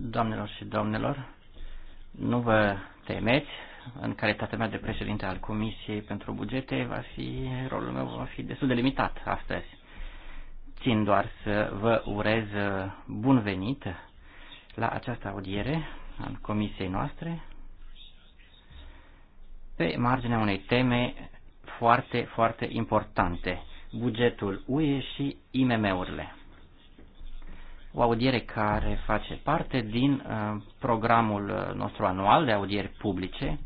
Doamnelor și domnilor, nu vă temeți, în calitatea mea de președinte al Comisiei pentru Bugete, va fi, rolul meu va fi destul de limitat astăzi. Țin doar să vă urez bun venit la această audiere al Comisiei noastre pe marginea unei teme foarte, foarte importante, bugetul UE și IMM-urile o audiere care face parte din uh, programul uh, nostru anual de audieri publice,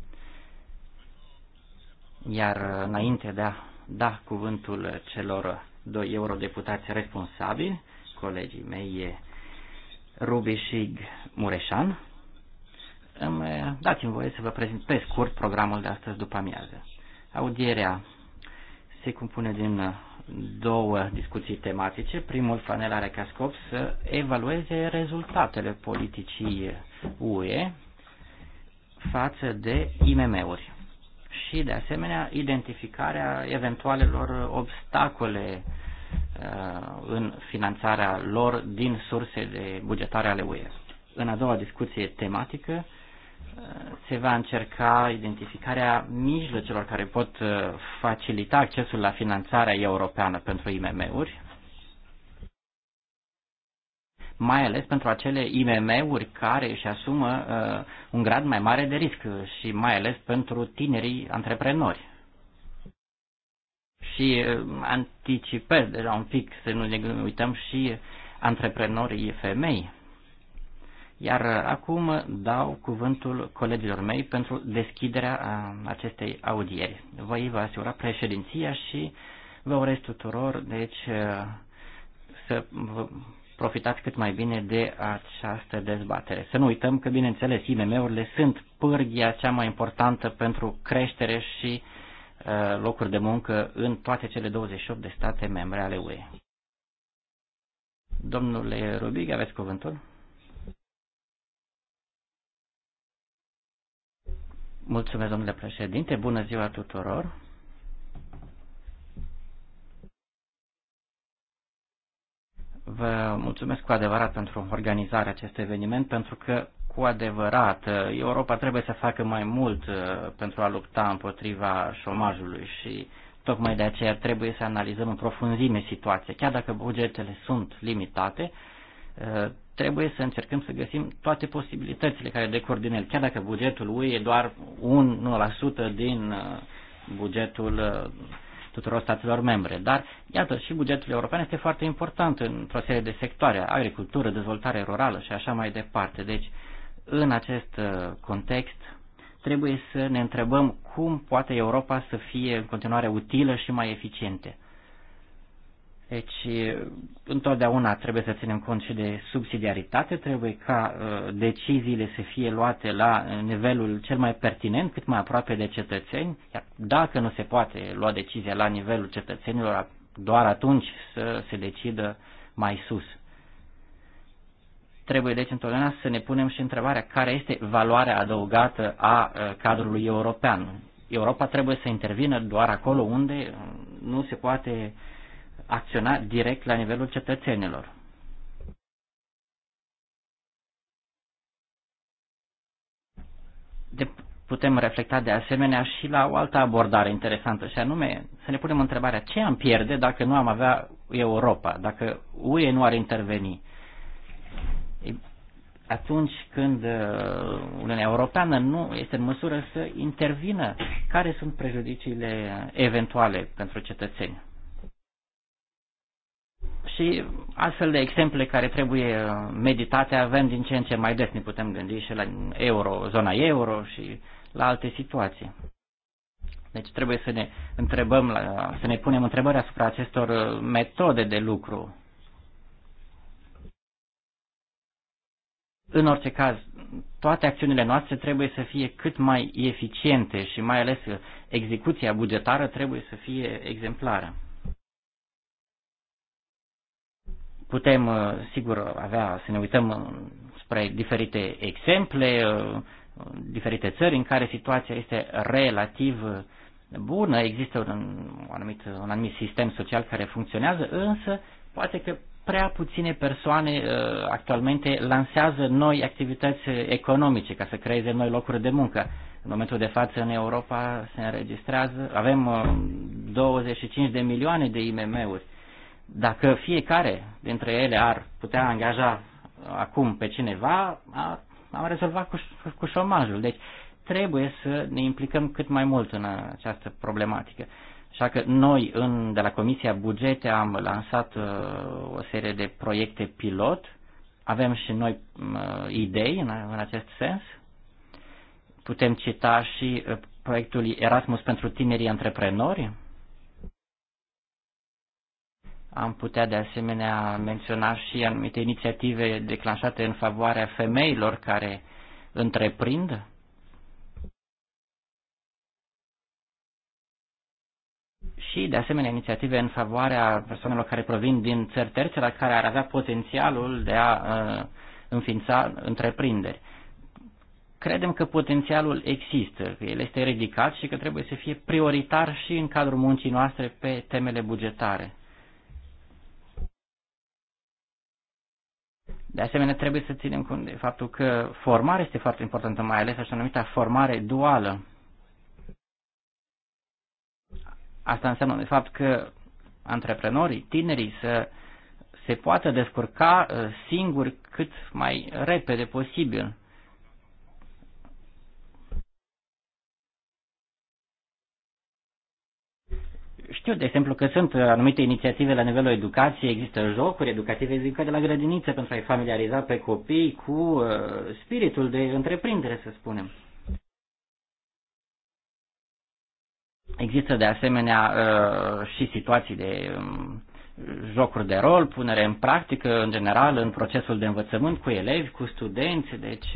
iar uh, înainte de a da cuvântul celor doi eurodeputați responsabili, colegii mei Rubișig Mureșan, îmi dați-mi voie să vă prezint pe scurt programul de astăzi după amiază. Audierea se compune din două discuții tematice. Primul, Fanel are ca scop să evalueze rezultatele politicii UE față de IMM-uri și, de asemenea, identificarea eventualelor obstacole uh, în finanțarea lor din surse de bugetare ale UE. În a doua discuție tematică, se va încerca identificarea mijlocelor care pot uh, facilita accesul la finanțarea europeană pentru IMM-uri, mai ales pentru acele IMM-uri care își asumă uh, un grad mai mare de risc și mai ales pentru tinerii antreprenori. Și uh, anticipez deja un pic să nu ne uităm și antreprenorii femei iar acum dau cuvântul colegilor mei pentru deschiderea acestei audieri. Voi vă asigura președinția și vă urez tuturor, deci, să vă profitați cât mai bine de această dezbatere. Să nu uităm că, bineînțeles, IMM-urile sunt pârghia cea mai importantă pentru creștere și locuri de muncă în toate cele 28 de state membre ale UE. Domnule Rubic, aveți cuvântul? Mulțumesc, domnule președinte. Bună ziua tuturor. Vă mulțumesc cu adevărat pentru organizarea acestui eveniment, pentru că cu adevărat Europa trebuie să facă mai mult uh, pentru a lupta împotriva șomajului și tocmai de aceea trebuie să analizăm în profunzime situația. Chiar dacă bugetele sunt limitate, uh, trebuie să încercăm să găsim toate posibilitățile care decurg din el, chiar dacă bugetul UE e doar 1% din uh, bugetul uh, tuturor statelor membre. Dar, iată, și bugetul european este foarte important într-o serie de sectoare, agricultură, dezvoltare rurală și așa mai departe. Deci, în acest uh, context, trebuie să ne întrebăm cum poate Europa să fie în continuare utilă și mai eficientă. Deci, întotdeauna trebuie să ținem cont și de subsidiaritate, trebuie ca uh, deciziile să fie luate la nivelul cel mai pertinent, cât mai aproape de cetățeni, iar dacă nu se poate lua decizia la nivelul cetățenilor, doar atunci să se decidă mai sus. Trebuie deci întotdeauna să ne punem și întrebarea care este valoarea adăugată a uh, cadrului european. Europa trebuie să intervină doar acolo unde nu se poate uh, acționa direct la nivelul cetățenilor. De, putem reflecta de asemenea și la o altă abordare interesantă și anume să ne punem întrebarea ce am pierde dacă nu am avea Europa, dacă UE nu ar interveni. Atunci când uh, Uniunea Europeană nu este în măsură să intervină, care sunt prejudiciile eventuale pentru cetățeni? Și astfel de exemple care trebuie uh, meditate avem din ce în ce mai des. Ne putem gândi și la euro, zona euro și la alte situații. Deci trebuie să ne întrebăm, să ne punem întrebări asupra acestor uh, metode de lucru. În orice caz, toate acțiunile noastre trebuie să fie cât mai eficiente și mai ales uh, execuția bugetară trebuie să fie exemplară. Putem, uh, sigur, avea să ne uităm uh, spre diferite exemple, uh, diferite țări în care situația este relativ bună, există un anumit, un anumit sistem social care funcționează, însă poate că prea puține persoane actualmente lansează noi activități economice ca să creeze noi locuri de muncă. În momentul de față în Europa se înregistrează, avem 25 de milioane de IMM-uri dacă fiecare dintre ele ar putea angaja uh, acum pe cineva, ar, am rezolvat cu, cu șomajul. Deci trebuie să ne implicăm cât mai mult în această problematică. Așa că noi în, de la Comisia Bugete am lansat uh, o serie de proiecte pilot, avem și noi uh, idei în, în acest sens. Putem cita și uh, proiectul Erasmus pentru tinerii antreprenori, am putea de asemenea menționa și anumite inițiative declanșate în favoarea femeilor care întreprind. Și, de asemenea, inițiative în favoarea persoanelor care provin din țări terțe, la care ar avea potențialul de a uh, înființa întreprinderi. Credem că potențialul există, că el este ridicat și că trebuie să fie prioritar și în cadrul muncii noastre pe temele bugetare. De asemenea, trebuie să ținem cont de faptul că formarea este foarte importantă, mai ales așa numită formare duală. Asta înseamnă, de fapt, că antreprenorii, tinerii, să se poată descurca uh, singuri cât mai repede posibil. Știu, de exemplu, că sunt anumite inițiative la nivelul educației, există jocuri educative zică de la grădiniță pentru a-i familiariza pe copii cu uh, spiritul de întreprindere, să spunem. Există de asemenea uh, și situații de um, jocuri de rol, punere în practică, în general, în procesul de învățământ cu elevi, cu studenți, deci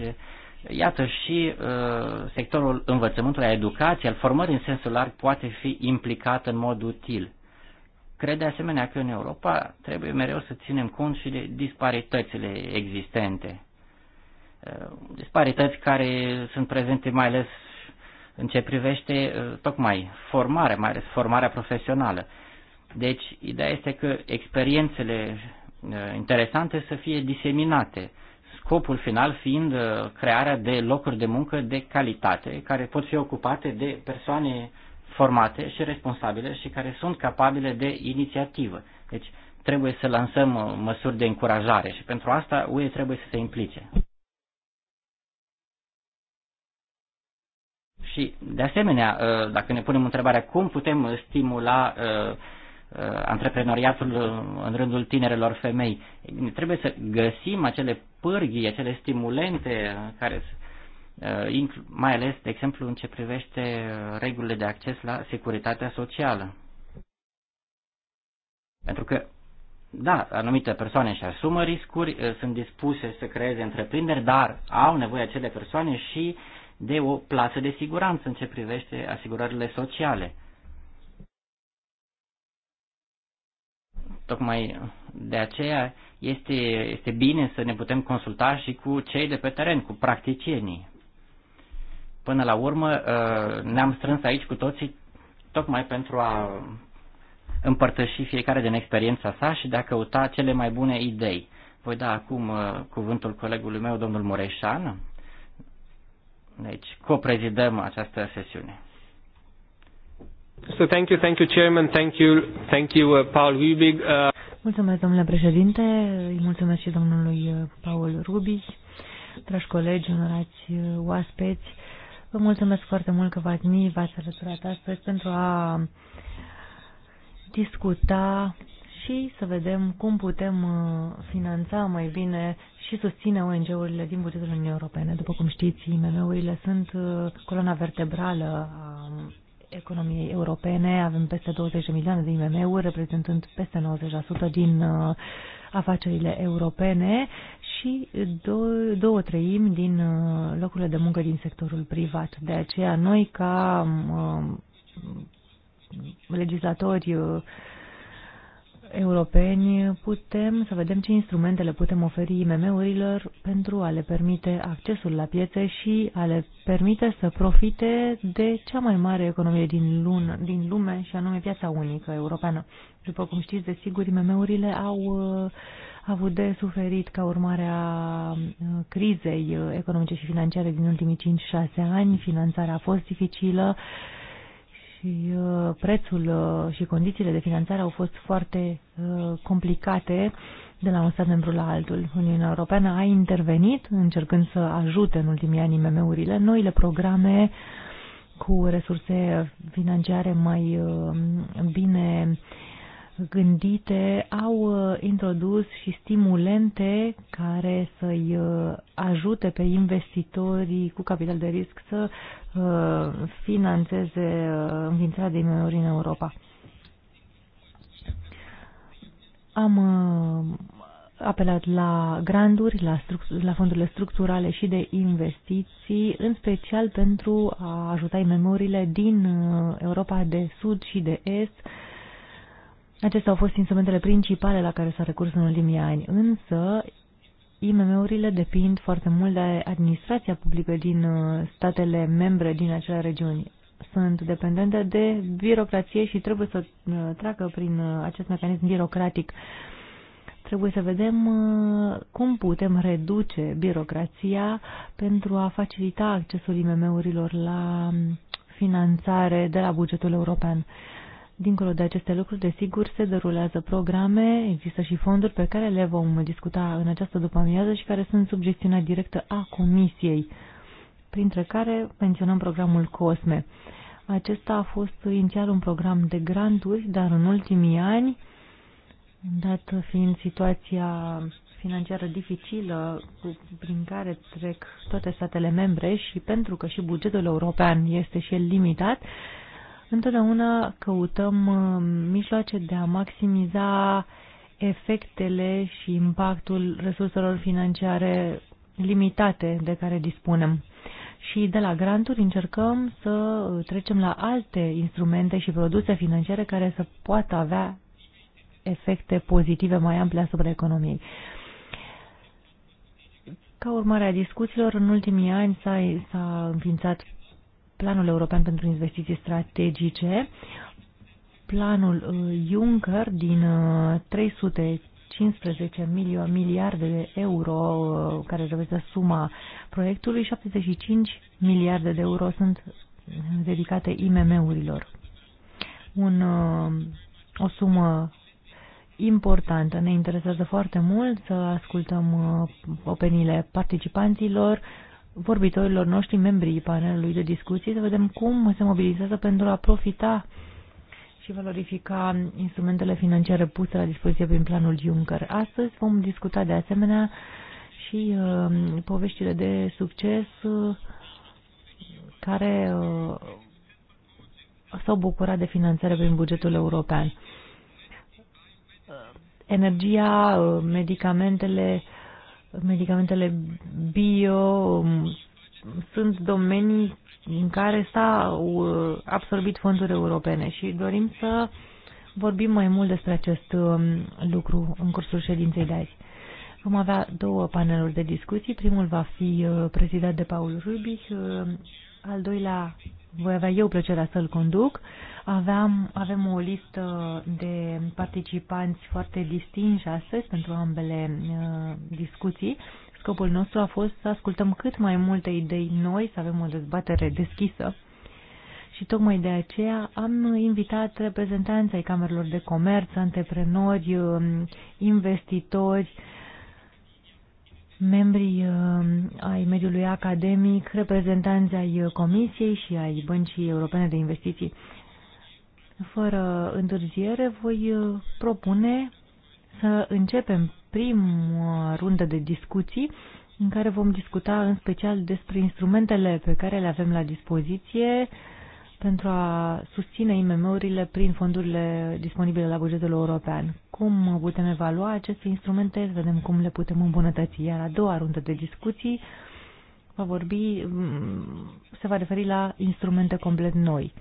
Iată și uh, sectorul învățământului, a educației, al formării în sensul larg poate fi implicat în mod util. Cred de asemenea că în Europa trebuie mereu să ținem cont și de disparitățile existente. Uh, disparități care sunt prezente mai ales în ce privește uh, tocmai formarea, mai ales formarea profesională. Deci, ideea este că experiențele uh, interesante să fie diseminate scopul final fiind uh, crearea de locuri de muncă de calitate, care pot fi ocupate de persoane formate și responsabile și care sunt capabile de inițiativă. Deci trebuie să lansăm uh, măsuri de încurajare și pentru asta UE trebuie să se implice. Și, de asemenea, uh, dacă ne punem întrebarea cum putem stimula uh, Uh, antreprenoriatul uh, în rândul tinerelor femei. Trebuie să găsim acele pârghii, acele stimulente care uh, mai ales, de exemplu, în ce privește regulile de acces la securitatea socială. Pentru că, da, anumite persoane și asumă riscuri, sunt dispuse să creeze întreprinderi, dar au nevoie acele persoane și de o plasă de siguranță în ce privește asigurările sociale. Tocmai de aceea este, este bine să ne putem consulta și cu cei de pe teren, cu practicienii. Până la urmă uh, ne-am strâns aici cu toții tocmai pentru a împărtăși fiecare din experiența sa și de a căuta cele mai bune idei. Voi da acum uh, cuvântul colegului meu, domnul Mureșan. Deci, coprezidăm această sesiune. So thank you, thank you, Chairman, thank you, thank you, uh, Paul Rubig. Uh... Mulțumesc, domnule președinte, îi mulțumesc și domnului uh, Paul Rubig, dragi colegi, onorați uh, oaspeți. Vă mulțumesc foarte mult că v-ați mii, v-ați alăturat astăzi pentru a discuta și să vedem cum putem uh, finanța mai bine și susține ONG-urile din bugetul Uniunii Europene. După cum știți, IMM-urile sunt coloana vertebrală a economiei europene. Avem peste 20 milioane de IMM-uri, reprezentând peste 90% din uh, afacerile europene și două, două treimi din uh, locurile de muncă din sectorul privat. De aceea, noi, ca um, uh, legislatori, uh, europeni putem să vedem ce instrumente le putem oferi IMM-urilor pentru a le permite accesul la piețe și a le permite să profite de cea mai mare economie din, lună, din lume și anume piața unică europeană. După cum știți, desigur, IMM-urile au uh, avut de suferit ca urmare a uh, crizei economice și financiare din ultimii 5-6 ani. Finanțarea a fost dificilă și uh, prețul uh, și condițiile de finanțare au fost foarte uh, complicate de la un stat membru la altul. Uniunea Europeană a intervenit încercând să ajute în ultimii ani IMM-urile. Noile programe cu resurse financiare mai bine uh, gândite au uh, introdus și stimulente care să-i uh, ajute pe investitorii cu capital de risc să uh, financeze înființarea de imenuri în Europa. Am apelat la granduri, la, la fondurile structurale și de investiții, în special pentru a ajuta imm din Europa de Sud și de Est, Acestea au fost instrumentele principale la care s-a recurs în ultimii ani, însă IMM-urile depind foarte mult de administrația publică din uh, statele membre din acele regiuni. Sunt dependente de birocrație și trebuie să uh, treacă prin uh, acest mecanism birocratic. Trebuie să vedem cum putem reduce birocrația pentru a facilita accesul IMM-urilor la mm, finanțare de la bugetul european. Dincolo de aceste lucruri, desigur, se derulează programe, există și fonduri pe care le vom discuta în această după-amiază și care sunt sub gestiunea directă a Comisiei, printre care menționăm programul COSME. Acesta a fost inițial un program de granturi, dar în ultimii ani, dat fiind situația financiară dificilă prin care trec toate statele membre și pentru că și bugetul european este și el limitat, Întotdeauna căutăm uh, mijloace de a maximiza efectele și impactul resurselor financiare limitate de care dispunem. Și de la granturi încercăm să uh, trecem la alte instrumente și produse financiare care să poată avea efecte pozitive mai ample asupra economiei. Ca urmare a discuțiilor, în ultimii ani s-a, înființat Planul European pentru Investiții Strategice, planul uh, Juncker din 315 uh, miliarde de euro, uh, care reprezintă suma proiectului, 75 miliarde de euro sunt dedicate IMM-urilor. Un, o sumă importantă. Ne interesează foarte mult să ascultăm opiniile participanților, vorbitorilor noștri, membrii panelului de discuții, să vedem cum se mobilizează pentru a profita și valorifica instrumentele financiare puse la dispoziție prin planul Juncker. Astăzi vom discuta de asemenea și uh, poveștile de succes uh, care uh, s-au bucurat de finanțare prin bugetul european. Uh, energia, uh, medicamentele, medicamentele bio um, sunt domenii în care s-au uh, absorbit fonduri europene și dorim să vorbim mai mult despre acest um, lucru în cursul ședinței de azi. Vom avea două paneluri de discuții. Primul va fi uh, prezidat de Paul Rubic, uh, al doilea voi avea eu plăcerea să-l conduc. Aveam, avem o listă de participanți foarte distinși astăzi pentru ambele uh, discuții. Scopul nostru a fost să ascultăm cât mai multe idei noi, să avem o dezbatere deschisă. Și tocmai de aceea am invitat reprezentanții ai camerelor de comerț, antreprenori, um, investitori, uh, membrii uh, ai mediului academic, reprezentanți ai uh, Comisiei și ai Băncii Europene de Investiții. Fără întârziere, voi uh, propune să începem prima rundă de discuții în care vom discuta în special despre instrumentele pe care le avem la dispoziție pentru a susține IMM-urile prin fondurile disponibile la bugetul european. Cum putem evalua aceste instrumente, vedem cum le putem îmbunătăți. Iar a doua rundă de discuții va vorbi, mm, se va referi la instrumente complet noi.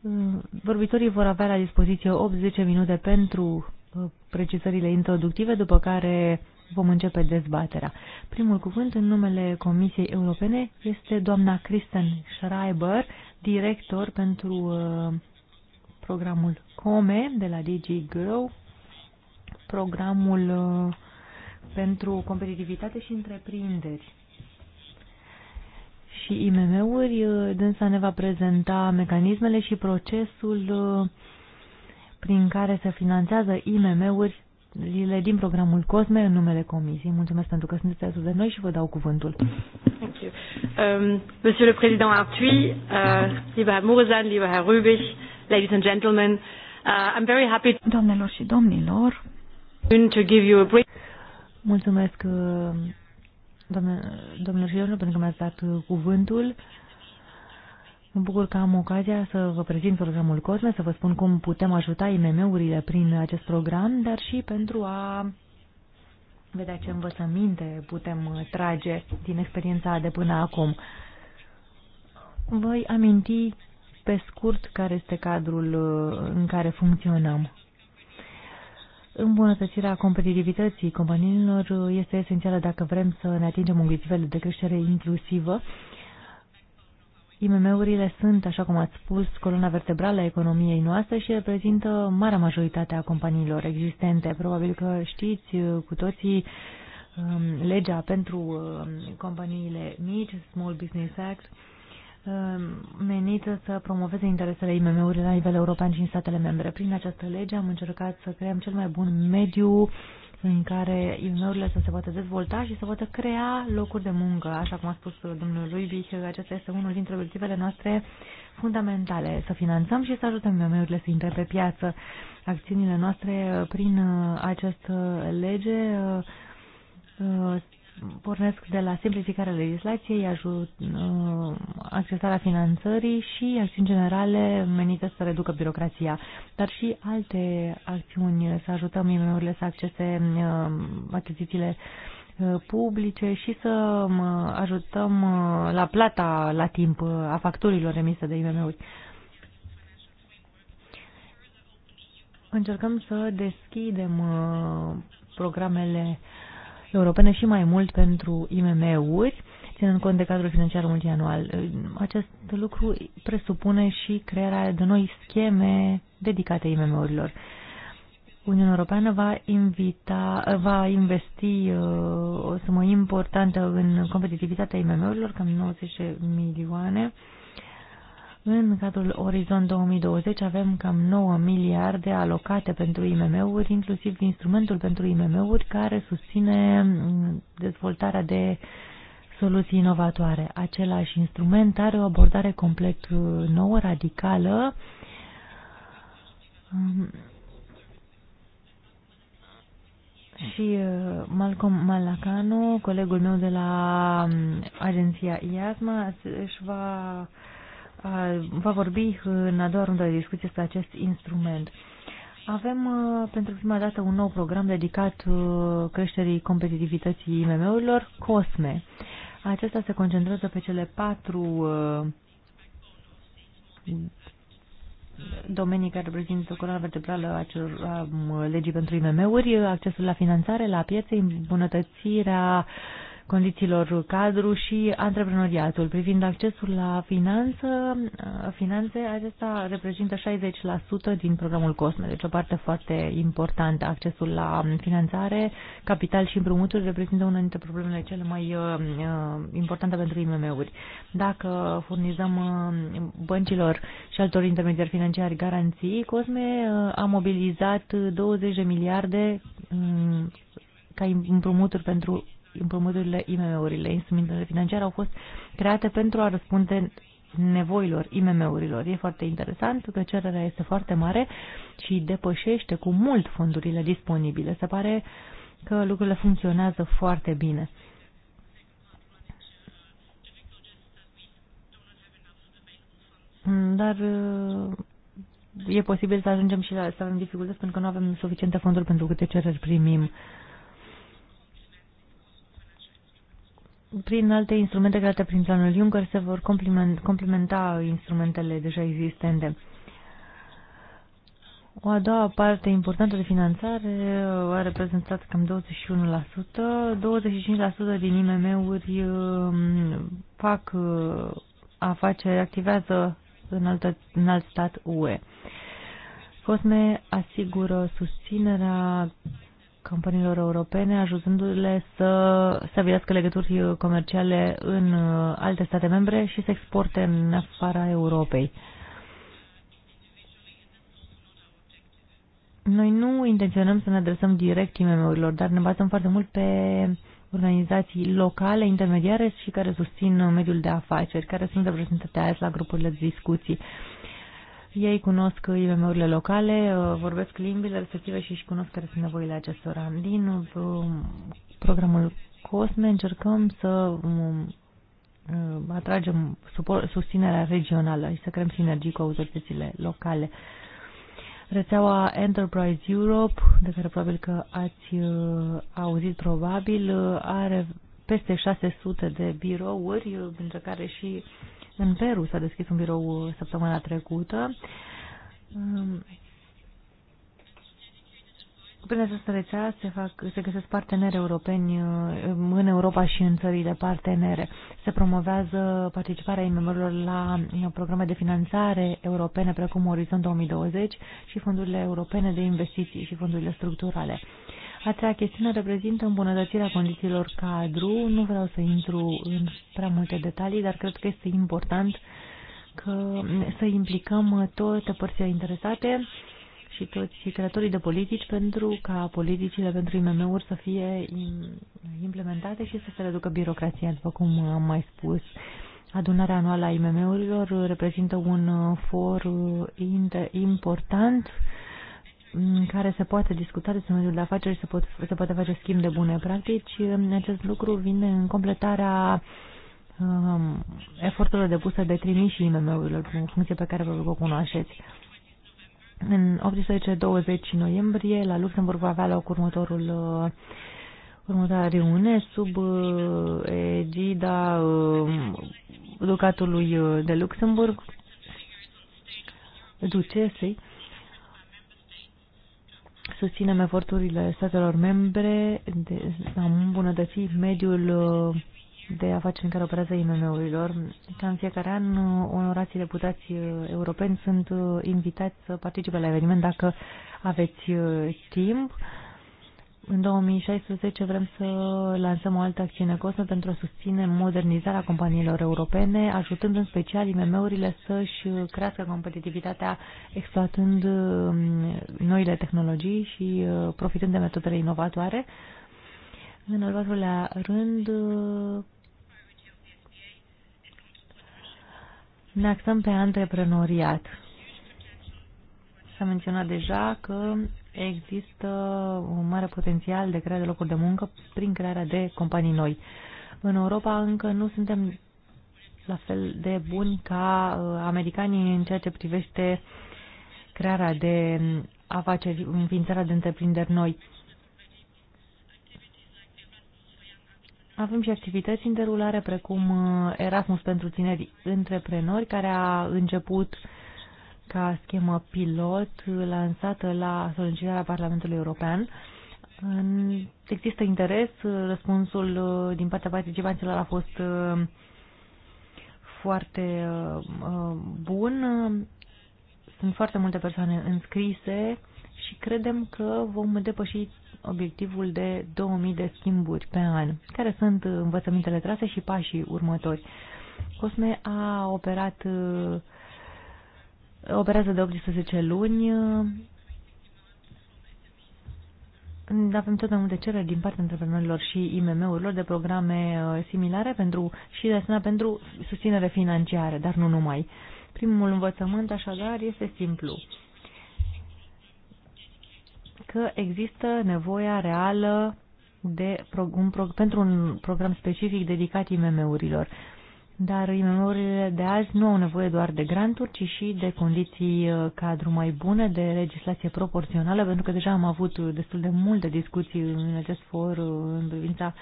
Mm, vorbitorii vor avea la dispoziție 80 minute pentru uh, precizările introductive, după care vom începe dezbaterea. Primul cuvânt în numele Comisiei Europene este doamna Kristen Schreiber, director pentru uh, programul COME de la DigiGrow, programul uh, pentru competitivitate și întreprinderi și IMM-uri. Uh, dânsa ne va prezenta mecanismele și procesul prin care se finanțează IMM-uri lile din programul COSME în numele Comisiei. Mulțumesc pentru că sunteți alături de noi și vă dau cuvântul. Thank you. Um, Monsieur le Président Artui, uh, lieber Herr Murzan, lieber Herr Rübig, ladies and gentlemen, uh, I'm very happy to... Doamnelor și domnilor, to give you a brief... Mulțumesc, uh, doamne, domnilor și domnilor, pentru că mi-ați dat uh, cuvântul. Uh, Mă bucur că am ocazia să vă prezint programul COSME, să vă spun cum putem ajuta IMM-urile prin acest program, dar și pentru a vedea ce învățăminte putem trage din experiența de până acum. Voi aminti pe scurt care este cadrul uh, în care funcționăm. Îmbunătățirea competitivității companiilor uh, este esențială dacă vrem să ne atingem obiectivele de creștere inclusivă IMM-urile sunt, așa cum ați spus, coloana vertebrală a economiei noastre și reprezintă marea majoritate a companiilor existente. Probabil că știți uh, cu toții um, legea pentru um, companiile mici, Small Business Act, um, menită să promoveze interesele IMM-urilor la nivel european și în statele membre. Prin această lege am încercat să creăm cel mai bun mediu în care imm să se poată dezvolta și să poată crea locuri de muncă. Așa cum a spus domnul Ruibic, acesta este unul dintre obiectivele noastre fundamentale, să finanțăm și să ajutăm imm să intre pe piață. Acțiunile noastre prin uh, această lege uh, uh, pornesc de la simplificarea legislației, ajut, uh, accesarea finanțării și acțiuni generale menite să reducă birocrația, dar și alte acțiuni, să ajutăm IMM-urile să accese uh, achizițiile uh, publice și să ajutăm la plata la timp a facturilor emise de IMM-uri. Încercăm să deschidem programele uh, europene și mai mult pentru IMM-uri, ținând cont de cadrul financiar multianual. Ă, acest lucru presupune și crearea de noi scheme dedicate IMM-urilor. Uniunea Europeană va, invita, va investi ă, o sumă importantă în competitivitatea IMM-urilor, cam 90 milioane, în cadrul Orizont 2020 avem cam 9 miliarde alocate pentru IMM-uri, inclusiv instrumentul pentru IMM-uri care susține mm, dezvoltarea de soluții inovatoare. Același instrument are o abordare complet uh, nouă, radicală, mm. și uh, Malcolm Malacanu, colegul meu de la mm, agenția IASMA, își va Uh, va vorbi în a doua rundă de discuție despre acest instrument. Avem uh, pentru prima dată un nou program dedicat uh, creșterii competitivității IMM-urilor, COSME. Acesta se concentrează pe cele patru domenii care reprezintă coloana vertebrală a, legii pentru IMM-uri, accesul la finanțare, la piețe, îmbunătățirea uh, condițiilor cadru și antreprenoriatul. Privind accesul la finanță, finanțe, acesta reprezintă 60% din programul COSME, deci o parte foarte importantă. Accesul la finanțare, capital și împrumuturi reprezintă una dintre problemele cele mai uh, uh, importante pentru IMM-uri. Dacă furnizăm uh, băncilor și altor intermediari financiari garanții, COSME a mobilizat 20 de miliarde mm, ca împrumuturi pentru împrumuturile, IMM-urile, instrumentele financiare au fost create pentru a răspunde nevoilor IMM-urilor. E foarte interesant că cererea este foarte mare și depășește cu mult fondurile disponibile. Se pare că lucrurile funcționează foarte bine. Dar uh, e posibil să ajungem și la să avem dificultăți pentru că nu avem suficiente fonduri pentru câte cereri primim. Uh, prin alte instrumente create prin planul Juncker se vor complementa instrumentele deja existente. O a doua parte importantă de finanțare a reprezentat cam 21%. 25% din IMM-uri um, fac uh, afaceri, activează în, altă, în alt stat UE. COSME asigură susținerea companiilor europene, ajutându-le să stabilească legături comerciale în uh, alte state membre și să exporte în afara Europei. Noi nu intenționăm să ne adresăm direct IMM-urilor, dar ne bazăm foarte mult pe organizații locale, intermediare și care susțin mediul de afaceri, care sunt reprezentate azi la grupurile de discuții. Ei cunosc IMM-urile locale, uh, vorbesc limbile respective și își cunosc care sunt nevoile acestora. Din um, programul COSME încercăm să um, uh, atragem susținerea regională și să creăm sinergii cu autoritățile locale. Rețeaua Enterprise Europe, de care probabil că ați uh, auzit probabil, are peste 600 de birouri, dintre care și uh, în Peru s-a deschis un birou uh, săptămâna trecută. Um, prin această rețea se, fac, se găsesc parteneri europeni uh, în Europa și în țările partenere. Se promovează participarea imm la programe de finanțare europene precum Orizont 2020 și fondurile europene de investiții și fondurile structurale. A treia chestiune reprezintă îmbunătățirea condițiilor cadru. Nu vreau să intru în prea multe detalii, dar cred că este important că să implicăm toate părțile interesate și toți creatorii de politici pentru ca politicile pentru IMM-uri să fie implementate și să se reducă birocrația, după cum am mai spus. Adunarea anuală a IMM-urilor reprezintă un for important în care se poate discuta despre mediul de afaceri și se, pot, se poate face schimb de bune practici. Acest lucru vine în completarea um, eforturilor depuse de trimișii IMM-urilor, în funcție pe care vă o cunoașteți. În 18-20 noiembrie, la Luxemburg, va avea loc următorul uh, următoarea reuniune sub uh, egida um, uh, ducatului de Luxemburg, ducesei susținem eforturile statelor membre de a îmbunătăți mediul uh, de afaceri în care operează IMM-urilor. Ca în fiecare an, onorații deputați uh, europeni sunt uh, invitați să participe la eveniment dacă aveți timp. În 2016 vrem să lansăm o altă acțiune cosmă pentru a susține modernizarea companiilor europene, ajutând în special IMM-urile să-și crească competitivitatea exploatând um, noile tehnologii și uh, profitând de metodele inovatoare. În al patrulea rând, uh, ne axăm pe antreprenoriat. S-a menționat deja că există un mare potențial de creare de locuri de muncă prin crearea de companii noi. În Europa încă nu suntem la fel de buni ca uh, americanii în ceea ce privește crearea de mm, afaceri, înființarea de întreprinderi noi. Avem și activități în derulare precum uh, Erasmus pentru tineri întreprenori care a început uh, ca schemă pilot lansată la solicitarea Parlamentului European. Există interes, răspunsul uh, din partea participanților a fost uh, foarte uh, bun. Sunt foarte multe persoane înscrise și credem că vom depăși obiectivul de 2000 de schimburi pe an. Care sunt învățămintele trase și pașii următori? Cosme a operat operează de 18 luni. Avem tot mai multe cereri din partea antreprenorilor și IMM-urilor de programe uh, similare pentru, și de asemenea pentru susținere financiară, dar nu numai. Primul învățământ, așadar, este simplu. Că există nevoia reală de, un, pentru un program specific dedicat IMM-urilor. Dar IMM-urile de azi nu au nevoie doar de granturi, ci și de condiții uh, cadru mai bune, de legislație proporțională, pentru că deja am avut destul de multe discuții în acest for uh, în privința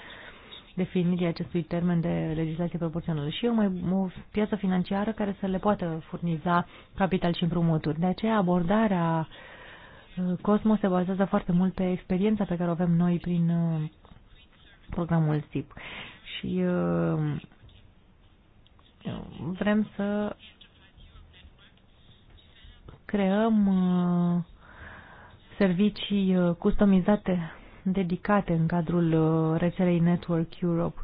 definirii acestui termen de legislație proporțională și o, mai, o piață financiară care să le poată furniza capital și împrumuturi. De aceea abordarea uh, Cosmos se bazează foarte mult pe experiența pe care o avem noi prin programul SIP. Și Vrem să creăm uh, servicii uh, customizate, dedicate în cadrul uh, rețelei Network Europe.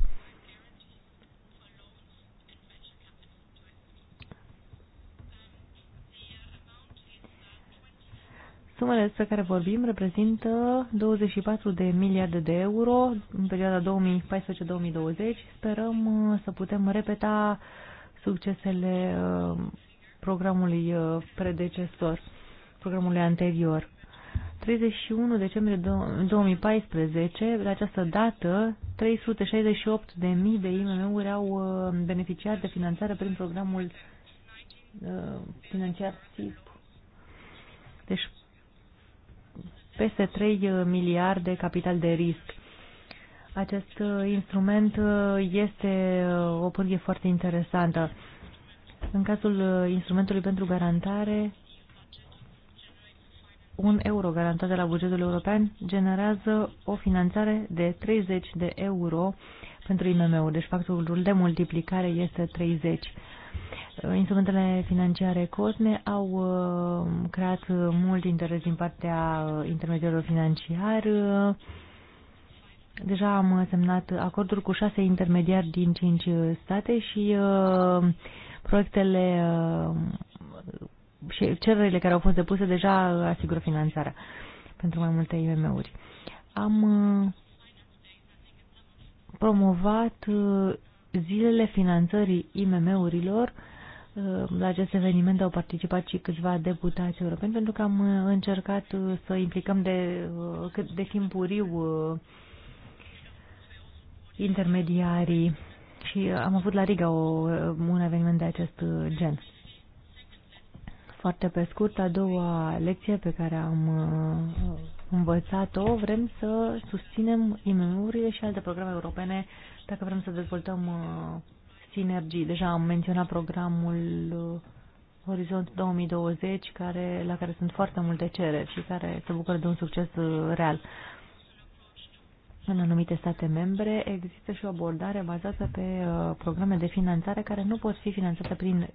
Sumele despre care vorbim reprezintă 24 de miliarde de euro în perioada 2014-2020. Sperăm să putem repeta uh, succesele uh, programului uh, predecesor, programului anterior. 31 decembrie 2014, la această dată, 368.000 de IMM-uri au uh, beneficiat de finanțare prin programul financiar SIP. Deci, peste 3 miliarde capital de risc. Acest uh, instrument uh, este uh, o pârghie foarte interesantă. În cazul instrumentului pentru garantare, un euro garantat de la bugetul european generează o finanțare de 30 de euro pentru IMM-uri, deci factorul de multiplicare este 30. Instrumentele financiare COSME au creat mult interes din partea intermediarilor financiar. Deja am semnat acorduri cu șase intermediari din cinci state și uh, proiectele uh, și cererile care au fost depuse deja asigură finanțarea pentru mai multe IMM-uri. Am uh, promovat uh, zilele finanțării IMM-urilor. Uh, la acest eveniment au participat și câțiva deputați europeni pentru că am uh, încercat uh, să implicăm de, de timpuriu intermediarii și am avut la Riga o, un eveniment de acest gen. Foarte pe scurt, a doua lecție pe care am uh, învățat-o, vrem să susținem IMM-urile și alte programe europene dacă vrem să dezvoltăm uh, sinergii. Deja am menționat programul Horizont uh, 2020, care, la care sunt foarte multe cereri și care se bucură de un succes real. În anumite state membre există și o abordare bazată pe uh, programe de finanțare care nu pot fi finanțate prin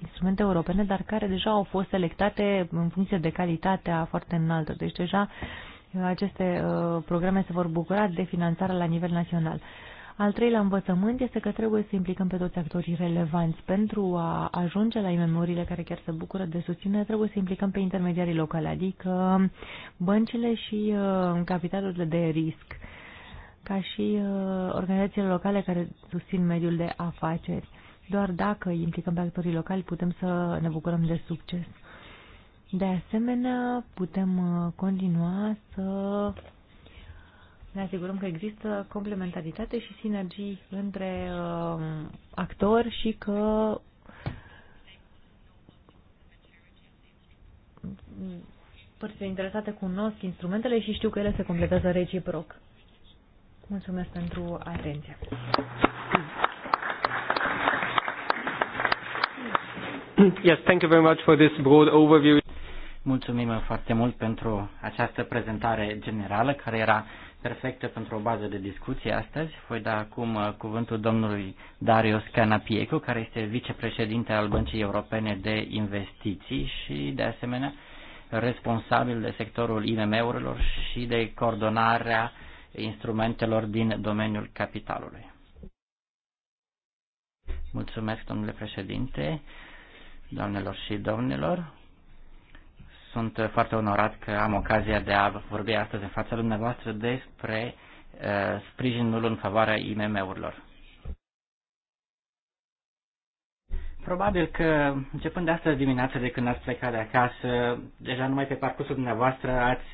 instrumente europene, dar care deja au fost selectate în funcție de calitatea foarte înaltă. Deci deja uh, aceste uh, programe se vor bucura de finanțare la nivel național. Al treilea învățământ este că trebuie să implicăm pe toți actorii relevanți. Pentru a ajunge la imemorile care chiar se bucură de susținere, trebuie să implicăm pe intermediarii locale, adică băncile și uh, capitalurile de risc, ca și uh, organizațiile locale care susțin mediul de afaceri. Doar dacă implicăm pe actorii locali putem să ne bucurăm de succes. De asemenea, putem uh, continua să ne asigurăm că există complementaritate și sinergii între uh, actori și că părțile interesate cunosc instrumentele și știu că ele se completează reciproc. Mulțumesc pentru atenție. Yes, thank you very much for this broad overview. Mulțumim foarte mult pentru această prezentare generală care era perfectă pentru o bază de discuție astăzi. Voi da acum uh, cuvântul domnului Darius Canapiecu, care este vicepreședinte al Băncii Europene de Investiții și, de asemenea, responsabil de sectorul IMM-urilor și de coordonarea instrumentelor din domeniul capitalului. Mulțumesc, domnule președinte, doamnelor și domnilor. Sunt foarte onorat că am ocazia de a vorbi astăzi în fața dumneavoastră despre uh, sprijinul în favoarea IMM-urilor. Probabil că, începând de astăzi dimineață, de când ați plecat de acasă, deja numai pe parcursul dumneavoastră ați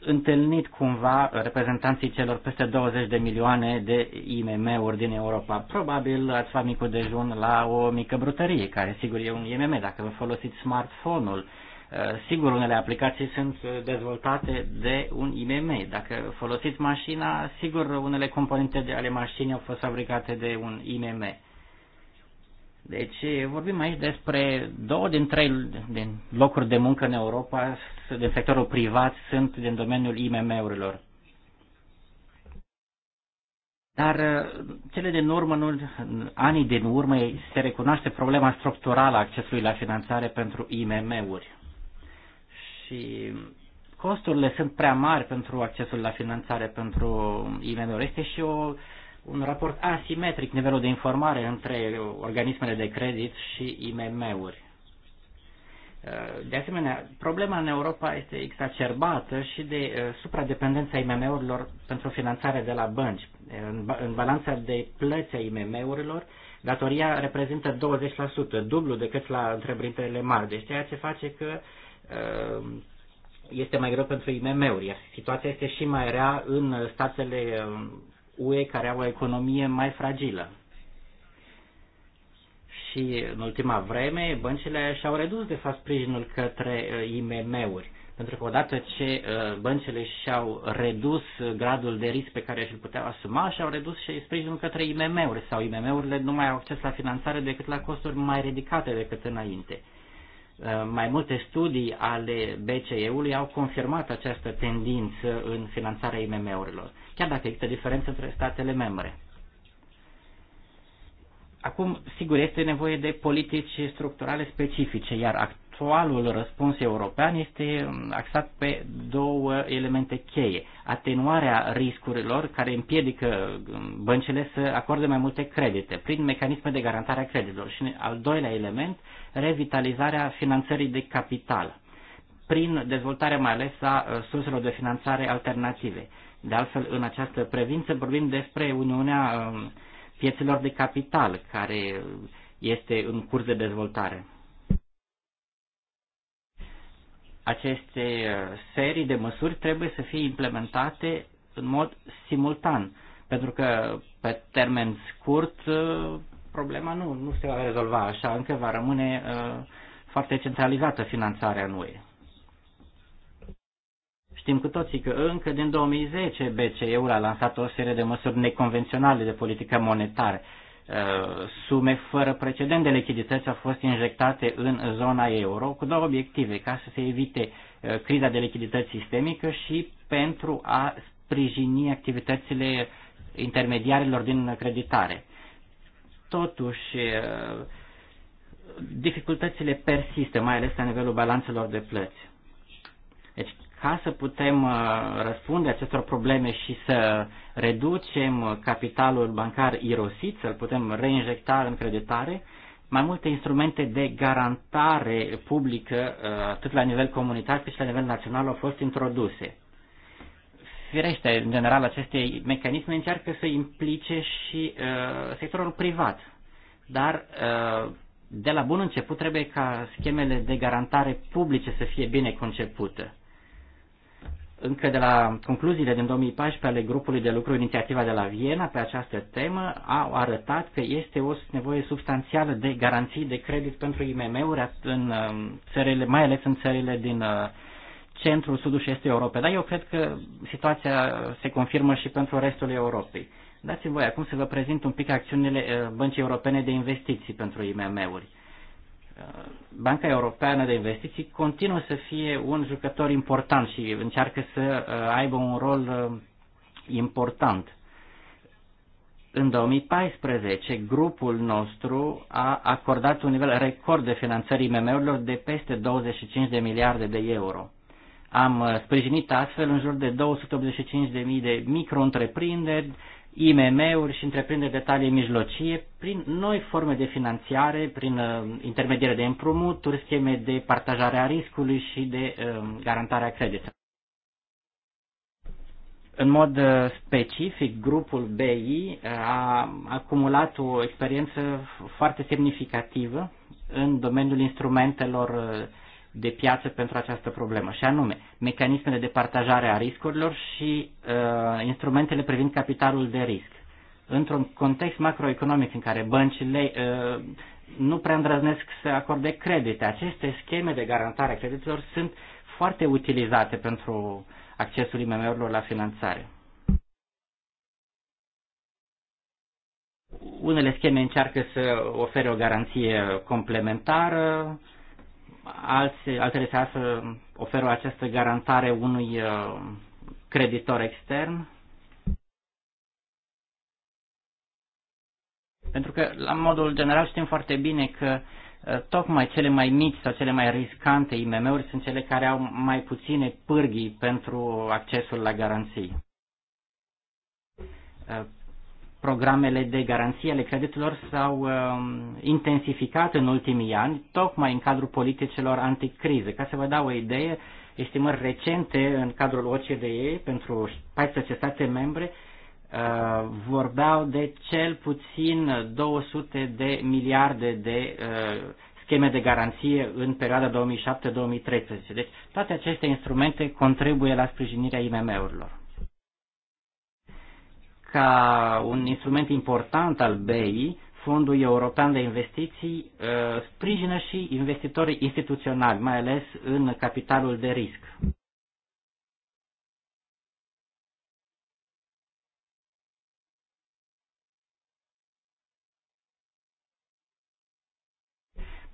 întâlnit cumva reprezentanții celor peste 20 de milioane de IMM-uri din Europa. Probabil ați făcut micul dejun la o mică brutărie, care sigur e un IMM dacă vă folosiți smartphone-ul Eh, sigur, unele aplicații sunt eh, dezvoltate de un IMM. Dacă folosiți mașina, sigur, unele componente de, ale mașinii au fost fabricate de un IMM. Deci eh, vorbim aici despre două din trei din locuri de muncă în Europa din sectorul privat sunt din domeniul IMM-urilor. Dar cele din urmă, în anii din urmă, se recunoaște problema structurală a accesului la finanțare pentru IMM-uri și costurile sunt prea mari pentru accesul la finanțare pentru IMM-uri. Este și o, un raport asimetric nivelul de informare între organismele de credit și IMM-uri. De asemenea, problema în Europa este exacerbată și de eh, supradependența IMM-urilor pentru finanțare de la bănci. În balanța de plăți a IMM-urilor, datoria reprezintă 20%, dublu decât la întreprinderile mari. Deci ceea ce face că uh, Ehm, este mai greu pentru IMM-uri, iar situația este și mai rea în statele ehm, UE care au o economie mai fragilă. Și în ultima vreme, băncile și-au redus, de fapt, sprijinul către ehm, IMM-uri. Pentru că odată ce băncile și-au redus gradul de risc pe care și-l puteau asuma, și-au redus și sprijinul către IMM-uri sau IMM-urile nu mai au acces la finanțare decât la costuri mai ridicate decât înainte. Eh, mai multe studii ale BCE-ului au confirmat această tendință în finanțarea IMM-urilor, chiar dacă există diferențe între statele membre. Acum, sigur, este nevoie de politici structurale specifice, iar actualul răspuns european este axat pe două elemente cheie. Atenuarea riscurilor care împiedică um, băncile să acorde mai multe credite prin mecanisme de garantare a creditelor și al doilea element, revitalizarea finanțării de capital prin dezvoltarea mai ales a uh, surselor de finanțare alternative. De altfel, în această prevință vorbim despre Uniunea um, pieților de capital care este în curs de dezvoltare. aceste uh, serii de măsuri trebuie să fie implementate în mod simultan, pentru că pe termen scurt uh, problema nu, nu se va rezolva așa, încă va rămâne uh, foarte centralizată finanțarea în UE. Știm cu toții că încă din 2010 BCE-ul a lansat o serie de măsuri neconvenționale de politică monetară Uh, sume fără precedent de lichidități au fost injectate în zona euro cu două obiective, ca să se evite uh, criza de lichidități sistemică și pentru a sprijini activitățile intermediarilor din creditare. Totuși, uh, dificultățile persistă, mai ales la nivelul balanțelor de plăți ca să putem uh, răspunde acestor probleme și să reducem capitalul bancar irosit, să-l putem reinjecta în creditare, mai multe instrumente de garantare publică, uh, atât la nivel comunitar cât și la nivel național, au fost introduse. Firește, în general, aceste mecanisme încearcă să implice și uh, sectorul privat, dar uh, de la bun început trebuie ca schemele de garantare publice să fie bine concepute încă de la concluziile din 2014 ale grupului de lucru Inițiativa de la Viena pe această temă au arătat că este o nevoie substanțială de garanții de credit pentru IMM-uri în um, țările, mai ales în țările din uh, centrul, sudul și estul Europei. Dar eu cred că situația se confirmă și pentru restul Europei. Dați-mi voi acum să vă prezint un pic acțiunile uh, Băncii Europene de Investiții pentru IMM-uri Banca Europeană de Investiții continuă să fie un jucător important și încearcă să uh, aibă un rol uh, important. În 2014, grupul nostru a acordat un nivel record de finanțării IMM-urilor de peste 25 de miliarde de euro. Am uh, sprijinit astfel în jur de 285.000 de micro-întreprinderi, IMM-uri și întreprinderi de talie mijlocie prin noi forme de finanțare, prin uh, intermediere de împrumuturi, scheme de partajare a riscului și de uh, garantare a creditelor. În mod uh, specific, grupul BI uh, a acumulat o experiență foarte semnificativă în domeniul instrumentelor uh, de piață pentru această problemă, și anume mecanismele de partajare a riscurilor și uh, instrumentele privind capitalul de risc. Într-un context macroeconomic în care băncile uh, nu prea îndrăznesc să acorde credite, aceste scheme de garantare a creditelor sunt foarte utilizate pentru accesul IMM-urilor la finanțare. Unele scheme încearcă să ofere o garanție complementară, alți, altele să oferă această garantare unui uh, creditor extern? Pentru că, la modul general, știm foarte bine că uh, tocmai cele mai mici sau cele mai riscante IMM-uri sunt cele care au mai puține pârghii pentru accesul la garanții. Uh, programele de garanție ale creditelor s-au uh, intensificat în ultimii ani, tocmai în cadrul politicilor anticrize. Ca să vă dau o idee, estimări recente în cadrul OCDE pentru 14 state membre uh, vorbeau de cel puțin 200 de miliarde de uh, scheme de garanție în perioada 2007-2013. Deci toate aceste instrumente contribuie la sprijinirea IMM-urilor ca un instrument important al BEI, Fondul European de Investiții uh, sprijină și investitorii instituționali, mai ales în capitalul de risc.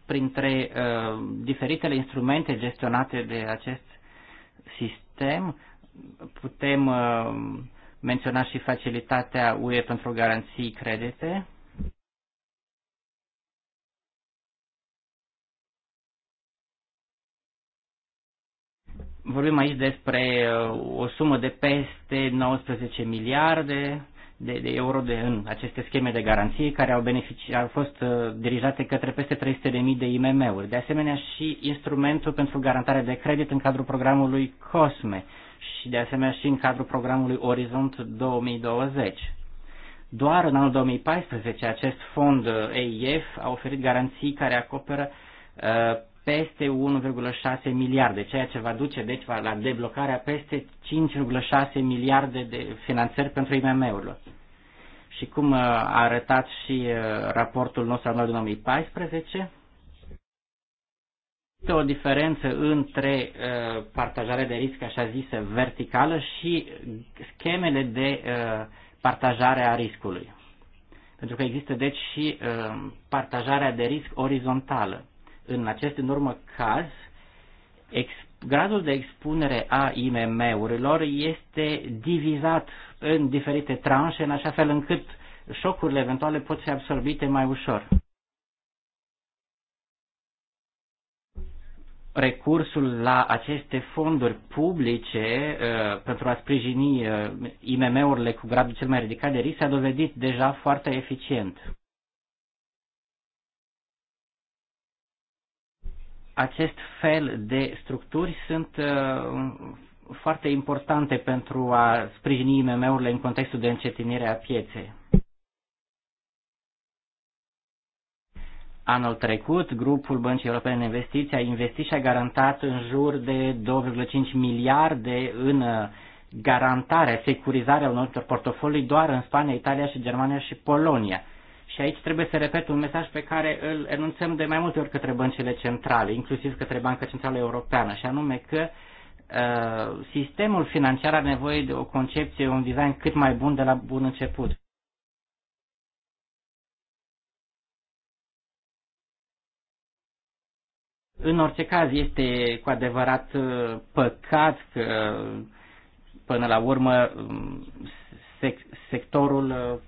Printre uh, diferitele instrumente gestionate de acest sistem, putem uh, menționat și facilitatea UE pentru garanții credite. Vorbim aici despre uh, o sumă de peste 19 miliarde de, de euro de, în aceste scheme de garanție care au, au fost uh, dirijate către peste 300.000 de IMM-uri. De asemenea și instrumentul pentru garantare de credit în cadrul programului COSME și de asemenea și în cadrul programului Orizont 2020. Doar în anul 2014 acest fond EIF uh, a oferit garanții care acoperă uh, peste 1,6 miliarde, ceea ce va duce deci la deblocarea peste 5,6 miliarde de finanțări pentru IMM-urile. Și cum uh, a arătat și uh, raportul nostru anual 2014, este o diferență între uh, partajarea de risc, așa zisă, verticală și schemele de partajare a riscului. Pentru că există, deci, și partajarea de risc orizontală în acest în urmă caz, ex, gradul de expunere a IMM-urilor este divizat în diferite tranșe, în așa fel încât șocurile eventuale pot fi absorbite mai ușor. recursul la aceste fonduri publice uh, pentru a sprijini uh, IMM-urile cu gradul cel mai ridicat de risc s-a dovedit deja foarte eficient. acest fel de structuri sunt uh, foarte importante pentru a sprijini IMM-urile în contextul de încetinire a pieței. Anul trecut, grupul Băncii Europene de Investiții a investit și a garantat în jur de 2,5 miliarde în uh, garantarea, securizarea unor portofolii doar în Spania, Italia și Germania și Polonia. Și aici trebuie să repet un mesaj pe care îl enunțăm de mai multe ori către băncile centrale, inclusiv către Banca Centrală Europeană, și anume că uh, sistemul financiar are nevoie de o concepție, un design cât mai bun de la bun început. În orice caz, este cu adevărat uh, păcat că până la urmă um, sectorul uh,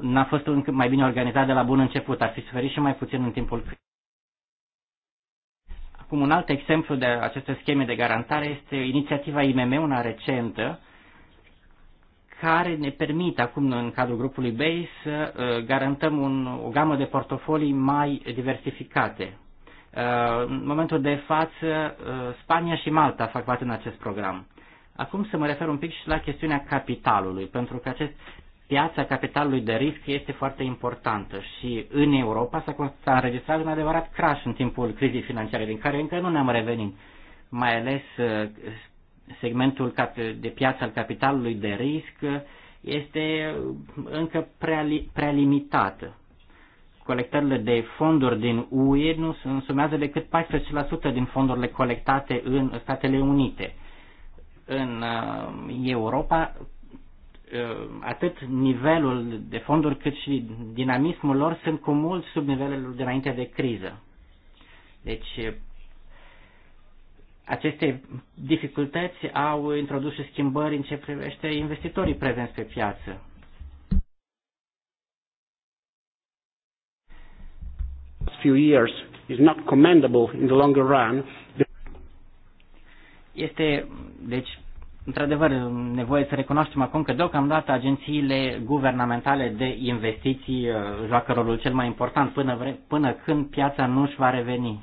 n-a fost mai bine organizat de la bun început, ar fi suferit și mai puțin în timpul crizei. Acum, un alt exemplu de aceste scheme de garantare este inițiativa IMM, una recentă, care ne permite acum în cadrul grupului BEI să uh, garantăm un, o gamă de portofolii mai diversificate. Uh, în momentul de față, uh, Spania și Malta fac parte în acest program. Acum să mă refer un pic și la chestiunea capitalului, pentru că acest piața capitalului de risc este foarte importantă și în Europa s-a înregistrat un adevărat crash în timpul crizei financiare, din care încă nu ne-am revenit, mai ales uh, segmentul de piață al capitalului de risc uh, este uh, încă prea, prea limitată. Colectările de fonduri din UE nu însumează decât 14% din fondurile colectate în Statele Unite. În Europa, Uh, atât nivelul de fonduri cât și dinamismul lor sunt cu mult sub nivelul dinainte de criză. Deci uh, aceste dificultăți au introdus și schimbări în ce privește investitorii prezenți pe piață. few years is not commendable in the longer run. Este, deci, într-adevăr, nevoie să recunoaștem acum că deocamdată agențiile guvernamentale de investiții uh, joacă rolul cel mai important până, vre- până când piața nu își va reveni.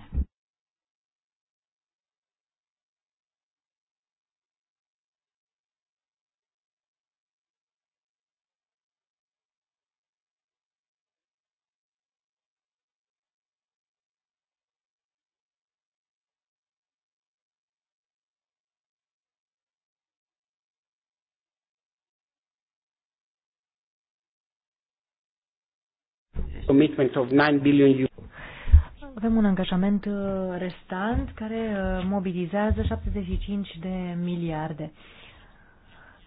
commitment of 9 billion euros. Avem un angajament uh, restant care uh, mobilizează 75 de miliarde.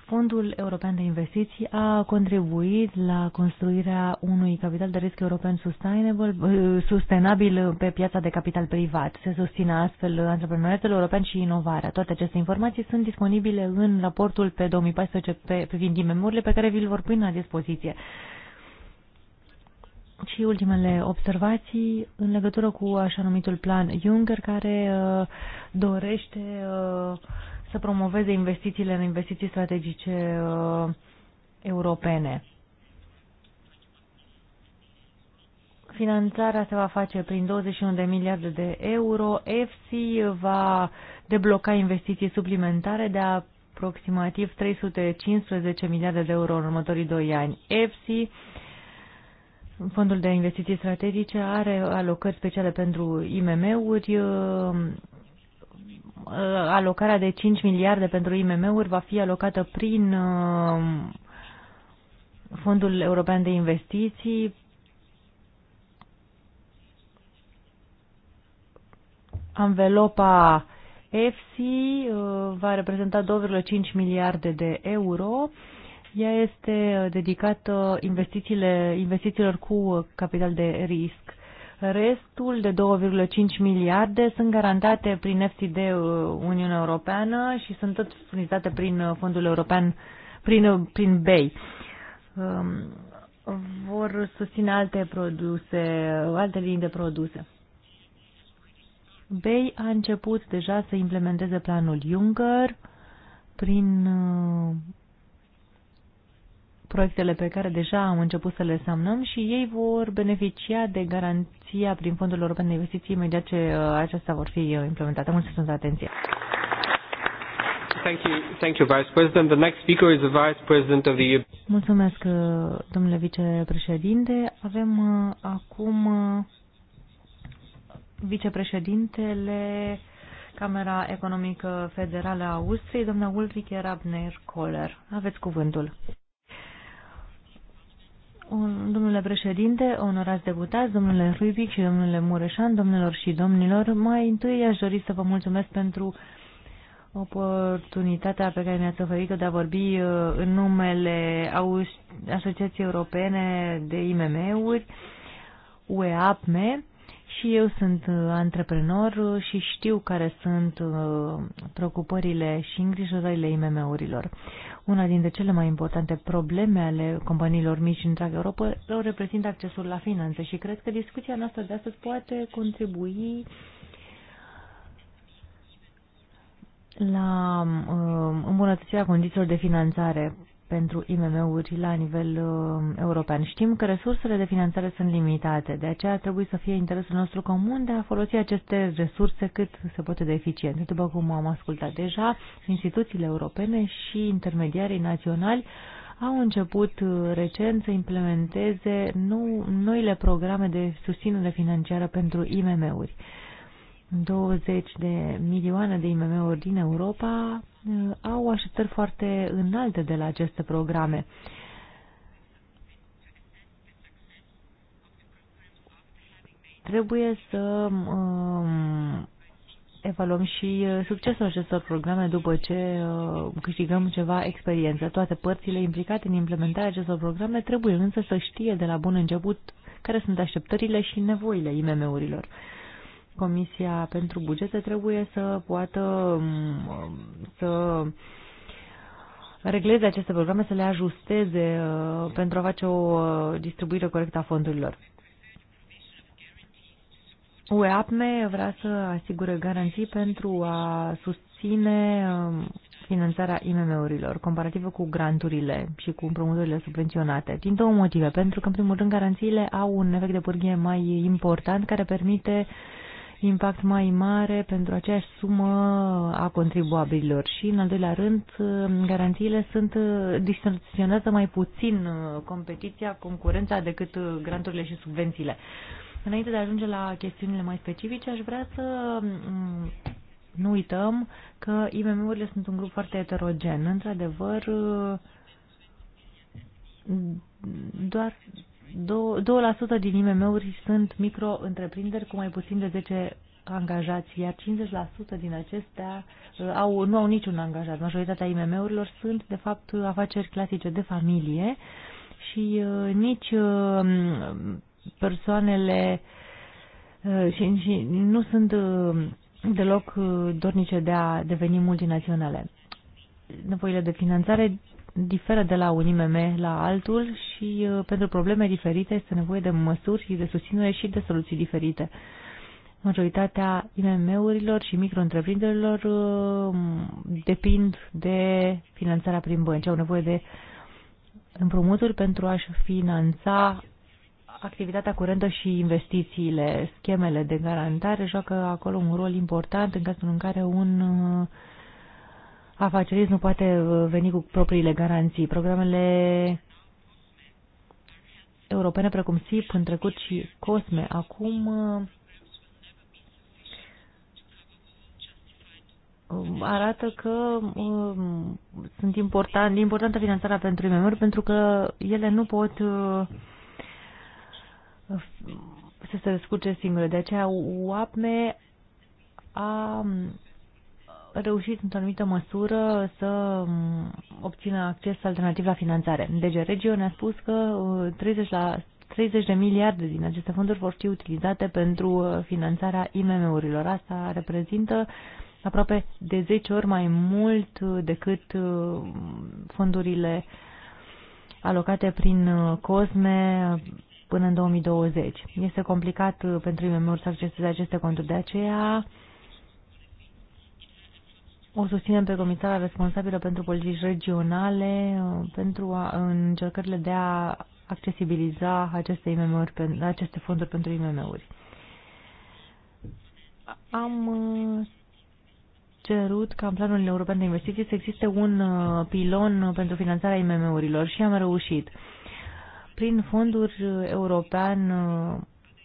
Fondul European de Investiții a contribuit la construirea unui capital de risc european sustainable, uh, sustenabil pe piața de capital privat. Se susține astfel antreprenoriatul european și inovarea. Toate aceste informații sunt disponibile în raportul pe 2014 privind imm pe care vi-l vor pune la dispoziție. Și ultimele observații în legătură cu așa numitul plan Juncker, care uh, dorește uh, să promoveze investițiile în investiții strategice uh, europene. Finanțarea se va face prin 21 de miliarde de euro. EFSI va debloca investiții suplimentare de aproximativ 315 miliarde de euro în următorii doi ani. EFSI Fondul de investiții strategice are alocări speciale pentru IMM-uri. Uh, alocarea de 5 miliarde pentru IMM-uri va fi alocată prin uh, Fondul European de Investiții. Anvelopa EFSI uh, va reprezenta 2,5 miliarde de euro. Ea este uh, dedicată investițiile, investițiilor cu uh, capital de risc. Restul de 2,5 miliarde sunt garantate prin FCD uh, Uniunea Europeană și sunt tot furnizate prin Fondul European, prin, prin BEI. Um, vor susține alte produse, alte linii de produse. BEI a început deja să implementeze planul Juncker prin proiectele pe care deja am început să le semnăm și ei vor beneficia de garanția prin Fondul European de Investiții imediat ce uh, acestea vor fi uh, implementate. Mulțumesc pentru atenție. Thank you, thank you, Vice President. The next speaker is the Vice President of the Mulțumesc, uh, domnule vicepreședinte. Avem acum vicepreședintele Camera Economică Federală a Austriei, doamna Ulrike Rabner-Kohler. Aveți cuvântul. Domnule președinte, onorați deputați, domnule Rubic și domnule Mureșan, domnilor și domnilor, mai întâi aș dori să vă mulțumesc pentru oportunitatea pe care mi-ați oferit-o de a vorbi uh, în numele Asociației Europene de IMM-uri, UEAPME, și eu sunt uh, antreprenor și știu care sunt uh, preocupările și îngrijorările IMM-urilor. Una dintre cele mai importante probleme ale companiilor mici în întreaga Europa o reprezintă accesul la finanțe și cred că discuția noastră de astăzi poate contribui la um, îmbunătățirea condițiilor de finanțare pentru IMM-uri la nivel uh, european. Știm că resursele de finanțare sunt limitate, de aceea trebuie să fie interesul nostru comun de a folosi aceste resurse cât se poate de eficiente. După cum am ascultat deja, instituțiile europene și intermediarii naționali au început uh, recent să implementeze nou, noile programe de susținere financiară pentru IMM-uri. Uh, 20 de milioane de IMM-uri din Europa uh, au așteptări foarte înalte de la aceste programe. Trebuie să um, evaluăm și uh, succesul acestor programe după ce uh, câștigăm ceva experiență. Toate părțile implicate în implementarea acestor programe trebuie însă să știe de la bun început care sunt așteptările și nevoile IMM-urilor. Comisia pentru bugete trebuie să poată mm, um, să regleze aceste programe, să le ajusteze uh, pentru a face o uh, distribuire corectă a fondurilor. UEAPME vrea să asigure garanții pentru a susține um, finanțarea IMM-urilor, comparativă cu granturile și cu împrumuturile subvenționate, din două motive. Pentru că, în primul rând, garanțiile au un efect de pârghie mai important care permite uh, impact mai mare pentru aceeași sumă a contribuabililor și, în al doilea rând, garanțiile sunt distorsionează mai puțin uh, competiția, concurența decât uh, granturile și subvențiile. Înainte de a ajunge la chestiunile mai specifice, aș vrea să mm, nu uităm că IMM-urile sunt un grup foarte heterogen. Într-adevăr, uh, doar 2% din IMM-uri sunt micro-întreprinderi cu mai puțin de 10 angajați, iar 50% din acestea uh, au, nu au niciun angajat. Majoritatea IMM-urilor sunt, de fapt, afaceri clasice de familie și uh, nici uh, persoanele uh, și, și nu sunt uh, deloc uh, dornice de a deveni multinaționale. Nevoile de finanțare diferă de la un IMM la altul și uh, pentru probleme diferite este nevoie de măsuri, și de susținere și de soluții diferite. Majoritatea IMM-urilor și micro-întreprinderilor uh, depind de finanțarea prin bănci. Au nevoie de împrumuturi pentru a-și finanța activitatea curentă și investițiile, schemele de garantare joacă acolo un rol important în cazul în care un uh, afacerist nu poate uh, veni cu propriile garanții. Programele europene precum SIP în trecut și COSME acum uh, arată că uh, sunt important, importantă finanțarea pentru imm pentru că ele nu pot să se descurce singure. De aceea UAPME a reușit într-o anumită măsură să mm, obțină acces alternativ la finanțare. DG deci, Regio ne-a spus că 30, uh, la, 30 de miliarde din aceste fonduri vor fi utilizate pentru uh, finanțarea IMM-urilor. Asta reprezintă aproape de 10 ori mai mult uh, decât fondurile alocate prin COSME până în 2020. Este complicat pentru IMM-uri să acceseze aceste conturi, de aceea o susținem pe comisara responsabilă pentru politici regionale uh, pentru a, în încercările de a accesibiliza aceste, IMM-uri, aceste fonduri pentru IMM-uri. Am uh, cerut ca în planul european de investiții să existe un uh, pilon pentru finanțarea IMM-urilor și am reușit. Prin fonduri european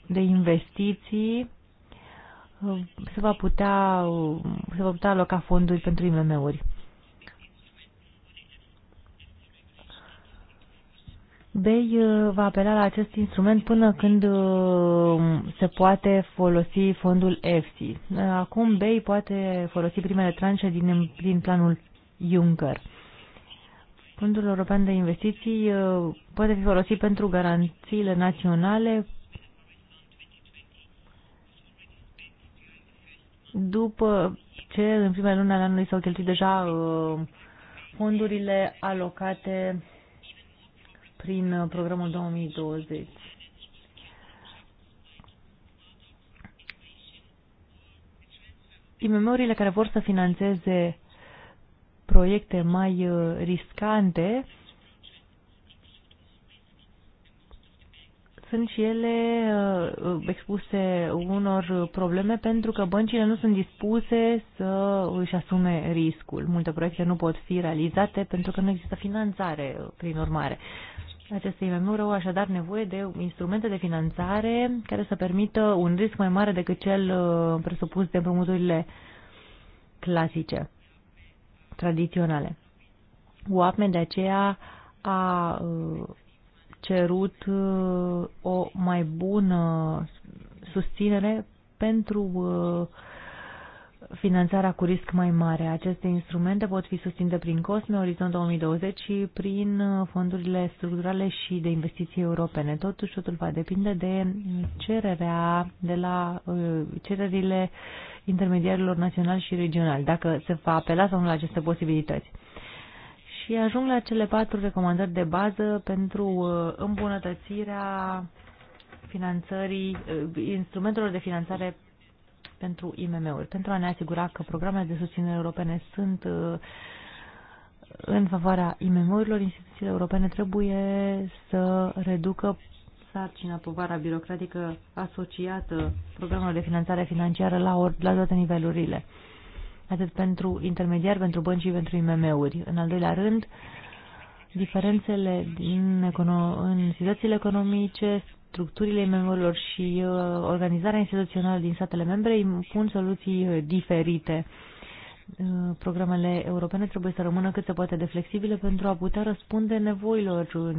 de investiții se va putea, se va putea aloca fonduri pentru IMM-uri. BEI uh, va apela la acest instrument până când uh, se poate folosi fondul EFSI. Uh, acum BEI poate folosi primele tranșe din, din planul Juncker. Fondul European de Investiții poate fi folosit pentru garanțiile naționale după ce în prima lună al anului s-au cheltuit deja uh, fondurile alocate prin uh, programul 2020. IMM-urile care vor să financeze proiecte mai uh, riscante sunt și ele uh, expuse unor probleme pentru că băncile nu sunt dispuse să își asume riscul. Multe proiecte nu pot fi realizate pentru că nu există finanțare, uh, prin urmare. Aceste IMM-uri au așadar nevoie de instrumente de finanțare care să permită un risc mai mare decât cel uh, presupus de împrumuturile clasice, tradiționale. UAPME de aceea a cerut uh, o mai bună susținere pentru uh, finanțarea cu risc mai mare. Aceste instrumente pot fi susținute prin COSME, Orizont 2020 și prin uh, fondurile structurale și de investiții europene. Totuși, totul va depinde de cererea de la cererile intermediarilor naționali și regionali, dacă se va apela sau nu la aceste posibilități și ajung la cele patru recomandări de bază pentru uh, îmbunătățirea finanțării, uh, instrumentelor de finanțare pentru IMM-uri, pentru a ne asigura că programele de susținere europene sunt uh, în favoarea IMM-urilor, instituțiile europene trebuie să reducă sarcina, povara birocratică asociată programelor de finanțare financiară la, or, la toate nivelurile atât pentru intermediari, pentru bănci și pentru IMM-uri. În al doilea rând, diferențele din econo- în situațiile economice, structurile IMM-urilor și uh, organizarea instituțională din statele membre impun soluții uh, diferite. Uh, programele europene trebuie să rămână cât se poate de flexibile pentru a putea răspunde nevoilor în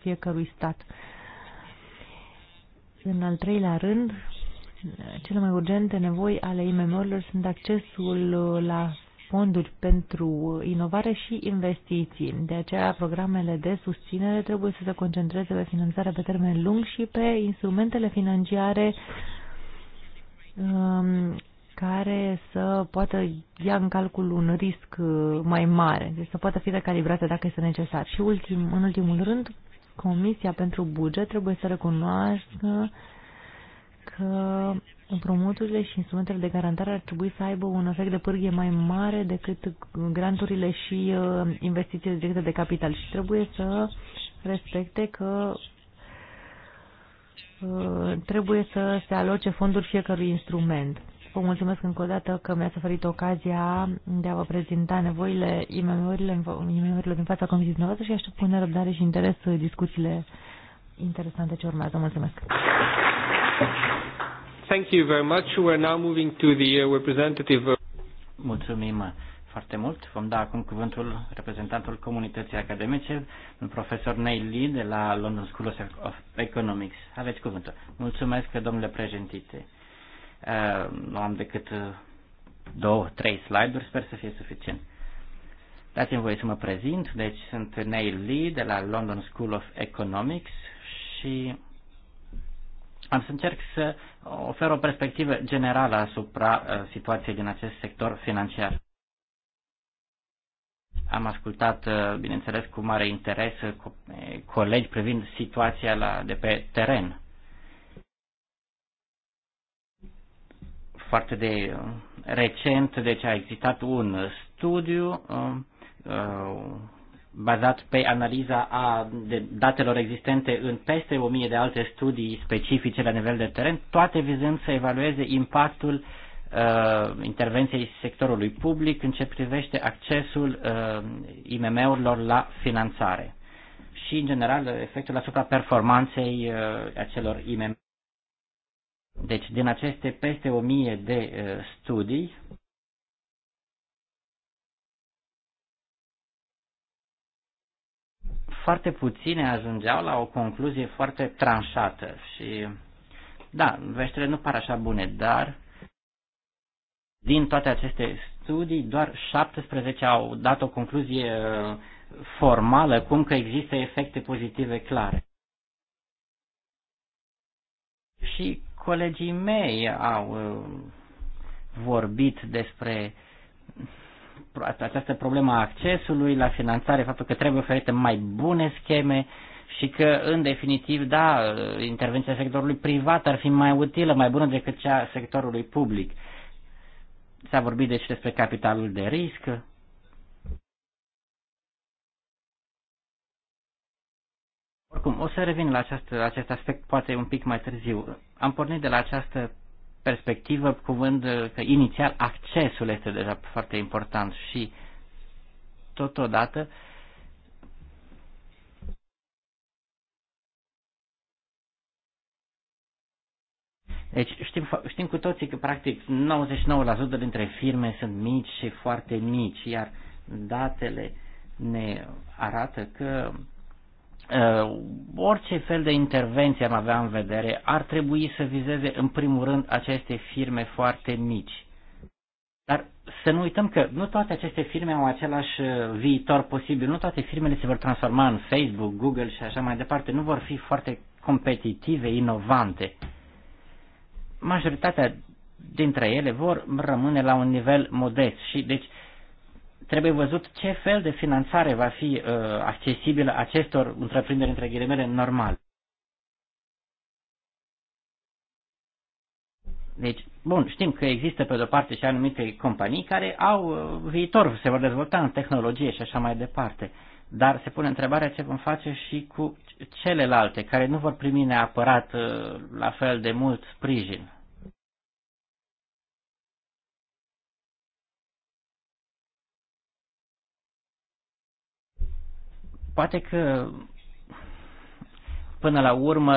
fiecărui stat. În al treilea rând, cele mai urgente nevoi ale IMM-urilor sunt accesul la fonduri pentru inovare și investiții. De aceea, programele de susținere trebuie să se concentreze pe finanțarea pe termen lung și pe instrumentele financiare um, care să poată ia în calcul un risc uh, mai mare, deci să poată fi recalibrate dacă este necesar. Și ultim, în ultimul rând, Comisia pentru Buget trebuie să recunoască că împrumuturile și instrumentele de garantare ar trebui să aibă un efect de pârghie mai mare decât granturile și uh, investițiile directe de capital și trebuie să respecte că uh, trebuie să se aloce fonduri fiecărui instrument. Vă mulțumesc încă o dată că mi-ați oferit ocazia de a vă prezenta nevoile IMM-urilor din fața comisiei dumneavoastră și aștept cu nerăbdare și interes uh, discuțiile interesante ce urmează. Mulțumesc! Thank you very much. We're now moving to the uh, representative. Mulțumim foarte mult. Vom da acum cuvântul reprezentantul comunității academice, un profesor Neil Lee de la London School of Economics. Aveți cuvântul. Mulțumesc, domnule președinte. Nu uh, am decât uh, două, trei slide-uri, sper să fie suficient. Dați-mi voie să mă prezint. Deci sunt Neil Lee de la London School of Economics și am să încerc să ofer o perspectivă generală asupra uh, situației din acest sector financiar. Am ascultat, uh, bineînțeles, cu mare interes uh, eh, colegi privind situația la, de pe teren. Foarte de recent, deci a existat un studiu bazat pe analiza a datelor existente în peste o mie de alte studii specifice la nivel de teren, toate vizând să evalueze impactul uh, intervenției sectorului public în ce privește accesul uh, IMM-urilor la finanțare și, în general, efectul asupra performanței uh, acelor IMM. Deci, din aceste peste o mie de uh, studii, foarte puține ajungeau la o concluzie foarte tranșată și da, veștile nu par așa bune, dar din toate aceste studii, doar 17 au dat o concluzie uh, formală, cum că există efecte pozitive clare. Și colegii mei au uh, vorbit despre această problemă a accesului la finanțare, faptul că trebuie oferite mai bune scheme și că, în definitiv, da, intervenția sectorului privat ar fi mai utilă, mai bună decât cea sectorului public. S-a vorbit deci despre capitalul de risc, Oricum, o să revin la acest, acest aspect poate un pic mai târziu. Am pornit de la această perspectivă, cuvânt că inițial accesul este deja foarte important și totodată Deci știm, știm cu toții că practic 99% dintre firme sunt mici și foarte mici, iar datele ne arată că Uh, orice fel de intervenție am avea în vedere ar trebui să vizeze în primul rând aceste firme foarte mici. Dar să nu uităm că nu toate aceste firme au același uh, viitor posibil, nu toate firmele se vor transforma în Facebook, Google și așa mai departe, nu vor fi foarte competitive, inovante. Majoritatea dintre ele vor rămâne la un nivel modest și deci Trebuie văzut ce fel de finanțare va fi uh, accesibilă acestor întreprinderi între ghilimele normale. Deci, bun, știm că există pe de-o parte și anumite companii care au uh, viitor, se vor dezvolta în tehnologie și așa mai departe. Dar se pune întrebarea ce vom face și cu celelalte care nu vor primi neapărat uh, la fel de mult sprijin. Poate că până la urmă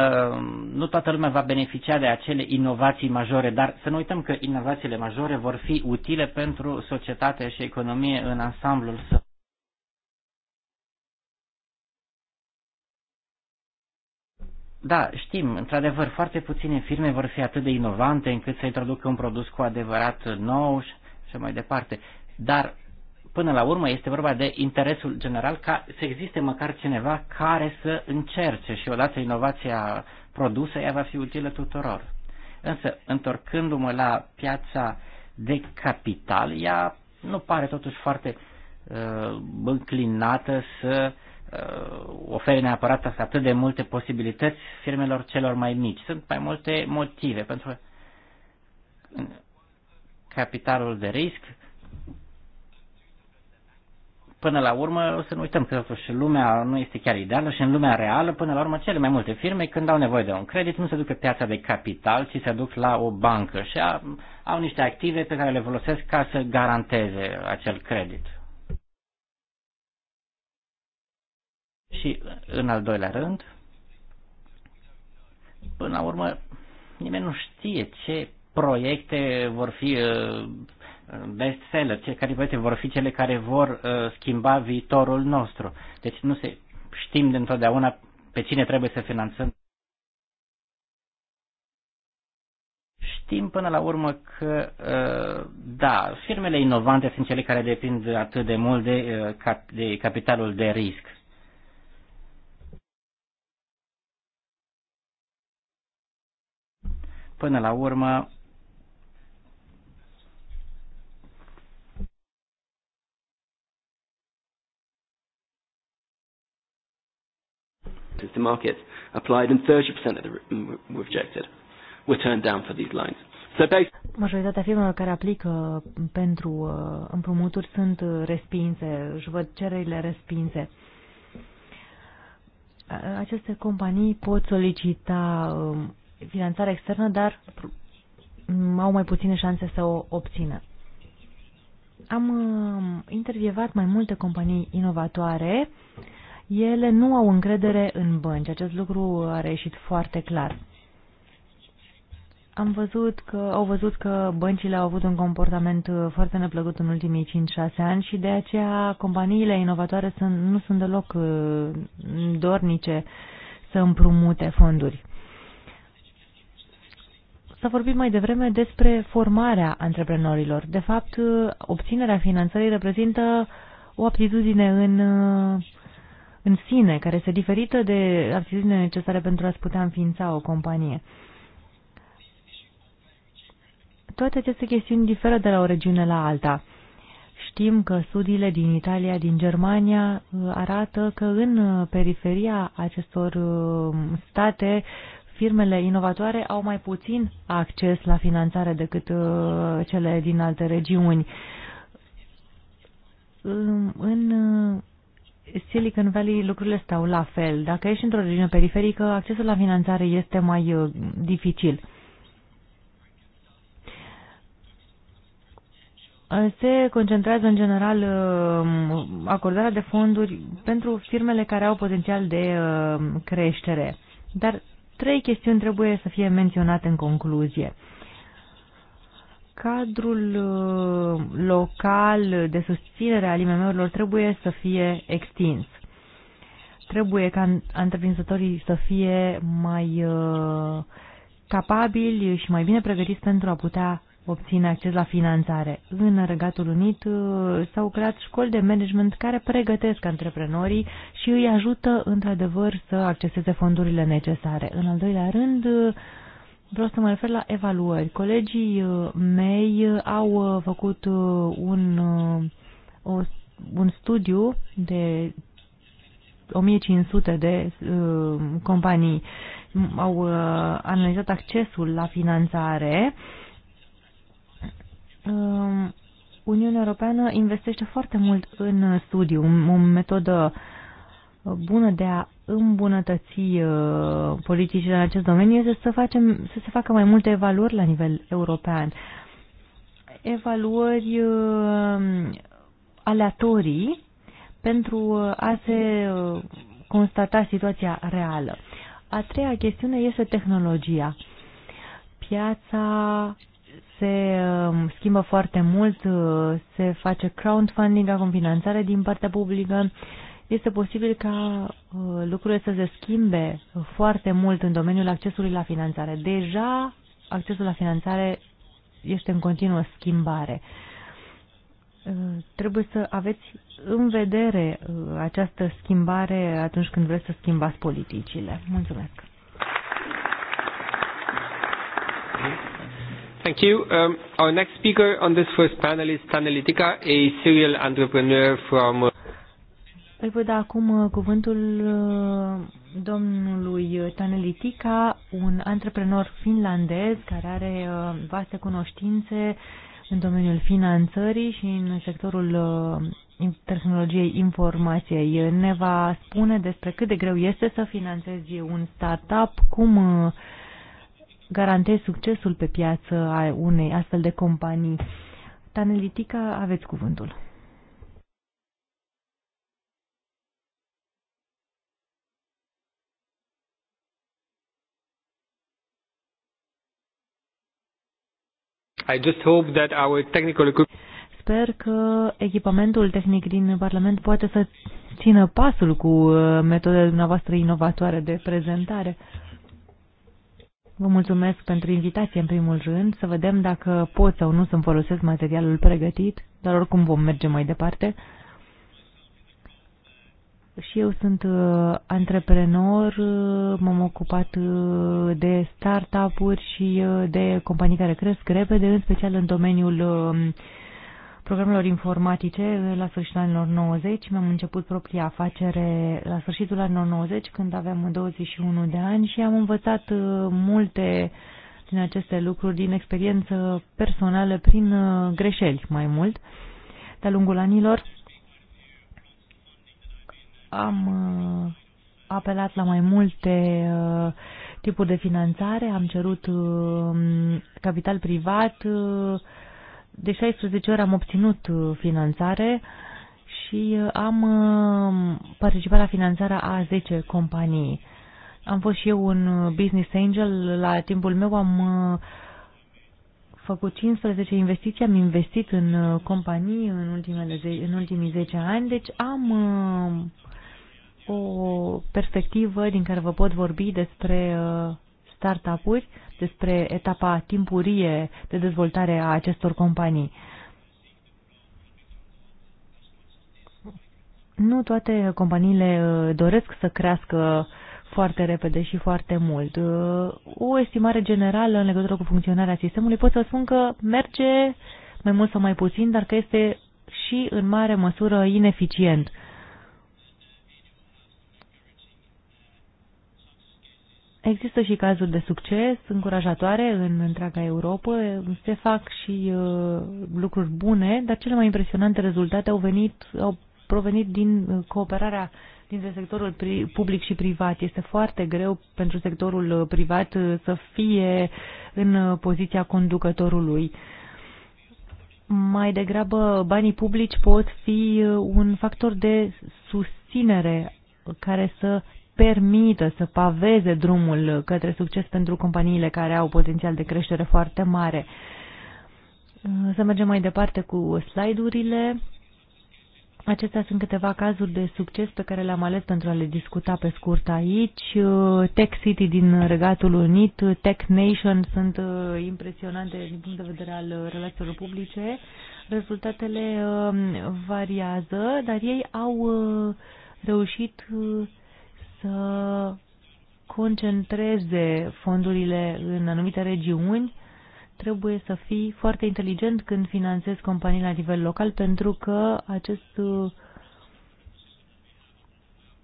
nu toată lumea va beneficia de acele inovații majore, dar să nu uităm că inovațiile majore vor fi utile pentru societate și economie în ansamblul său. Da, știm, într-adevăr, foarte puține firme vor fi atât de inovante încât să introducă un produs cu adevărat nou și, mai departe. Dar până la urmă este vorba de interesul general ca să existe măcar cineva care să încerce și odată inovația produsă ea va fi utilă tuturor. Însă, întorcându-mă la piața de capital, ea nu pare totuși foarte uh, înclinată să uh, ofere neapărat atât de multe posibilități firmelor celor mai mici. Sunt mai multe motive, pentru că capitalul de risc Până la urmă, să nu uităm că totuși lumea nu este chiar ideală și în lumea reală, până la urmă, cele mai multe firme, când au nevoie de un credit, nu se duc pe piața de capital, ci se duc la o bancă și au, au niște active pe care le folosesc ca să garanteze acel credit. Și, în al doilea rând, până la urmă, nimeni nu știe ce proiecte vor fi uh, bestseller, cei care poate vor fi cele care vor uh, schimba viitorul nostru. Deci nu se știm de întotdeauna pe cine trebuie să finanțăm. Știm până la urmă că, uh, da, firmele inovante sunt cele care depind atât de mult de, uh, de capitalul de risc. Până la urmă, Since the market applied and 30% of the were mm, rejected, were turned down for these lines. So Majoritatea firmelor care aplică pentru uh, împrumuturi sunt uh, respinse, își văd cererile respinse. Aceste companii pot solicita um, finanțare externă, dar au mai puține șanse să o obțină. Am um, intervievat mai multe companii inovatoare ele nu au încredere în bănci. Acest lucru a reieșit foarte clar. Am văzut că, au văzut că băncile au avut un comportament foarte neplăcut în ultimii 5-6 ani și de aceea companiile inovatoare sunt, nu sunt deloc uh, dornice să împrumute fonduri. să vorbim mai devreme despre formarea antreprenorilor. De fapt, obținerea finanțării reprezintă o aptitudine în uh, în sine, care este diferită de aptitudinile necesare pentru a-ți putea înființa o companie. Toate aceste chestiuni diferă de la o regiune la alta. Știm că studiile din Italia, din Germania uh, arată că în periferia acestor uh, state firmele inovatoare au mai puțin acces la finanțare decât uh, cele din alte regiuni. În Silicon Valley lucrurile stau la fel. Dacă ești într-o regiune periferică, accesul la finanțare este mai uh, dificil. Uh, se concentrează în general uh, acordarea de fonduri pentru firmele care au potențial de creștere. Dar trei chestiuni trebuie să fie menționate în concluzie cadrul uh, local de susținere al IMM-urilor trebuie să fie extins. Trebuie ca întreprinzătorii să fie mai uh, capabili și mai bine pregătiți pentru a putea obține acces la finanțare. În Regatul Unit uh, s-au creat școli de management care pregătesc antreprenorii și îi ajută într-adevăr să acceseze fondurile necesare. În al doilea rând, Vreau să mă refer la evaluări. Colegii uh, mei uh, au uh, făcut un, un studiu de 1500 de companii. Au analizat accesul la finanțare. Um, Uniunea Europeană investește foarte mult în studiu, o metodă uh, bună de a îmbunătăți uh, politicile în acest domeniu este să, facem, să se facă mai multe evaluări la nivel european. Evaluări uh, aleatorii pentru uh, a se constata situația reală. A treia chestiune este tehnologia. Piața se um, schimbă foarte mult, se face crowdfunding, acum finanțare din partea publică, este posibil ca uh, lucrurile să se schimbe foarte mult în domeniul accesului la finanțare. Deja accesul la finanțare este în continuă schimbare. Uh, trebuie să aveți în vedere uh, această schimbare atunci când vreți să schimbați politicile. Mulțumesc! Thank you. Um, our next speaker on this first panel is Tanelitika, a serial entrepreneur from... Îi văd da acum uh, cuvântul uh, domnului Tanelitica, un antreprenor finlandez care are uh, vaste cunoștințe în domeniul finanțării și în sectorul tehnologiei informației. Ne va spune despre cât de greu este să finanțezi un startup, cum garantezi succesul pe piață a unei astfel de companii. Tanelitica, aveți cuvântul. I just hope that our technical equipment Sper că echipamentul tehnic din Parlament poate să țină pasul cu uh, metodele dumneavoastră inovatoare de prezentare. Vă mulțumesc pentru invitație în primul rând, să vedem dacă pot sau nu să-mi folosesc materialul pregătit, dar oricum vom merge mai departe. Și eu sunt uh, antreprenor, uh, m-am ocupat uh, de startup-uri și uh, de companii care cresc repede, în special în domeniul uh, programelor informatice uh, la sfârșitul anilor 90. Mi-am început propria afacere la sfârșitul anilor 90, când aveam 21 de ani și am învățat uh, multe din aceste lucruri din experiență personală prin uh, greșeli mai mult. De-a lungul anilor am uh, apelat la mai multe uh, tipuri de finanțare, am cerut uh, capital privat, de 16 ori am obținut finanțare și am participat la finanțarea a 10 companii. Am fost și eu un business angel, la timpul meu am făcut 15 investiții, am investit în companii în, ultimele, în ultimii 10 ani, deci am o perspectivă din care vă pot vorbi despre uh, startup-uri, despre etapa timpurie de dezvoltare a acestor companii. Nu toate companiile uh, doresc să crească foarte repede și foarte mult. Uh, o estimare generală în legătură cu funcționarea sistemului pot să spun că merge mai mult sau mai puțin, dar că este și în mare măsură ineficient. Uh, Există și cazuri de succes încurajatoare în întreaga Europa, se fac și uh, lucruri bune, dar cele mai impresionante rezultate au venit, au provenit din uh, cooperarea dintre sectorul public și privat. Este foarte greu pentru sectorul uh, privat uh, să fie în poziția conducătorului. Mai degrabă, banii publici pot fi un factor de susținere care să permită să paveze drumul către succes pentru companiile care au potențial de creștere foarte mare. Să mergem mai departe cu slide-urile. Acestea sunt câteva cazuri de succes pe care le-am ales pentru a le discuta pe scurt aici. Tech City din Regatul Unit, Tech Nation sunt uh, impresionante din punct de vedere al uh, relațiilor publice. Rezultatele uh, variază, dar ei au reușit să concentreze fondurile în anumite regiuni, trebuie să fii foarte inteligent când finanțezi companii la nivel local, pentru că acest uh,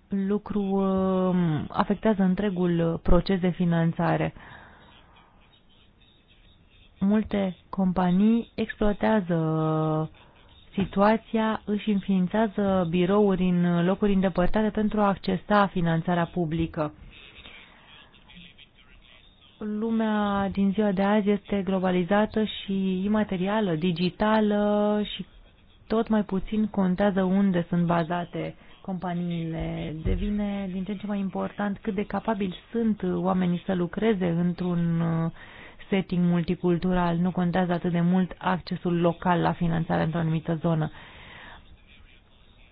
lucru uh, afectează întregul proces de finanțare. Multe companii exploatează situația își înființează birouri în locuri îndepărtate pentru a accesa finanțarea publică. Lumea din ziua de azi este globalizată și imaterială, digitală și tot mai puțin contează unde sunt bazate companiile. Devine din ce în ce mai important cât de capabili sunt oamenii să lucreze într-un uh, setting multicultural, nu contează atât de mult accesul local la finanțare într-o anumită zonă.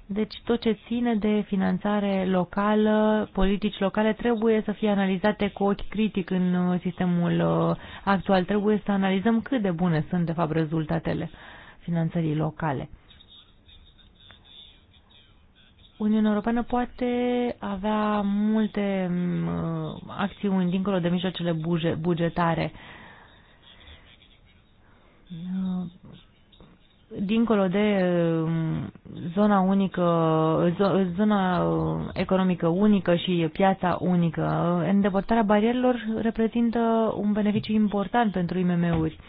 Deci tot ce ține de finanțare locală, politici locale, trebuie să fie analizate cu ochi critic în uh, sistemul uh, actual. Trebuie să analizăm cât de bune sunt, de fapt, rezultatele finanțării locale. Uniunea Europeană poate avea multe mm, uh, acțiuni dincolo de mijloacele bugetare dincolo de um, zona unică, zona um, economică unică și piața unică, îndepărtarea barierelor reprezintă un beneficiu important pentru IMM-uri,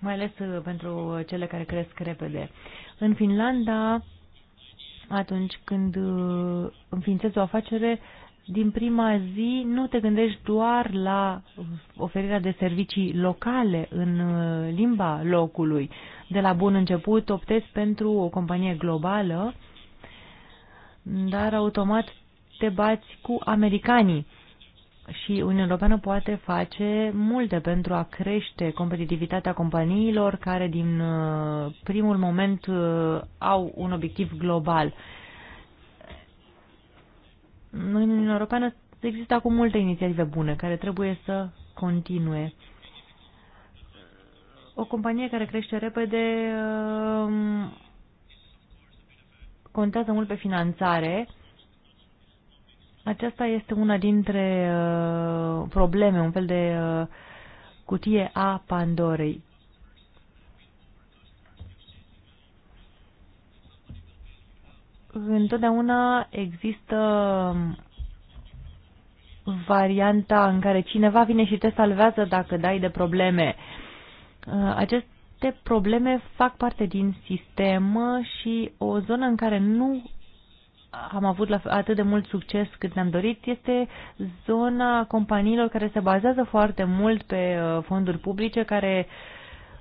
mai ales uh, pentru cele care cresc repede. În Finlanda, atunci când uh, înființez o afacere, din prima zi nu te gândești doar la oferirea de servicii locale în uh, limba locului. De la bun început optezi pentru o companie globală, dar automat te bați cu americanii. Și Uniunea Europeană poate face multe pentru a crește competitivitatea companiilor care din uh, primul moment uh, au un obiectiv global noi în Uniunea Europeană există acum multe inițiative bune care trebuie să continue. O companie care crește repede um, contează mult pe finanțare. Aceasta este una dintre uh, probleme, un fel de uh, cutie a Pandorei. întotdeauna există varianta în care cineva vine și te salvează dacă dai de probleme. Uh, aceste probleme fac parte din sistem și o zonă în care nu am avut atât de mult succes cât ne-am dorit este zona companiilor care se bazează foarte mult pe uh, fonduri publice, care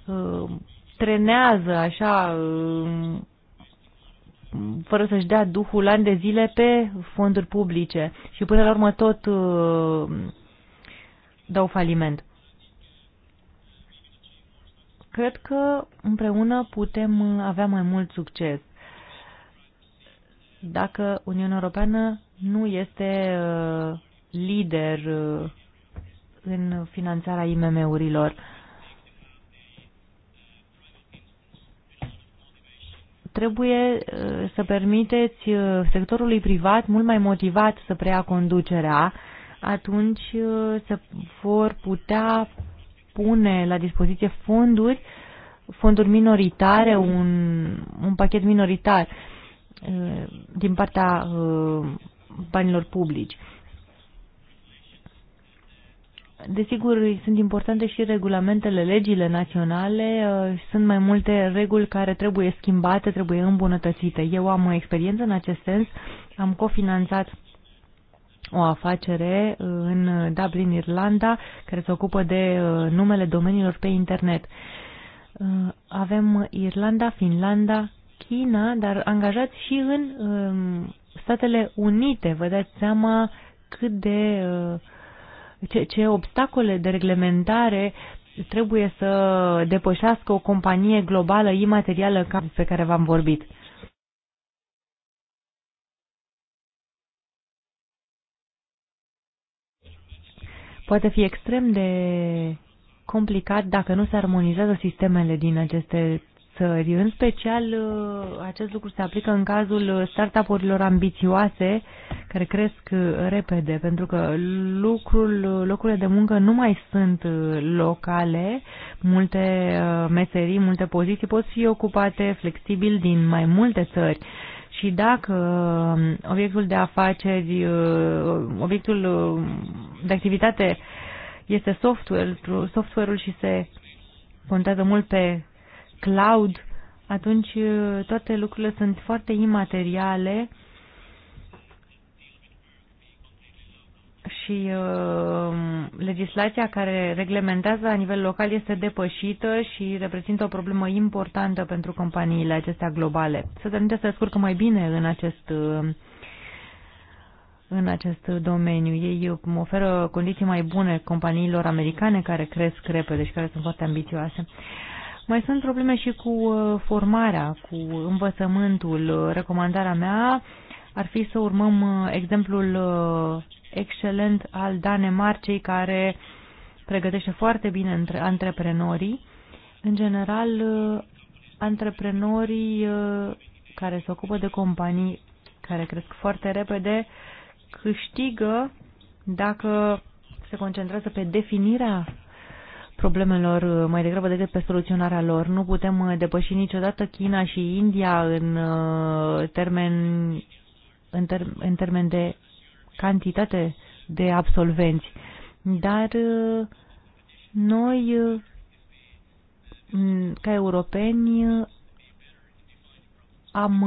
uh, trenează așa fără să-și dea duhul ani de zile pe fonduri publice și până la urmă tot uh, dau faliment. Cred că împreună putem avea mai mult succes dacă Uniunea Europeană nu este uh, lider uh, în finanțarea IMM-urilor. trebuie uh, să permiteți uh, sectorului privat mult mai motivat să preia conducerea, atunci uh, se vor putea pune la dispoziție fonduri, fonduri minoritare, un, un pachet minoritar din partea banilor publici. Desigur, sunt importante și regulamentele, legile naționale, uh, sunt mai multe reguli care trebuie schimbate, trebuie îmbunătățite. Eu am o experiență în acest sens, am cofinanțat o afacere uh, în Dublin, Irlanda, care se ocupă de uh, numele domeniilor pe internet. Avem Irlanda, Finlanda, China, dar angajați și în um, Statele Unite. Vă dați seama cât de uh, ce, ce obstacole de reglementare trebuie să depășească o companie globală imaterială pe care v-am vorbit. Poate fi extrem de complicat dacă nu se armonizează sistemele din aceste țări. În special, uh, acest lucru se aplică în cazul uh, startup-urilor ambițioase care cresc uh, repede, pentru că lucrul, locurile de muncă nu mai sunt locale, multe meserii, multe poziții pot fi ocupate flexibil din mai multe țări. Și dacă obiectul de afaceri, obiectul de activitate este software, software-ul și se contează mult pe cloud, atunci uh, toate lucrurile sunt foarte imateriale și uh, legislația care reglementează la nivel local este depășită și reprezintă o problemă importantă pentru companiile acestea globale. Să permite să scurcă mai bine în acest uh, în acest domeniu. Ei oferă condiții mai bune companiilor americane care cresc repede și care sunt foarte ambițioase. Uh, mai sunt probleme și cu uh, formarea, cu învățământul. Recomandarea mea ar fi să urmăm uh, exemplul uh, excelent al Danemarcei, care pregătește foarte bine antreprenorii. În general, antreprenorii care se ocupă de companii care cresc foarte repede câștigă dacă se concentrează pe definirea problemelor uh, mai degrabă decât pe soluționarea lor. Nu putem uh, depăși niciodată China și India în uh, termen, în, ter, în termen de cantitate de absolvenți, dar noi, ca europeni, am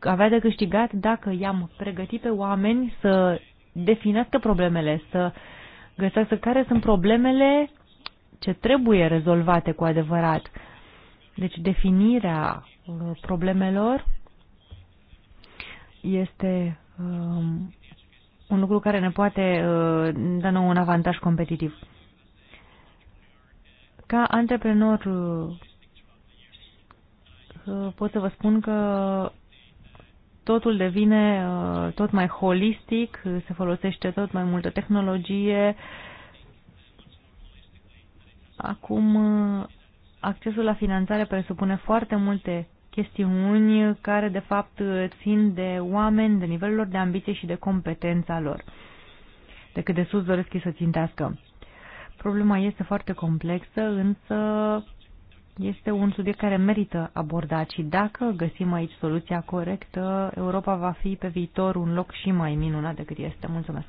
avea de câștigat dacă i-am pregătit pe oameni să definească problemele, să uh, găsească care sunt problemele ce trebuie rezolvate cu adevărat. Deci definirea uh, problemelor este um, un lucru care ne poate uh, da nou un avantaj competitiv. Ca antreprenor uh, pot să vă spun că totul devine uh, tot mai holistic, se folosește tot mai multă tehnologie. Acum, uh, accesul la finanțare presupune foarte multe chestiuni care, de fapt, țin de oameni, de nivelul lor de ambiție și de competența lor, de cât de sus doresc ei să țintească. Problema este foarte complexă, însă este un subiect care merită abordat și dacă găsim aici soluția corectă, Europa va fi pe viitor un loc și mai minunat decât este. Mulțumesc!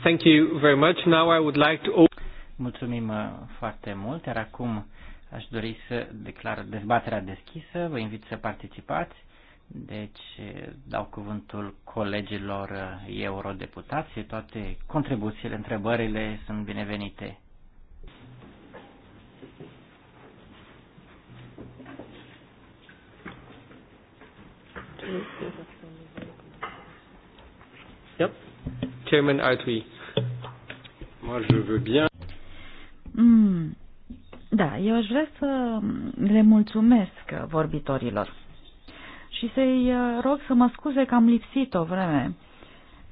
Thank you very much. Now I would like to... Mulțumim uh, foarte mult, iar acum aș dori să declar dezbaterea deschisă. Vă invit să participați. Deci uh, dau cuvântul colegilor uh, eurodeputați. Toate contribuțiile, întrebările sunt binevenite. Yep. Chairman Artui. Moi, je veux bien. Mm. Da, eu aș vrea să le mulțumesc vorbitorilor și să-i uh, rog să mă scuze că am lipsit o vreme.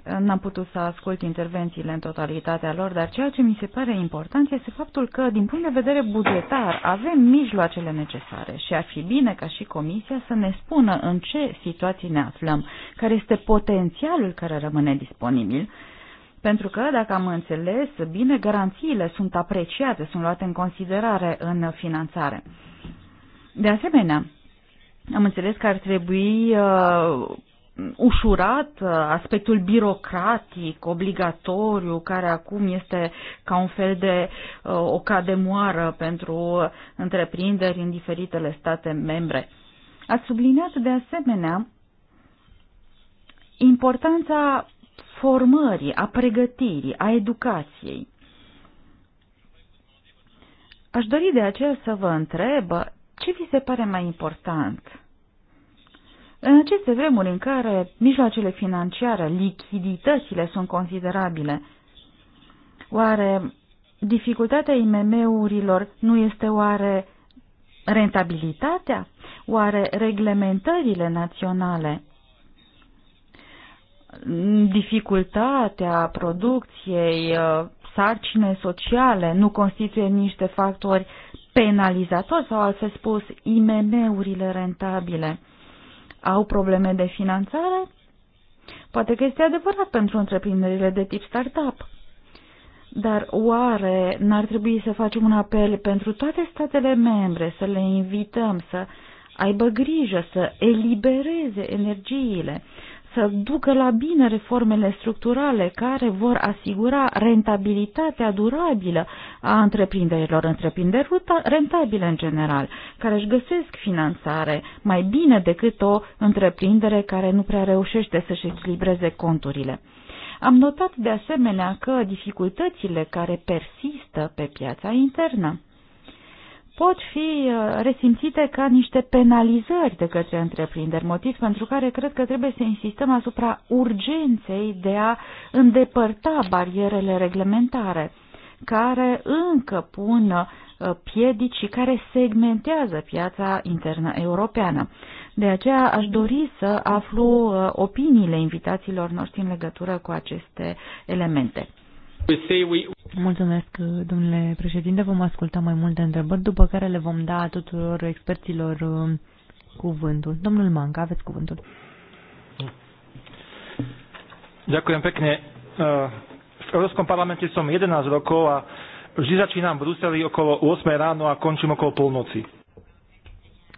N-am putut să ascult intervențiile în totalitatea lor, dar ceea ce mi se pare important este faptul că, din punct de vedere bugetar, avem mijloacele necesare și ar fi bine ca și Comisia să ne spună în ce situații ne aflăm, care este potențialul care rămâne disponibil, pentru că, dacă am înțeles bine, garanțiile sunt apreciate, sunt luate în considerare în finanțare. De asemenea, am înțeles că ar trebui uh, ușurat aspectul birocratic, obligatoriu, care acum este ca un fel de uh, o cademoară pentru întreprinderi în diferitele state membre. Ați subliniat de asemenea importanța formării, a pregătirii, a educației. Aș dori de aceea să vă întreb ce vi se pare mai important? În aceste vremuri în care mijloacele financiare, lichiditățile sunt considerabile, oare dificultatea IMM-urilor nu este oare rentabilitatea? Oare reglementările naționale? Dificultatea producției, uh, sarcine sociale nu constituie niște factori penalizatori sau, altfel spus, IMM-urile rentabile? au probleme de finanțare? Poate că este adevărat pentru întreprinderile de tip startup. Dar oare n-ar trebui să facem un apel pentru toate statele membre, să le invităm să aibă grijă, să elibereze energiile, să ducă la bine reformele structurale care vor asigura rentabilitatea durabilă a întreprinderilor, întreprinderi rentabile în general, care își găsesc finanțare mai bine decât o întreprindere care nu prea reușește să-și echilibreze conturile. Am notat de asemenea că dificultățile care persistă pe piața internă pot fi uh, resimțite ca niște penalizări de către întreprinderi, motiv pentru care cred că trebuie să insistăm asupra urgenței de a îndepărta barierele reglementare care încă pun uh, piedici și care segmentează piața internă europeană. De aceea aș dori să aflu uh, opiniile invitațiilor noștri în legătură cu aceste elemente. Mulțumesc, domnule președinte. Vom asculta mai multe întrebări, după care le vom da tuturor experților uh, cuvântul. Domnul Manca, aveți cuvântul. Ďakujem pekne. Uh, v Európskom parlamente som 11 rokov a vždy začínam v Bruseli okolo 8 ráno a končím okolo polnoci.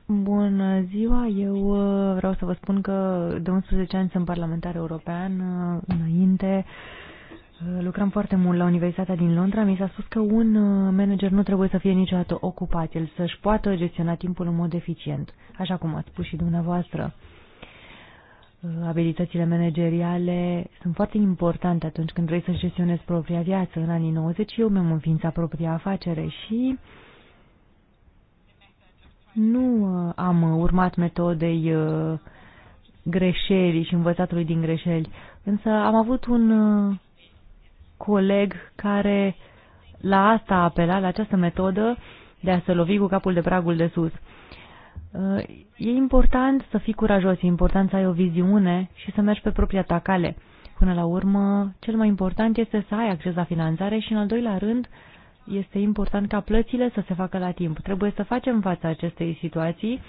Bună ziua, eu uh, vreau să vă spun că de 11 ani sunt parlamentar european. Înainte Lucrăm foarte mult la Universitatea din Londra. Mi s-a spus că un uh, manager nu trebuie să fie niciodată ocupat, el să-și poată gestiona timpul în mod eficient, așa cum ați spus și dumneavoastră. Uh, abilitățile manageriale sunt foarte importante atunci când vrei să-și gestionezi propria viață. În anii 90 eu mi-am înființat propria afacere și nu uh, am urmat metodei greșelii și învățatului din greșeli, însă am avut un coleg care la asta apela, la această metodă de a se lovi cu capul de pragul de sus. Uh, e important să fii curajos, e important să ai o viziune și să mergi pe propria ta cale. Până la urmă, cel mai important este să ai acces la finanțare și, în al doilea rând, este important ca plățile să se facă la timp. Trebuie să facem fața acestei situații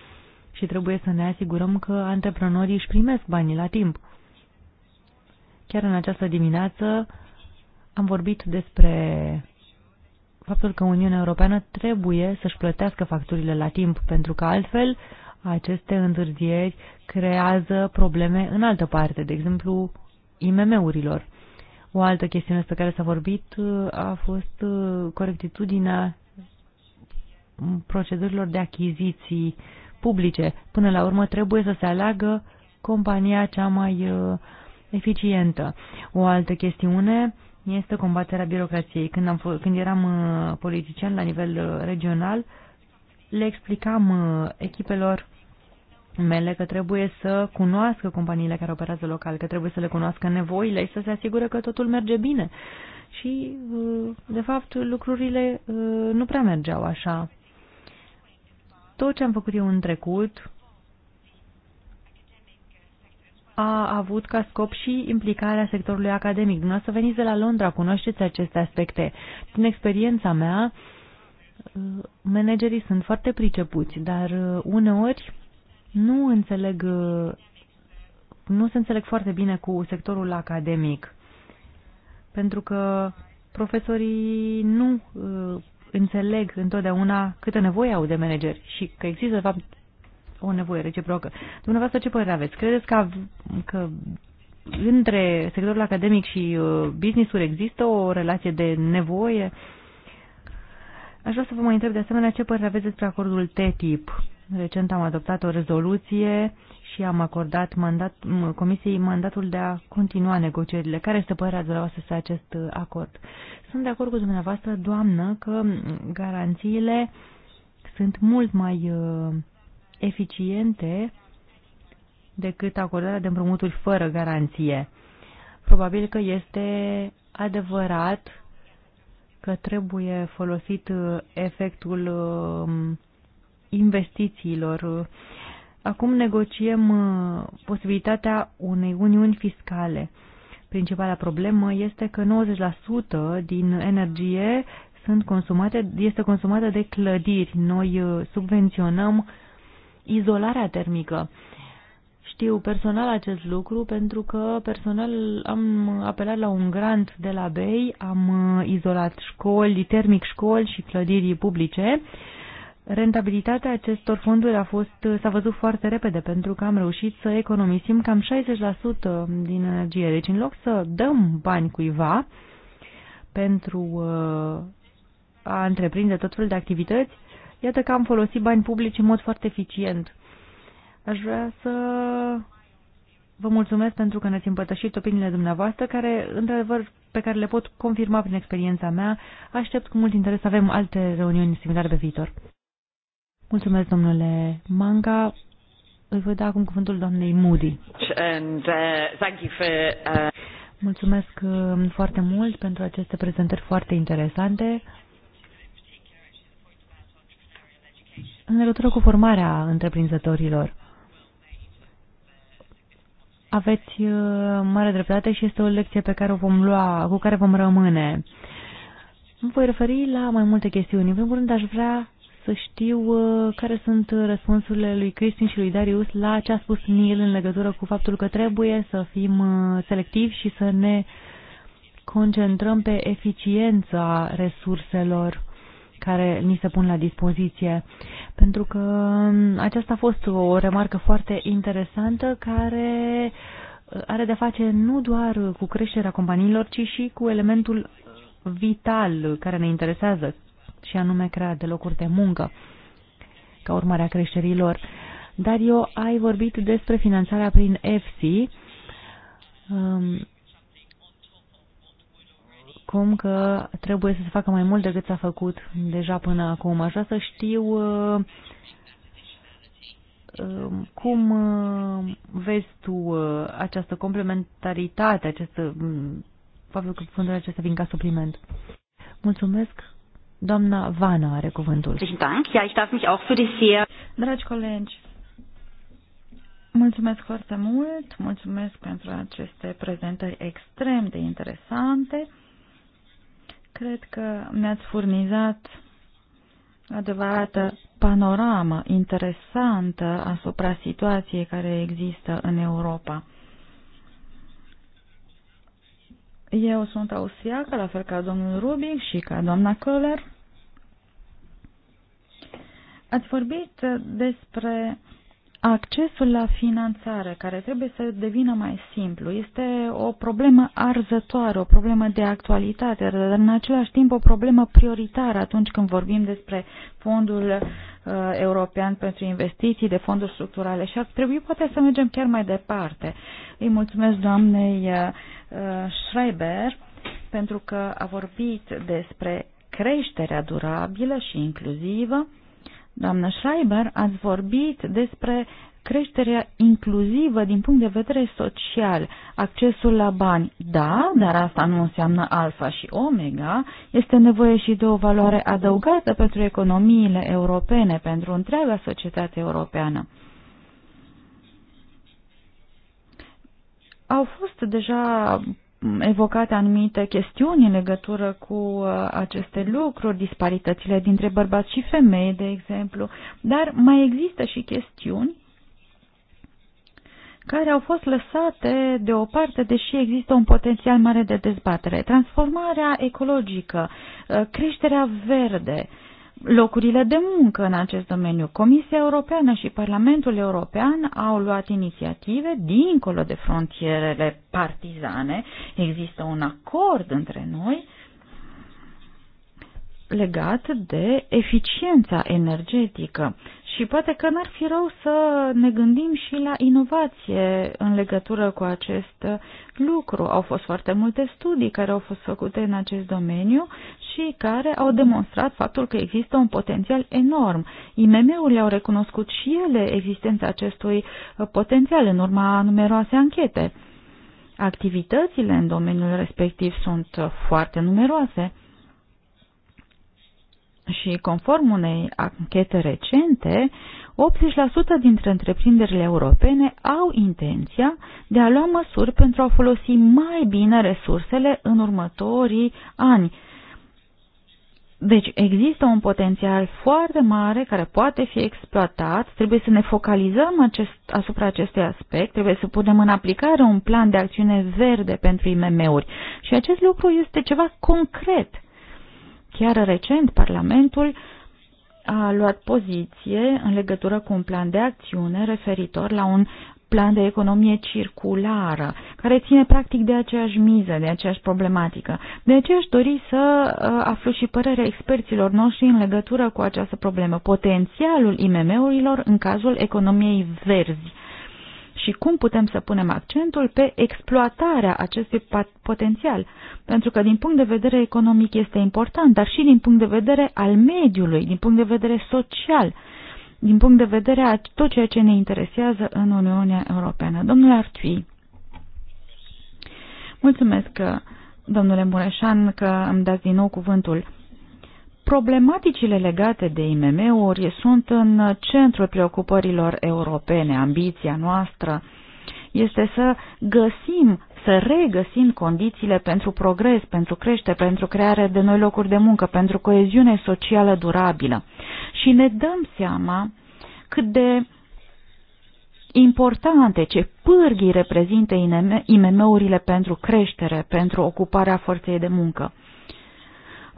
și trebuie să ne asigurăm că antreprenorii își primesc banii la timp. Chiar în această dimineață am vorbit despre faptul că Uniunea Europeană trebuie să-și plătească facturile la timp, pentru că altfel aceste întârzieri creează probleme în altă parte, de exemplu IMM-urilor. O altă chestiune despre care s-a vorbit uh, a fost uh, corectitudinea procedurilor de achiziții publice. Până la urmă trebuie să se aleagă compania cea mai uh, eficientă. O altă chestiune este combaterea birocrației. Când, am, când eram uh, politician la nivel uh, regional, le explicam uh, echipelor mele că trebuie să cunoască companiile care operează local, că trebuie să le cunoască nevoile și să se asigure că totul merge bine. Și, de fapt, lucrurile nu prea mergeau așa. Tot ce am făcut eu în trecut a avut ca scop și implicarea sectorului academic. Dumneavoastră veniți de la Londra, cunoașteți aceste aspecte. Din experiența mea, managerii sunt foarte pricepuți, dar uh, uneori nu înțeleg, uh, nu se înțeleg foarte bine cu sectorul academic, pentru că profesorii nu uh, înțeleg întotdeauna câtă nevoie au de manageri și că există, de fapt, o nevoie reciprocă. Dumneavoastră, ce părere aveți? Credeți că, că între sectorul academic și uh, business-uri există o relație de nevoie? Aș vrea să vă mai întreb de asemenea ce părere aveți despre acordul TTIP. Recent am adoptat o rezoluție și am acordat mandat, Comisiei mandatul de a continua negocierile. Care este părerea dumneavoastră despre acest uh, acord? Sunt de acord cu dumneavoastră, doamnă, că garanțiile sunt mult mai uh, eficiente decât acordarea de împrumuturi fără garanție. Probabil că este adevărat că trebuie folosit uh, efectul um, investițiilor. Acum negociem uh, posibilitatea unei uniuni fiscale. Principala problemă este că 90% din energie sunt consumate, este consumată de clădiri. Noi uh, subvenționăm izolarea termică. Știu personal acest lucru pentru că personal am apelat la un grant de la BEI, am izolat școli, termic școli și clădiri publice. Rentabilitatea acestor fonduri a fost, s-a văzut foarte repede pentru că am reușit să economisim cam 60% din energie. Deci în loc să dăm bani cuiva pentru uh, a întreprinde tot felul de activități, Iată că am folosit bani publici în mod foarte eficient. Aș vrea să vă mulțumesc pentru că ne-ați împărtășit opiniile dumneavoastră, care, într-adevăr, pe care le pot confirma prin experiența mea. Aștept cu mult interes să avem alte reuniuni similare pe viitor. Mulțumesc, domnule Manga. Îi voi da acum cuvântul doamnei Moody. And, uh, thank you for, uh... Mulțumesc uh, foarte mult pentru aceste prezentări foarte interesante. În legătură cu formarea întreprinzătorilor, aveți uh, mare dreptate și este o lecție pe care o vom lua, cu care vom rămâne. Mă voi referi la mai multe chestiuni. În primul rând, aș vrea să știu uh, care sunt răspunsurile lui Cristin și lui Darius la ce a spus Neil în legătură cu faptul că trebuie să fim uh, selectivi și să ne concentrăm pe eficiența resurselor care ni se pun la dispoziție. Pentru că mm, aceasta a fost o remarcă foarte interesantă care uh, are de face nu doar cu creșterea companiilor, ci și cu elementul vital care ne interesează, și anume crearea de locuri de muncă ca urmare a creșterilor. Dar eu ai vorbit despre finanțarea prin EFSI, acum că trebuie să se facă mai mult decât s-a făcut deja până acum. Aș vrea să știu uh, um, cum uh, vezi tu uh, această complementaritate, această, mm, faptul că fondurile acestea vin ca supliment. Mulțumesc. Doamna Vana are cuvântul. Dragi colegi, Mulțumesc foarte mult, mulțumesc pentru aceste prezentări extrem de interesante. Cred că mi-ați furnizat adevărată panoramă interesantă asupra situației care există în Europa. Eu sunt austriacă, la fel ca domnul Rubic și ca doamna Köhler. Ați vorbit despre Accesul la finanțare, care trebuie să devină mai simplu, este o problemă arzătoare, o problemă de actualitate, dar în același timp o problemă prioritară atunci când vorbim despre fondul uh, european pentru investiții, de fonduri structurale și ar trebui poate să mergem chiar mai departe. Îi mulțumesc doamnei uh, uh Schreiber pentru că a vorbit despre creșterea durabilă și inclusivă Doamna Schreiber, ați vorbit despre creșterea inclusivă din punct de vedere social, accesul la bani. Da, dar asta nu înseamnă alfa și omega, este nevoie și de o valoare adăugată pentru economiile europene, pentru întreaga societate europeană. Au fost deja evocat anumite chestiuni în legătură cu uh, aceste lucruri, disparitățile dintre bărbați și femei, de exemplu, dar mai există și chestiuni care au fost lăsate deoparte, deși există un potențial mare de dezbatere. Transformarea ecologică, uh, creșterea verde, locurile de muncă în acest domeniu. Comisia Europeană și Parlamentul European au luat inițiative dincolo de frontierele partizane. Există un acord între noi legat de eficiența energetică și poate că n-ar fi rău să ne gândim și la inovație în legătură cu acest lucru. Au fost foarte multe studii care au fost făcute în acest domeniu și care au demonstrat faptul că există un potențial enorm. IMM-urile au recunoscut și ele existența acestui potențial în urma numeroase anchete. Activitățile în domeniul respectiv sunt foarte numeroase și conform unei anchete recente, 80% dintre întreprinderile europene au intenția de a lua măsuri pentru a folosi mai bine resursele în următorii ani. Deci există un potențial foarte mare care poate fi exploatat, trebuie să ne focalizăm acest, asupra acestui aspect, trebuie să punem în aplicare un plan de acțiune verde pentru IMM-uri și acest lucru este ceva concret Chiar recent, Parlamentul a luat poziție în legătură cu un plan de acțiune referitor la un plan de economie circulară, care ține practic de aceeași miză, de aceeași problematică. De aceea aș dori să uh, aflu și părerea experților noștri în legătură cu această problemă, potențialul IMM-urilor în cazul economiei verzi și cum putem să punem accentul pe exploatarea acestui potențial, pentru că din punct de vedere economic este important, dar și din punct de vedere al mediului, din punct de vedere social, din punct de vedere a tot ceea ce ne interesează în Uniunea Europeană. Domnule Artui, mulțumesc, domnule Mureșan, că îmi dați din nou cuvântul. Problematicile legate de IMM-uri sunt în centrul preocupărilor europene. Ambiția noastră este să găsim, să regăsim condițiile pentru progres, pentru creștere, pentru creare de noi locuri de muncă, pentru coeziune socială durabilă. Și ne dăm seama cât de importante ce pârghii reprezintă IMM-urile pentru creștere, pentru ocuparea forței de muncă.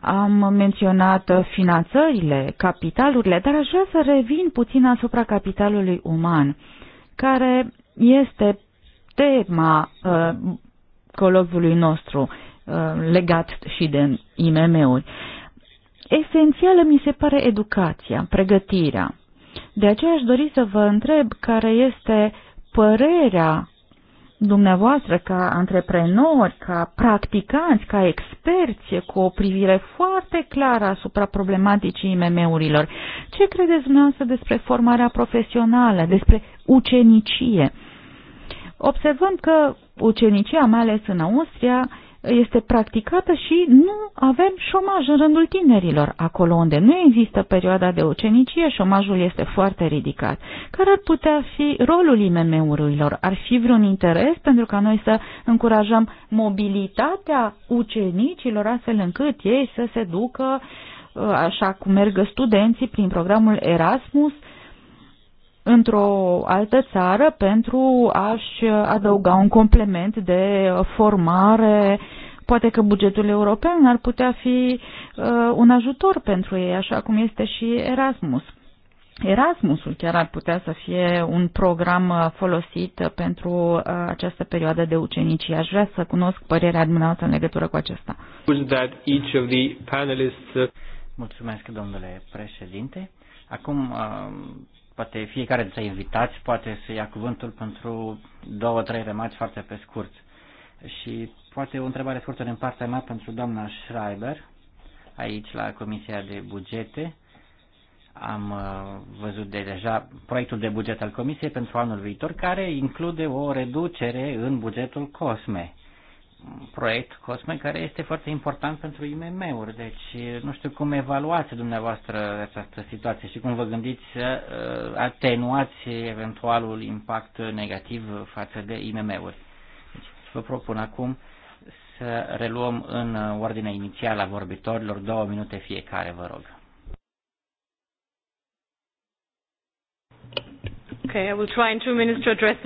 Am menționat finanțările, capitalurile, dar aș vrea să revin puțin asupra capitalului uman, care este tema uh, colovului nostru uh, legat și de IMM-uri. Esențială mi se pare educația, pregătirea. De aceea aș dori să vă întreb care este părerea dumneavoastră ca antreprenori, ca practicanți, ca experți cu o privire foarte clară asupra problematicii IMM-urilor. Ce credeți dumneavoastră despre formarea profesională, despre ucenicie? Observăm că ucenicia, mai ales în Austria, este practicată și nu avem șomaj în rândul tinerilor. Acolo unde nu există perioada de ucenicie, șomajul este foarte ridicat. Care ar putea fi rolul IMM-urilor? Ar fi vreun interes pentru ca noi să încurajăm mobilitatea ucenicilor astfel încât ei să se ducă, uh, așa cum merg studenții prin programul Erasmus, într-o altă țară pentru a-și adăuga un complement de formare. Poate că bugetul european ar putea fi uh, un ajutor pentru ei, așa cum este și Erasmus. Erasmusul chiar ar putea să fie un program folosit pentru uh, această perioadă de ucenicii. Aș vrea să cunosc părerea dumneavoastră în legătură cu acesta. Uh, Mulțumesc, domnule președinte. Acum uh, Poate fiecare dintre invitați poate să ia cuvântul pentru două, trei remarci foarte pe scurt. Și poate o întrebare scurtă din partea mea pentru doamna Schreiber, aici la Comisia de Bugete. Am uh, văzut de deja proiectul de buget al Comisiei pentru anul viitor, care include o reducere în bugetul COSME proiect COSME care este foarte important pentru IMM-uri. Deci nu știu cum evaluați dumneavoastră această situație și cum vă gândiți să uh, atenuați eventualul impact negativ față de IMM-uri. Deci, vă propun acum să reluăm în ordinea inițială a vorbitorilor, două minute fiecare, vă rog. Okay, I will try in two minutes to address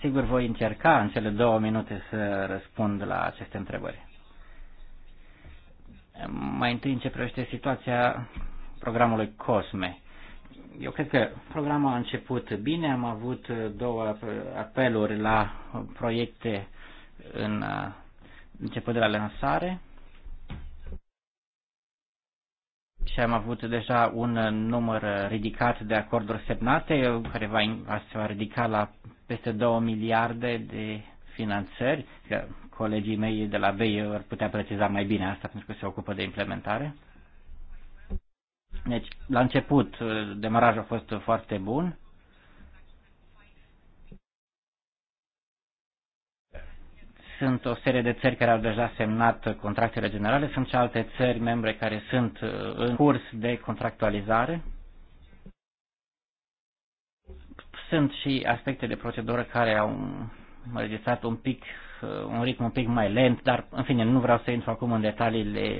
Sigur, voi încerca în cele două minute să răspund la aceste întrebări. Mai întâi în ce privește situația programului COSME. Eu cred că programul a început bine, am avut două apeluri la proiecte în început de la lansare și am avut deja un număr ridicat de acorduri semnate care va, se va ridica la peste 2 miliarde de finanțări, că colegii mei de la BEI ar putea preciza mai bine asta pentru că se ocupă de implementare. Deci, la început, uh, demarajul a fost foarte bun. Sunt o serie de țări care au deja semnat contractele generale, sunt și alte țări membre care sunt uh, în curs de contractualizare. sunt și aspecte de procedură care au înregistrat un pic, uh, un ritm un pic mai lent, dar în fine, nu vreau să intru acum în detaliile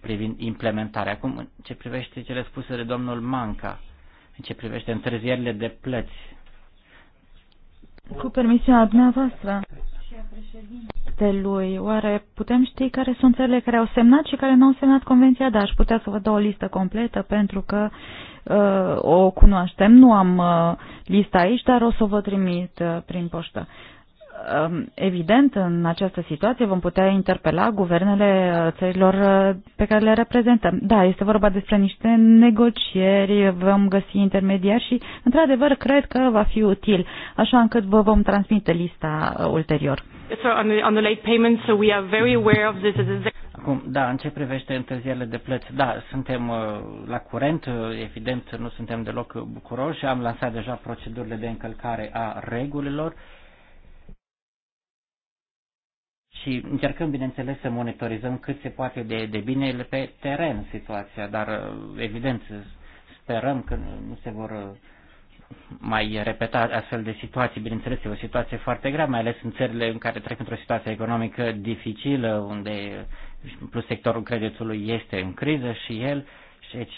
privind implementarea. Acum, în ce privește cele spuse de domnul Manca, în ce privește întârzierile de plăți. Cu permisiunea dumneavoastră lui. Oare putem ști care sunt țările care au semnat și care nu au semnat convenția? Da, aș putea să vă dau o listă completă pentru că uh, o cunoaștem. Nu am uh, lista aici, dar o să vă trimit uh, prin poștă. Um, evident, în această situație vom putea interpela guvernele uh, țărilor uh, pe care le reprezentăm. Da, este vorba despre niște negocieri, vom găsi intermediari și, într-adevăr, cred că va fi util, așa încât vă vom transmite lista uh, ulterior. Acum, da, în ce privește întârzierile de plăți, da, suntem la curent, evident, nu suntem deloc bucuroși, am lansat deja procedurile de încălcare a regulilor, și încercăm, bineînțeles, să monitorizăm cât se poate de, de bine pe teren situația, dar uh, evident sperăm că nu se vor uh, mai repeta astfel de situații. Bineînțeles, e o situație foarte grea, mai ales în țările în care trec într-o situație economică dificilă, unde uh, plus sectorul creditului este în criză și el, și deci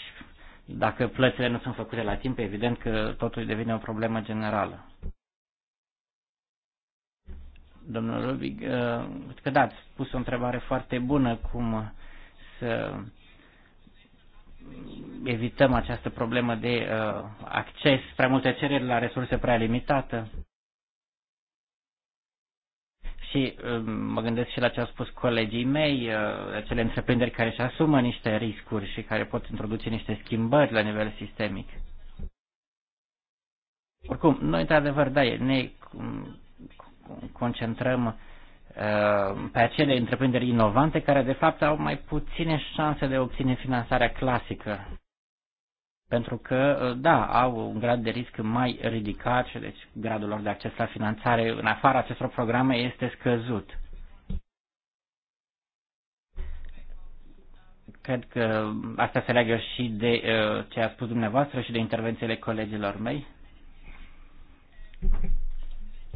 dacă plățile nu sunt făcute la timp, evident că totul devine o problemă generală domnul Rubic, uh, că da, ați pus o întrebare foarte bună cum uh, să evităm această problemă de uh, acces, prea multe cereri la resurse prea limitată. Și um, mă gândesc și la ce au spus colegii mei, acele întreprinderi care își asumă niște riscuri și care pot introduce niște schimbări la nivel sistemic. Oricum, noi, într-adevăr, da, ne concentrăm uh, pe acele întreprinderi inovante care de fapt au mai puține șanse de a obține finanțarea clasică. Pentru că, uh, da, au un grad de risc mai ridicat și deci gradul lor de acces la finanțare în afara acestor programe este scăzut. Cred că asta se leagă și de uh, ce a spus dumneavoastră și de intervențiile colegilor mei.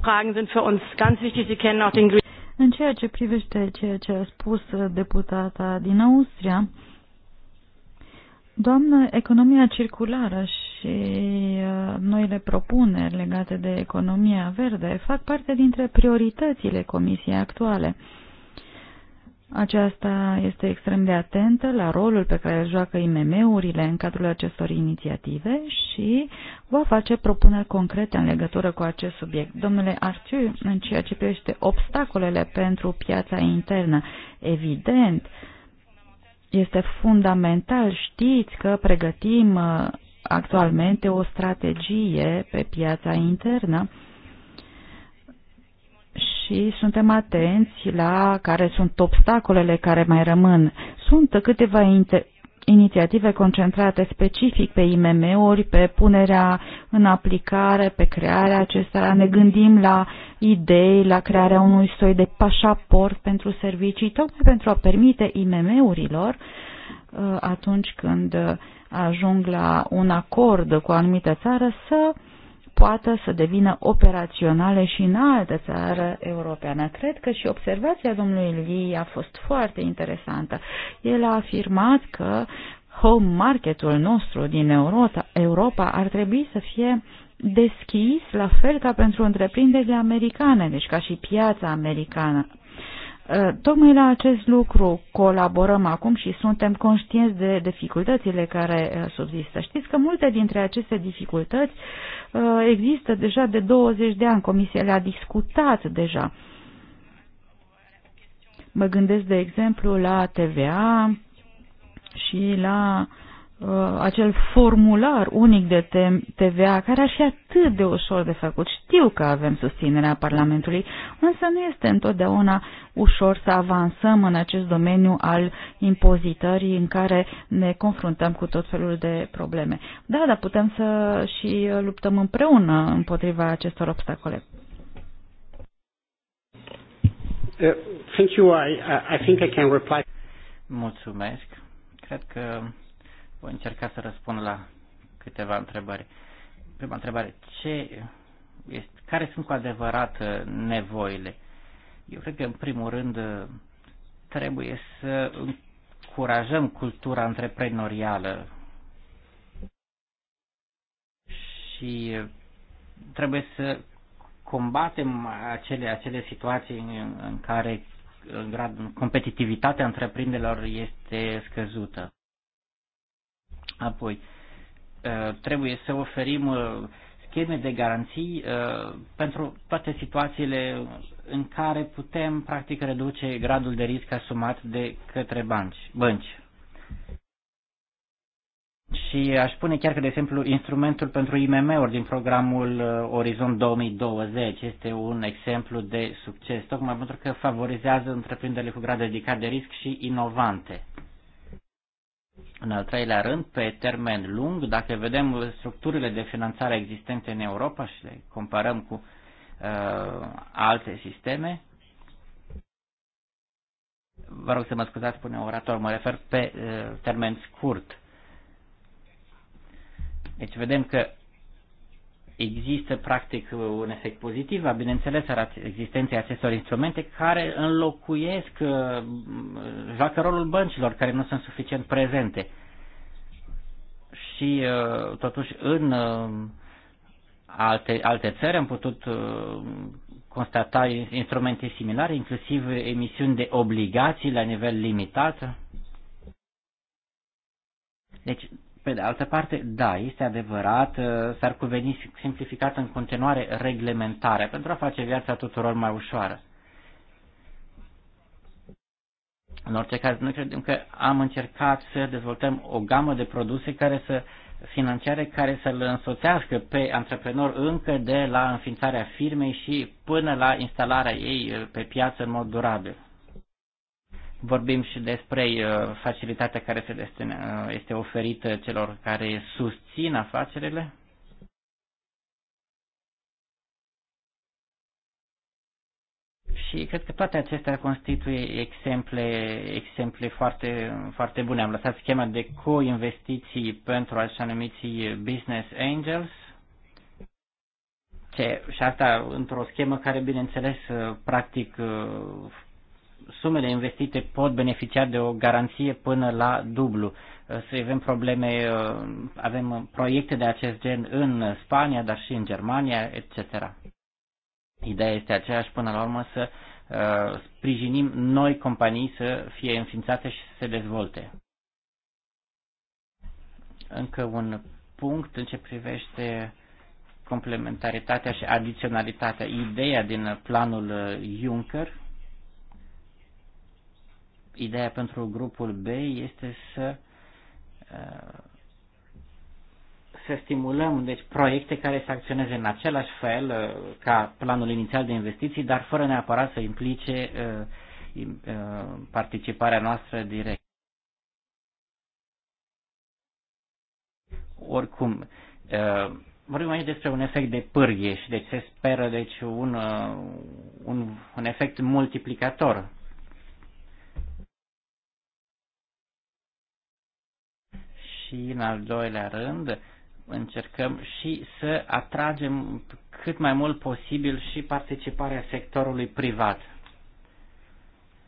Fragen sind für uns ganz wichtig. Sie kennen auch den În ceea ce privește ceea ce a spus uh, deputata din Austria, doamnă, economia circulară și uh, noile propuneri legate de economia verde fac parte dintre prioritățile comisiei actuale. Aceasta este extrem de atentă la rolul pe care îl joacă IMM-urile în cadrul acestor inițiative și va face propuneri concrete în legătură cu acest subiect. Domnule Arciu, în ceea ce privește obstacolele pentru piața internă, evident, este fundamental. Știți că pregătim uh, actualmente o strategie pe piața internă și suntem atenți la care sunt obstacolele care mai rămân. Sunt câteva inițiative concentrate specific pe IMM-uri, pe punerea în aplicare, pe crearea acestora. Ne gândim la idei, la crearea unui soi de pașaport pentru servicii, tocmai pentru a permite IMM-urilor uh, atunci când uh, ajung la un acord cu o anumită țară să uh, poată să devină operaționale și în altă țară europeană. Cred că și observația domnului Lee a fost foarte interesantă. El a afirmat că home marketul nostru din Europa, ar trebui să fie deschis, la fel ca pentru întreprinderile americane, deci ca și piața americană. Ă, tocmai la acest lucru colaborăm acum și suntem conștienți de dificultățile care ă, subzistă. Știți că multe dintre aceste dificultăți ă, există deja de 20 de ani. Comisia le-a discutat deja. Mă gândesc, de exemplu, la TVA și la uh, Uh, acel formular unic de TVA, care ar fi atât de ușor de făcut. Știu că avem susținerea Parlamentului, însă nu este întotdeauna ușor să avansăm în acest domeniu al impozitării în care ne confruntăm cu tot felul de probleme. Da, dar putem să și luptăm împreună împotriva acestor obstacole. Uh, thank you. I, I think I can reply. Mulțumesc. Cred că voi încerca să răspund la câteva întrebări. Prima întrebare, ce este, care sunt cu adevărat uh, nevoile? Eu cred că, în primul rând, uh, trebuie să încurajăm cultura antreprenorială și uh, trebuie să combatem acele, acele situații în, în care în grad, competitivitatea întreprinderilor este scăzută. Apoi, uh, trebuie să oferim uh, scheme de garanții uh, pentru toate situațiile în care putem, practic, reduce gradul de risc asumat de către bănci. bănci. Și aș spune chiar că, de exemplu, instrumentul pentru IMM-uri din programul Orizont 2020 este un exemplu de succes, tocmai pentru că favorizează întreprinderile cu grad ridicat de risc și inovante. În al treilea rând, pe termen lung, dacă vedem structurile de finanțare existente în Europa și le comparăm cu uh, alte sisteme, vă rog să mă scuzați, spune orator, mă refer pe uh, termen scurt. Deci vedem că Există practic un efect pozitiv, bineînțeles, existenței acestor instrumente care înlocuiesc, uh, joacă rolul băncilor care nu sunt suficient prezente. Și uh, totuși în uh, alte, alte țări am putut constata instrumente similare, inclusiv emisiuni de obligații la nivel limitat. Deci pe de altă parte, da, este adevărat, uh, s-ar cuveni simplificată în continuare reglementarea pentru a face viața tuturor mai ușoară. În orice caz, noi credem că am încercat să dezvoltăm o gamă de produse care să financiare care să-l însoțească pe antreprenor încă de la înființarea firmei și până la instalarea ei uh, pe piață în mod durabil. Vorbim și despre uh, facilitatea care se destine, uh, este oferită celor care susțin afacerile. Și cred că toate acestea constituie exemple, exemple foarte, foarte bune. Am lăsat schema de co-investiții pentru așa numiții business angels, ce, și asta într-o schemă care, bineînțeles, practic uh, sumele investite pot beneficia de o garanție până la dublu. Să avem probleme, uh, avem proiecte de acest gen în Spania, dar și în Germania, etc. Ideea este aceeași până la urmă să uh, sprijinim noi companii să fie înființate și să se dezvolte. Încă un punct în ce privește complementaritatea și adiționalitatea. Ideea din planul uh, Juncker ideea pentru grupul B este să uh, să stimulăm deci, proiecte care să acționeze în același fel uh, ca planul inițial de investiții, dar fără neapărat să implice uh, participarea noastră directă. Oricum, vorbim aici despre un efect de pârghie și deci se speră deci, un, un, un efect multiplicator și în al doilea rând încercăm și să atragem cât mai mult posibil și participarea sectorului privat.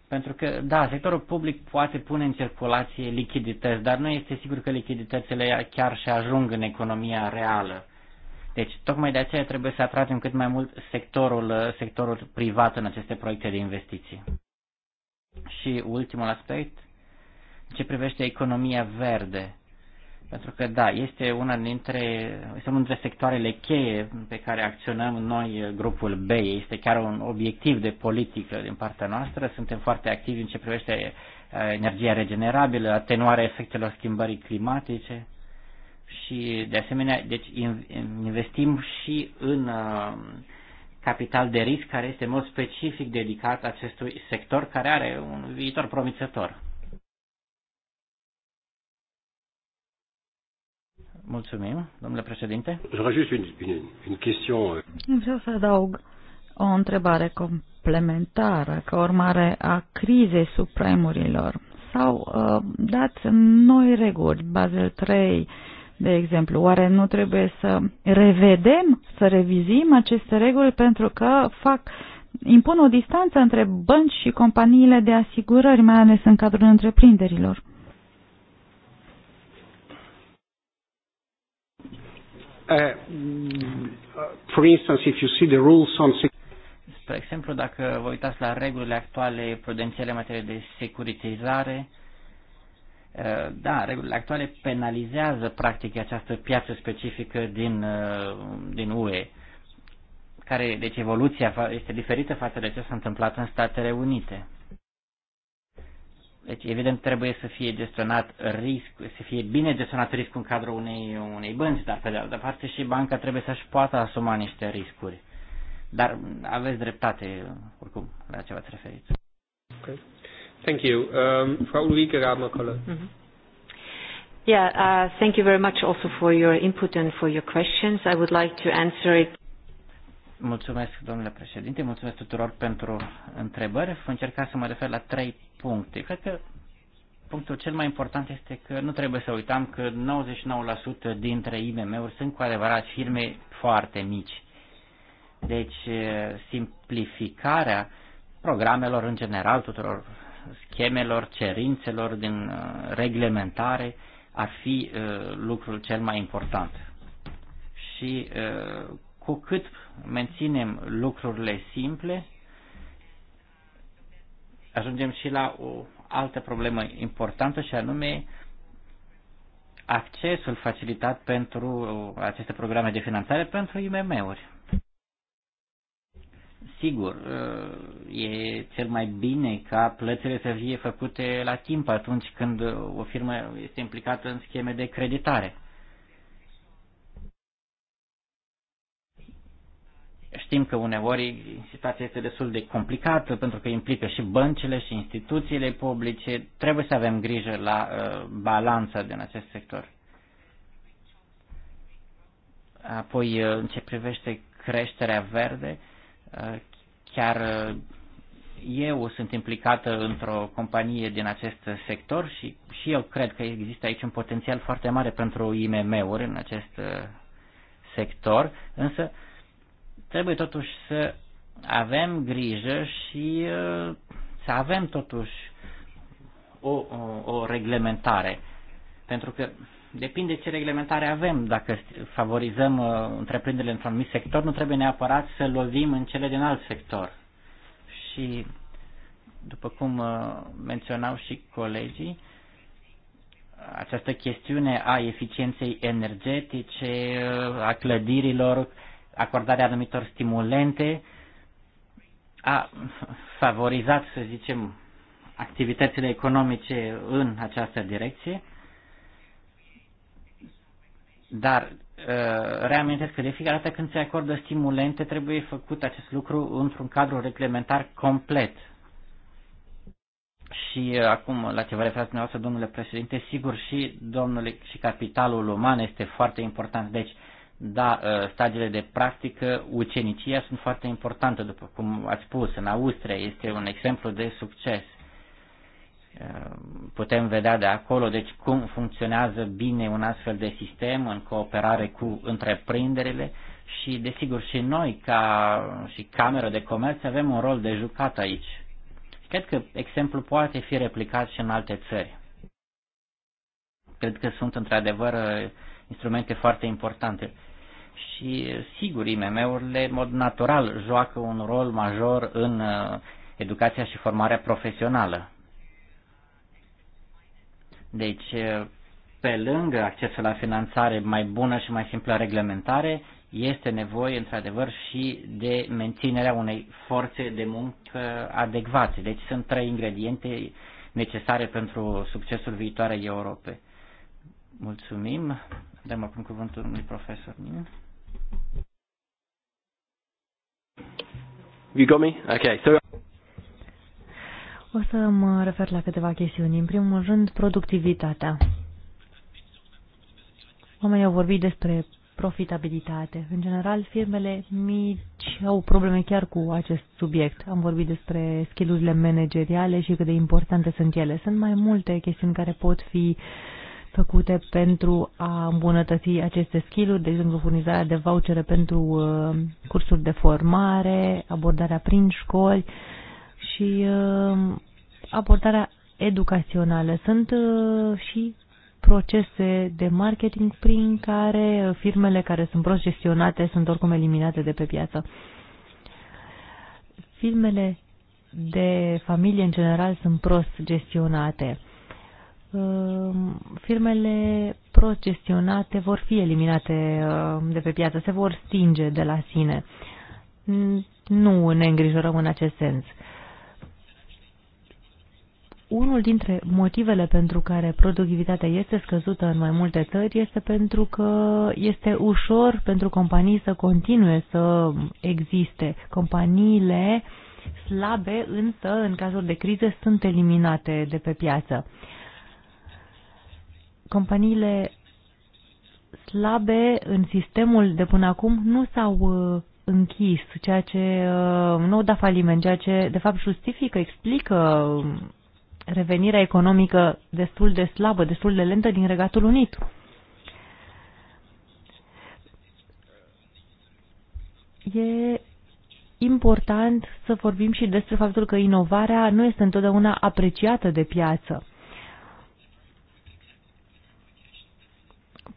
Pentru că, da, sectorul public poate pune în circulație lichidități, dar nu este sigur că lichiditățile chiar și ajung în economia reală. Deci, tocmai de aceea trebuie să atragem cât mai mult sectorul, sectorul privat în aceste proiecte de investiții. Și ultimul aspect, ce privește economia verde. Pentru că, da, este, una dintre, este unul dintre sectoarele cheie pe care acționăm noi, grupul B. Este chiar un obiectiv de politică din partea noastră. Suntem foarte activi în ce privește eh, energia regenerabilă, atenuarea efectelor schimbării climatice și, de asemenea, deci investim și în eh, capital de risc care este în mod specific dedicat acestui sector care are un viitor promițător. Mulțumim, domnule președinte. Euh. Vreau să adaug o întrebare complementară ca urmare a crizei supremurilor. sau au uh, dat noi reguli, Basel 3, de exemplu. Oare nu trebuie să revedem, să revizim aceste reguli pentru că fac impun o distanță între bănci și companiile de asigurări, mai ales în cadrul întreprinderilor? Uh, for instance, if you see the rules on Spre exemplu, dacă vă uitați la regulile actuale prudențiale în materie de securitizare, uh, da, regulile actuale penalizează practic această piață specifică din, uh, din UE, care, deci evoluția este diferită față de ce s-a întâmplat în Statele Unite. Deci, evident, trebuie să fie gestionat risc, să fie bine gestionat riscul în cadrul unei, unei bănci, dar pe de altă parte și banca trebuie să-și poată asuma niște riscuri. Dar aveți dreptate, oricum, la ce v-ați referit. Okay. Thank you. Um, Frau Ulrike Radmakolle. Mm-hmm. Yeah, uh, thank you very much also for your input and for your questions. I would like to answer it. Mulțumesc, domnule președinte, mulțumesc tuturor pentru întrebări. Voi încerca să mă refer la trei puncte. Cred că punctul cel mai important este că nu trebuie să uităm că 99% dintre IMM-uri sunt cu adevărat firme foarte mici. Deci simplificarea programelor în general, tuturor schemelor, cerințelor din reglementare ar fi lucrul cel mai important. Și cu cât menținem lucrurile simple, ajungem și la o altă problemă importantă și anume accesul facilitat pentru aceste programe de finanțare pentru IMM-uri. Sigur, e cel mai bine ca plățile să fie făcute la timp atunci când o firmă este implicată în scheme de creditare. Știm că uneori situația este destul de complicată pentru că implică și băncile și instituțiile publice. Trebuie să avem grijă la uh, balanța din acest sector. Apoi, uh, în ce privește creșterea verde, uh, chiar uh, eu sunt implicată într-o companie din acest sector și, și eu cred că există aici un potențial foarte mare pentru IMM-uri în acest sector, însă Trebuie totuși să avem grijă și uh, să avem totuși o, o, o reglementare. Pentru că depinde ce reglementare avem. Dacă favorizăm uh, întreprinderile într-un anumit sector, nu trebuie neapărat să lovim în cele din alt sector. Și, după cum uh, menționau și colegii, această chestiune a eficienței energetice, uh, a clădirilor, acordarea anumitor stimulente a favorizat, să zicem, activitățile economice în această direcție, dar ă, reamintesc că de fiecare dată când se acordă stimulente trebuie făcut acest lucru într-un cadru reglementar complet. Și ă, acum, la ce vă referați dumneavoastră, domnule președinte, sigur și domnule și capitalul uman este foarte important. Deci, da, uh, stadiile de practică, ucenicia sunt foarte importante, după cum ați spus, în Austria este un exemplu de succes. Uh, putem vedea de acolo, deci cum funcționează bine un astfel de sistem în cooperare cu întreprinderile și, desigur, și noi, ca și Cameră de Comerț, avem un rol de jucat aici. Cred că exemplul poate fi replicat și în alte țări. Cred că sunt, într-adevăr, uh, instrumente foarte importante și sigur IMM-urile în mod natural joacă un rol major în uh, educația și formarea profesională. Deci, uh, pe lângă accesul la finanțare mai bună și mai simplă reglementare, este nevoie într-adevăr și de menținerea unei forțe de muncă adecvate. Deci sunt trei ingrediente necesare pentru succesul viitoarei Europe. Mulțumim. Dăm acum cuvântul unui profesor. Nimeni? You got me? Okay, so... O să mă refer la câteva chestiuni. În primul rând, productivitatea. Oamenii au vorbit despre profitabilitate. În general, firmele mici au probleme chiar cu acest subiect. Am vorbit despre skillurile manageriale și cât de importante sunt ele. Sunt mai multe chestiuni care pot fi uh, făcute pentru a îmbunătăți aceste skill-uri, de exemplu furnizarea de vouchere pentru uh, cursuri de formare, abordarea prin școli și uh, abordarea educațională. Sunt uh, și procese de marketing prin care firmele care sunt prost gestionate sunt oricum eliminate de pe piață. Filmele de familie în general sunt prost gestionate Ehm, firmele procesionate vor fi eliminate ehm, de pe piață, se vor stinge de la sine. Nu ne îngrijorăm în acest sens. Unul dintre motivele pentru care productivitatea este scăzută în mai multe țări este pentru că este ușor pentru companii să continue să existe. Companiile slabe, însă, în cazuri de criză, sunt eliminate de pe piață. Uh, companiile slabe în sistemul de până acum nu s-au uh, închis, ceea ce uh, nu au dat faliment, ceea ce de fapt justifică, explică um, revenirea economică destul de slabă, destul de lentă din Regatul Unit. E important să vorbim și despre faptul că inovarea nu este întotdeauna apreciată de piață.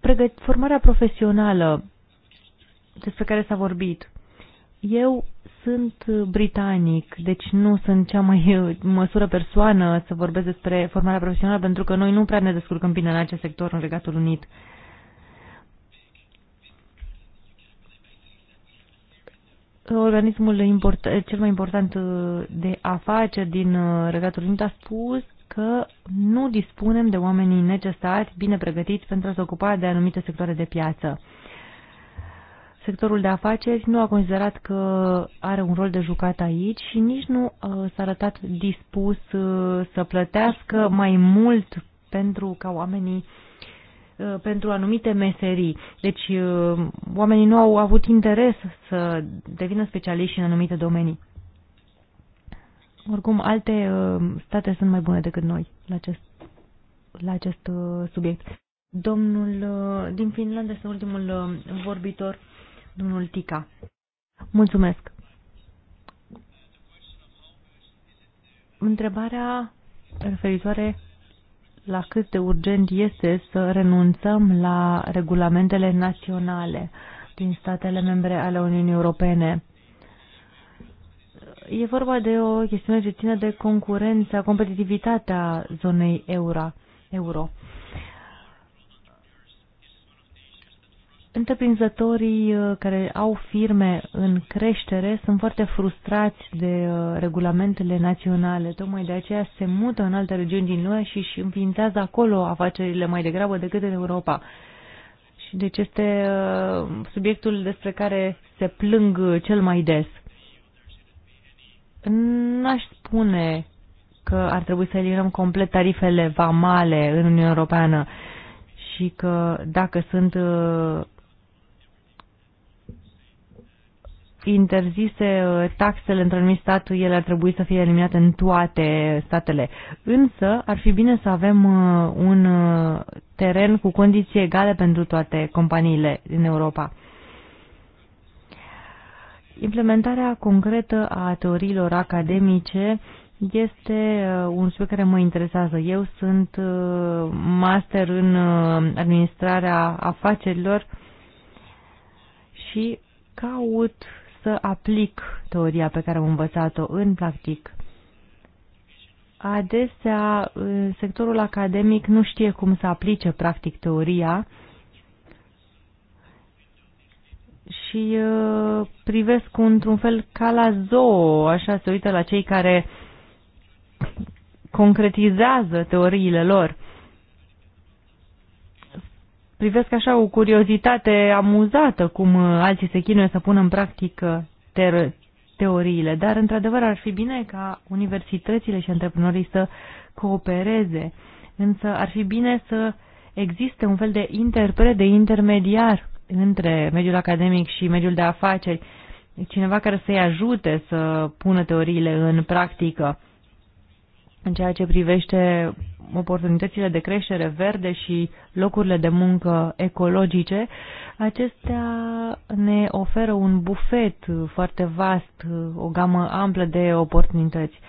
Pregăt- formarea profesională despre care s-a vorbit. Eu sunt britanic, deci nu sunt cea mai măsură persoană să vorbesc despre formarea profesională, pentru că noi nu prea ne descurcăm bine în acest sector, în Regatul Unit. Organismul import- cel mai important de afaceri din uh, Regatul Unit a spus că nu dispunem de oamenii necesari, bine pregătiți pentru a se ocupa de anumite sectoare de piață. Sectorul de afaceri nu a considerat că are un rol de jucat aici și nici nu uh, s-a arătat dispus uh, să plătească mai mult pentru ca oamenii uh, pentru anumite meserii. Deci oamenii nu au avut interes să devină specialiști în anumite domenii. Oricum, alte uh, state sunt mai bune decât noi la acest, la acest uh, subiect. Domnul uh, din Finlanda este ultimul vorbitor, domnul Tica. Mulțumesc. Întrebarea referitoare la cât de urgent este să renunțăm la regulamentele naționale din statele membre ale Uniunii Europene E vorba de o chestiune ce ține de concurența, competitivitatea zonei euro. euro. Întreprinzătorii uh, care au firme în creștere sunt foarte frustrați de uh, regulamentele naționale. Tocmai de aceea se mută în alte regiuni din noi și își înființează acolo afacerile mai degrabă decât în Europa. Și deci este uh, subiectul despre care se plâng cel mai des. N-aș spune că ar trebui să eliminăm complet tarifele vamale în Uniunea Europeană și că dacă sunt uh, interzise uh, taxele într-un anumit stat, ele ar trebui să fie eliminate în toate statele. Însă, ar fi bine să avem uh, un teren cu condiții egale pentru toate companiile din Europa. Implementarea concretă a teoriilor academice este uh, un subiect care mă interesează. Eu sunt uh, master în uh, administrarea afacerilor și caut să aplic teoria pe care am învățat-o în practic. Adesea, sectorul academic nu știe cum să aplice practic teoria și uh, privesc într-un fel ca la zoo, așa se uită la cei care concretizează teoriile lor. Privesc așa o curiozitate amuzată cum uh, alții se chinuie să pună în practică teoriile, dar într-adevăr ar fi bine ca universitățile și antreprenorii să coopereze, însă ar fi bine să existe un fel de interpret, de intermediar între mediul academic și mediul de afaceri, cineva care să-i ajute să pună teoriile în practică în ceea ce privește oportunitățile de creștere verde și locurile de muncă ecologice, acestea ne oferă un bufet foarte vast, o gamă amplă de oportunități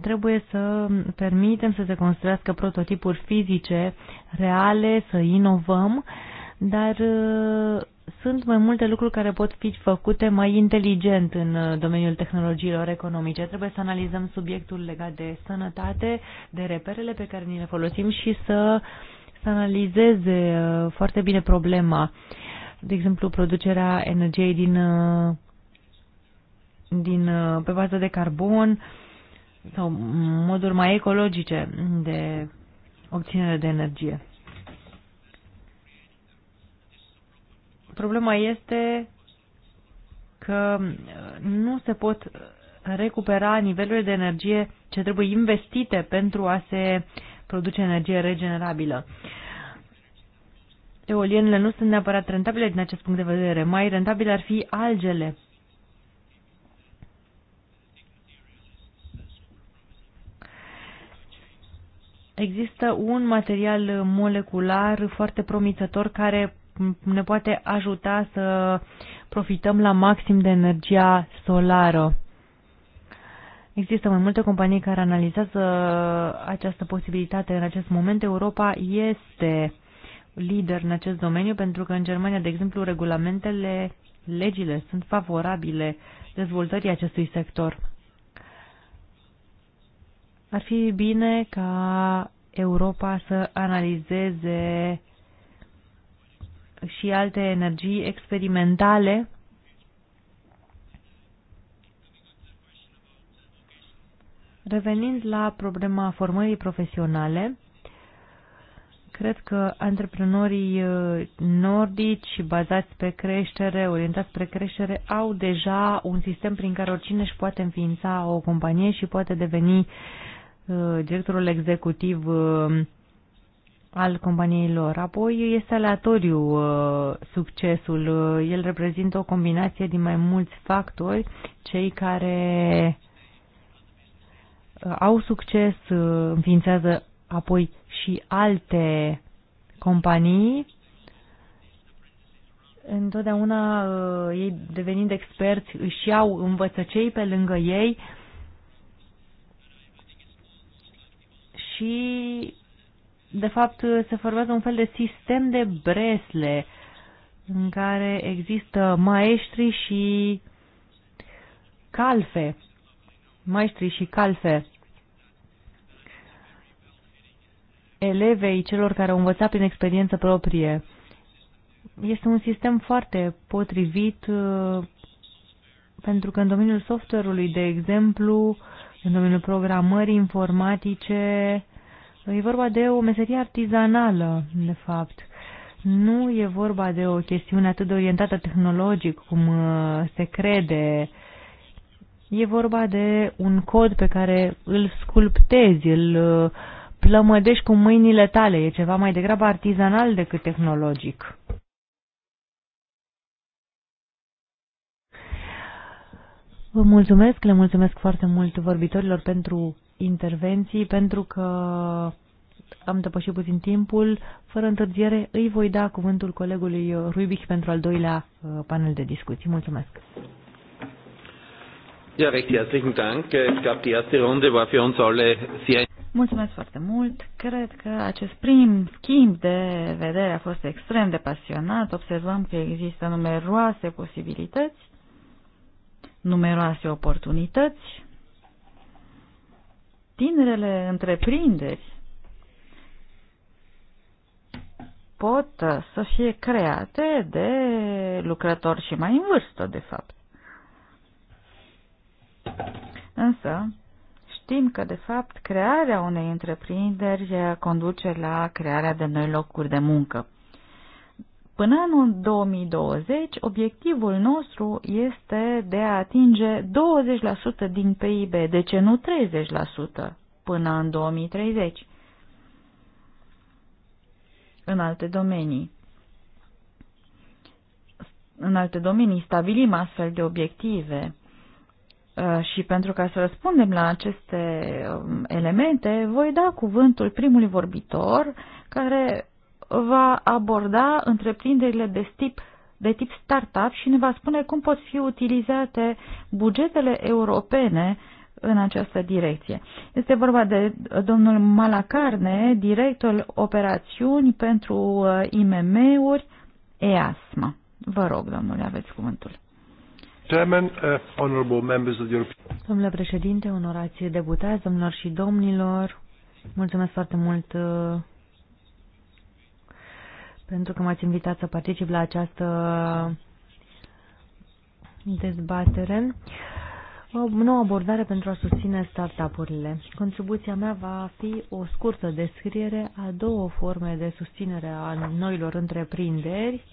trebuie să permitem să se construiască prototipuri fizice reale, să inovăm, dar uh, sunt mai multe lucruri care pot fi făcute mai inteligent în uh, domeniul tehnologiilor economice. Trebuie să analizăm subiectul legat de sănătate, de reperele pe care ni le folosim și să, să analizeze uh, foarte bine problema. De exemplu, producerea energiei din, din, pe bază de carbon, sau moduri mai ecologice de obținere de energie. Problema este că nu se pot recupera nivelurile de energie ce trebuie investite pentru a se produce energie regenerabilă. Eolienele nu sunt neapărat rentabile din acest punct de vedere. Mai rentabile ar fi algele Există un material molecular foarte promițător care ne poate ajuta să profităm la maxim de energia solară. Există mai multe companii care analizează această posibilitate. În acest moment Europa este lider în acest domeniu pentru că în Germania, de exemplu, regulamentele, legile sunt favorabile dezvoltării acestui sector. Ar fi bine ca Europa să analizeze și alte energii experimentale Revenind la problema formării profesionale, cred că antreprenorii uh, nordici bazați pe creștere, orientați spre creștere, au deja un sistem prin care oricine își poate înființa o companie și poate deveni Uh, directorul executiv uh, al companiei lor. Apoi este aleatoriu uh, succesul. El reprezintă o combinație din mai mulți factori, cei care au succes înființează apoi și alte companii întotdeauna ei devenind experți își iau învățăcei pe lângă ei și de fapt se formează un fel de sistem de bresle în care există maestri și calfe. Maestri și calfe. Elevei celor care au învățat prin experiență proprie. Este un sistem foarte potrivit uh, pentru că în domeniul software-ului, de exemplu, în domeniul programării informatice, E vorba de o meserie artizanală, de fapt. Nu e vorba de o chestiune atât de orientată tehnologic cum uh, se crede. E vorba de un cod pe care îl sculptezi, îl uh, plămădești cu mâinile tale. E ceva mai degrabă artizanal decât tehnologic. Vă mulțumesc, le mulțumesc foarte mult vorbitorilor pentru intervenții pentru că am depășit puțin timpul. Fără întârziere îi voi da cuvântul colegului Rubic pentru al doilea uh, panel de discuții. Mulțumesc! Dank. Mulțumesc foarte mult. Cred că acest prim schimb de vedere a fost extrem de pasionat. Observăm că există numeroase posibilități, numeroase oportunități tinerele întreprinderi pot uh, să fie create de lucrători și mai în vârstă, de fapt. Însă, știm că, de fapt, crearea unei întreprinderi uh, conduce la crearea de noi locuri de muncă. Până în 2020, obiectivul nostru este de a atinge 20% din PIB, de ce nu 30% până în 2030 în alte domenii. În alte domenii stabilim astfel de obiective uh, și pentru ca să răspundem la aceste um, elemente, voi da cuvântul primului vorbitor care va aborda întreprinderile de tip, de tip startup și ne va spune cum pot fi utilizate bugetele europene în această direcție. Este vorba de uh, domnul Malacarne, directorul operațiuni pentru uh, IMM-uri EASMA. Vă rog, domnule, aveți cuvântul. Chairman, uh, honorable members of the European... Domnule președinte, onorați deputați, domnilor și domnilor, mulțumesc foarte mult pentru că m-ați invitat să particip la această dezbatere. O nouă abordare pentru a susține startup-urile. Contribuția mea va fi o scurtă descriere a două forme de susținere a noilor întreprinderi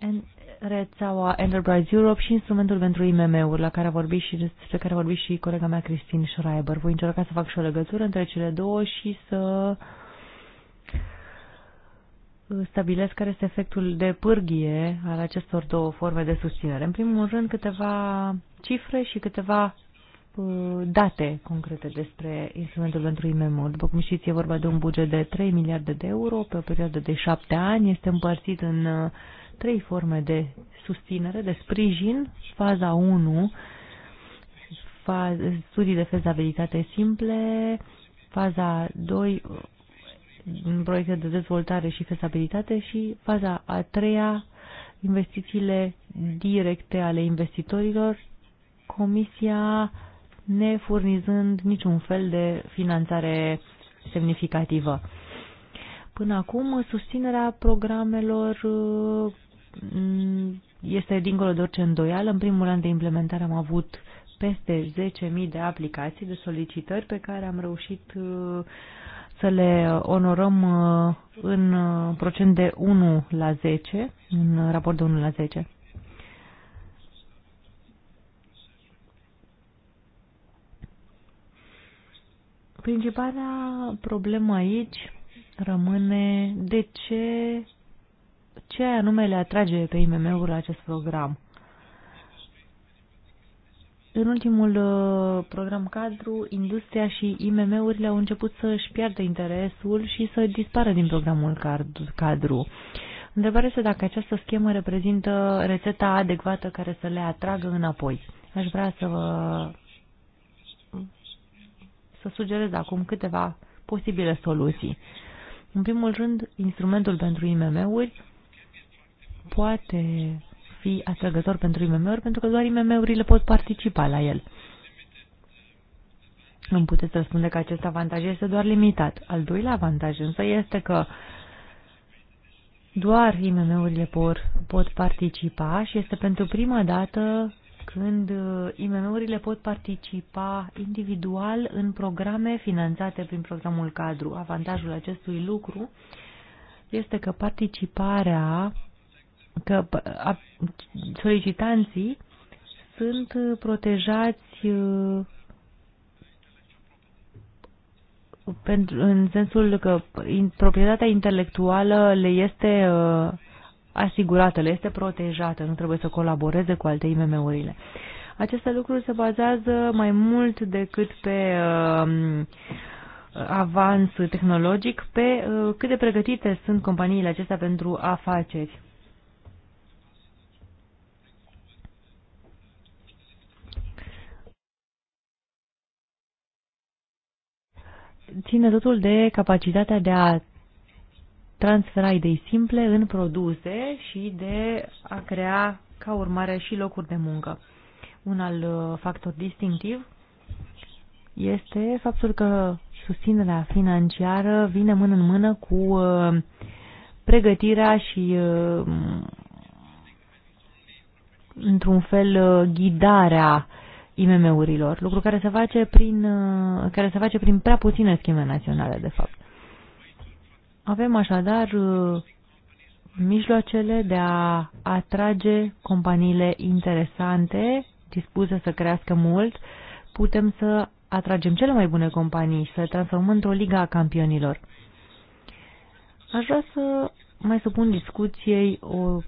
în rețeaua Enterprise Europe și instrumentul pentru IMM-uri, la care a vorbit și, despre care a vorbit și colega mea Christine Schreiber. Voi încerca să fac și o legătură între cele două și să uh, stabilesc care este efectul de pârghie al acestor două forme de susținere. În primul rând, câteva cifre și câteva uh, date concrete despre instrumentul pentru imm După cum știți, e vorba de un buget de 3 miliarde de euro pe o perioadă de 7 ani. Este împărțit în uh, trei forme de susținere, de sprijin, faza 1, studii de fezabilitate simple, faza 2, în proiecte de dezvoltare și fezabilitate și faza a treia, investițiile directe ale investitorilor, Comisia ne furnizând niciun fel de finanțare semnificativă. Până acum, susținerea programelor mm, este dincolo de orice îndoială. În primul an de implementare am avut peste 10.000 de aplicații, de solicitări pe care am reușit uh, să le onorăm uh, în uh, procent de 1 la 10, în raport de 1 la 10. Principala problemă aici rămâne de ce ce anume le atrage pe IMM-uri la acest program. În ultimul uh, program cadru, industria și IMM-urile au început să-și piardă interesul și să dispară din programul cadru. Întrebarea este dacă această schemă reprezintă rețeta adecvată care să le atragă înapoi. Aș vrea să vă să sugerez acum câteva posibile soluții. În primul rând, instrumentul pentru IMM-uri poate fi atrăgător pentru IMM-uri, pentru că doar IMM-urile pot participa la el. Nu puteți răspunde că acest avantaj este doar limitat. Al doilea avantaj însă este că doar IMM-urile por, pot participa și este pentru prima dată când uh, IMM-urile pot participa individual în programe finanțate prin programul cadru. Avantajul acestui lucru este că participarea că solicitanții sunt uh, protejați uh, pentru, în sensul că proprietatea intelectuală le este uh, asigurată, le este protejată, nu trebuie să colaboreze cu alte IMM-urile. Aceste lucruri se bazează mai mult decât pe uh, avans tehnologic, pe uh, cât de pregătite sunt companiile acestea pentru afaceri. ține totul de capacitatea de a transfera idei simple în produse și de a crea ca urmare și locuri de muncă. Un alt uh, factor distinctiv este faptul că susținerea financiară vine mână în mână cu uh, pregătirea și uh, într-un fel ghidarea IMM-urilor, lucru care se face prin, uh, care se face prin prea puține scheme naționale, de fapt. Avem așadar uh, mijloacele de a atrage companiile interesante, dispuse să crească mult, putem să atragem cele mai bune companii și să le transformăm într-o ligă a campionilor. Aș vrea să mai supun discuției o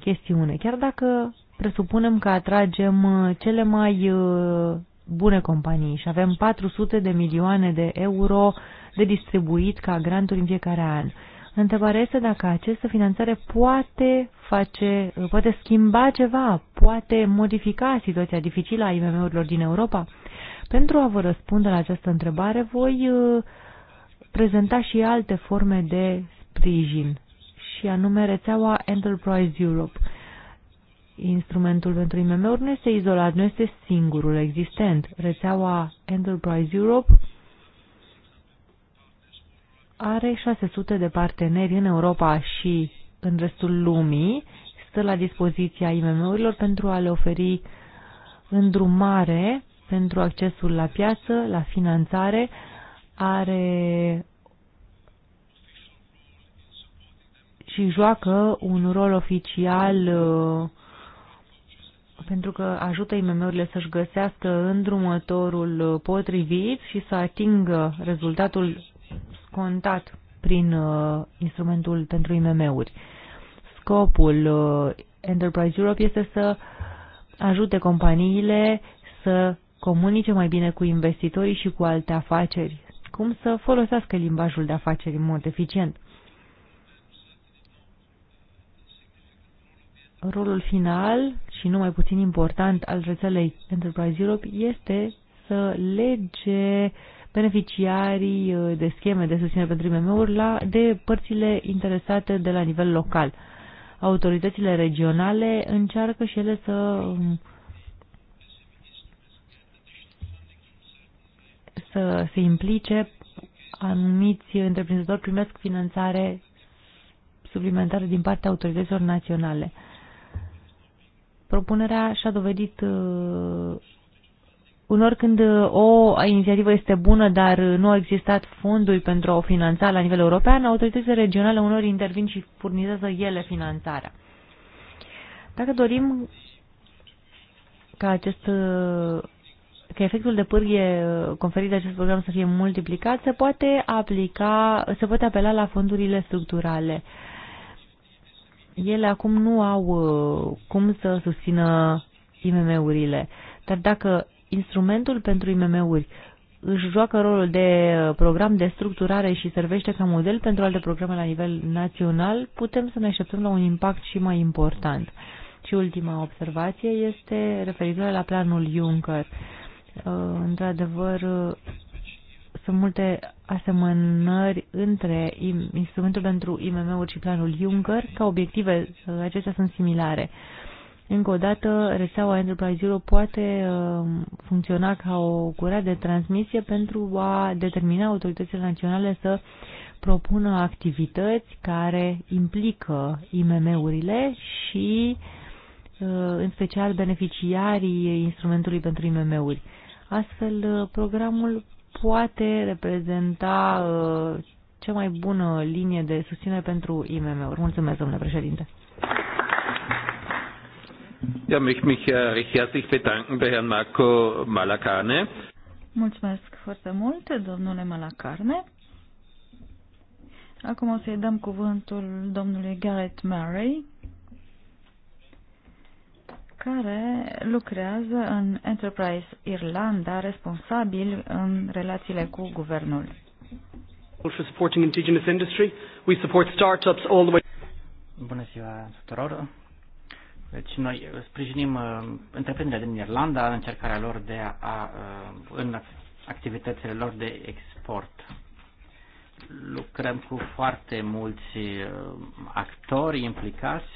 chestiune. Chiar dacă presupunem că atragem uh, cele mai uh, bune companii și avem 400 de milioane de euro de distribuit ca granturi în fiecare an. Întrebarea este dacă această finanțare poate face, uh, poate schimba ceva, poate modifica situația dificilă a IMM-urilor din Europa. Pentru a vă răspunde la această întrebare, voi prezenta și alte forme de sprijin, și anume rețeaua Enterprise Europe instrumentul pentru IMM-uri nu este izolat, nu este singurul existent. Rețeaua Enterprise Europe are 600 de parteneri în Europa și în restul lumii, stă la dispoziția IMM-urilor pentru a le oferi îndrumare pentru accesul la piață, la finanțare, are și joacă un rol oficial uh, pentru că ajută IMM-urile să-și găsească îndrumătorul potrivit și să atingă rezultatul scontat prin uh, instrumentul pentru IMM-uri. Scopul uh, Enterprise Europe este să ajute companiile să comunice mai bine cu investitorii și cu alte afaceri, cum să folosească limbajul de afaceri în mod eficient. rolul final și nu mai puțin important al rețelei Enterprise Europe este să lege beneficiarii uh, de scheme de susținere pentru IMM-uri la, de părțile interesate de la nivel local. Autoritățile regionale încearcă și ele să um, să se implice anumiți întreprinzători primesc finanțare suplimentară din partea autorităților naționale. Propunerea și-a dovedit uh, unor când uh, o inițiativă este bună, dar uh, nu au existat fonduri pentru a o finanța la nivel european, autoritățile regionale unor intervin și furnizează ele finanțarea. Dacă dorim ca acest că efectul de pârghie conferit de acest program să fie multiplicat, se poate aplica, se poate apela la fondurile structurale. Uh, ele acum nu au uh, cum să susțină IMM-urile. Dar dacă instrumentul pentru IMM-uri își joacă rolul de uh, program de structurare și servește ca model pentru alte programe la nivel național, putem să ne așteptăm la un impact și mai important. Și ultima observație este referitoare la planul Juncker. Uh, într-adevăr, sunt multe asemănări între instrumentul pentru IMM-uri și planul Juncker, ca obiective uh, acestea sunt similare. Încă o dată, rețeaua Enterprise Zero poate uh, funcționa ca o curea de transmisie pentru a determina autoritățile naționale să propună activități care implică IMM-urile și, uh, în special, beneficiarii instrumentului pentru IMM-uri. Astfel, programul poate reprezenta uh, cea mai bună linie de susținere pentru IMM-uri. Mulțumesc, domnule președinte. Ja, möchte mich äh, recht herzlich bedanken bei Herrn Marco Malacarne. Mulțumesc foarte mult, domnule Malacarne. Acum o să-i dăm cuvântul domnului Garrett Murray, care lucrează în Enterprise Irlanda, responsabil în relațiile cu guvernul. Bună ziua tuturor! Deci noi sprijinim uh, întreprinderile din Irlanda în încercarea lor de a, a uh, în activitățile lor de export. Lucrăm cu foarte mulți uh, actori implicați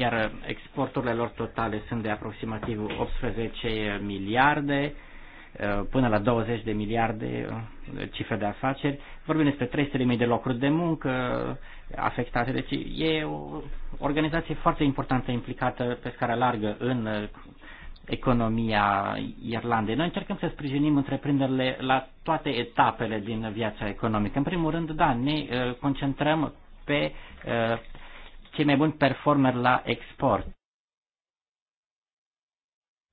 iar exporturile lor totale sunt de aproximativ 18 miliarde uh, până la 20 de miliarde uh, cifre de afaceri. Vorbim despre 300.000 de locuri de muncă uh, afectate. Deci e o organizație foarte importantă implicată pe scară largă în economia Irlandei. Noi încercăm să sprijinim întreprinderile la toate etapele din viața economică. În primul rând, da, ne concentrăm pe cei mai buni performeri la export.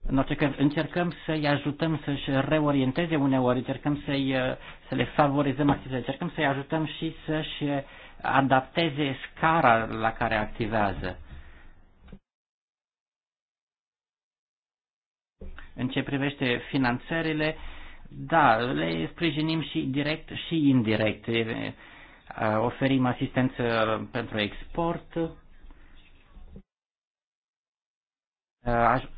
În orice caz, încercăm să-i ajutăm să-și reorienteze uneori, încercăm să-i, uh, să le favorizăm activitatea, încercăm să-i ajutăm și să-și adapteze scara la care activează. În ce privește finanțările, da, le sprijinim și direct și indirect. Uh, oferim asistență pentru export, uh,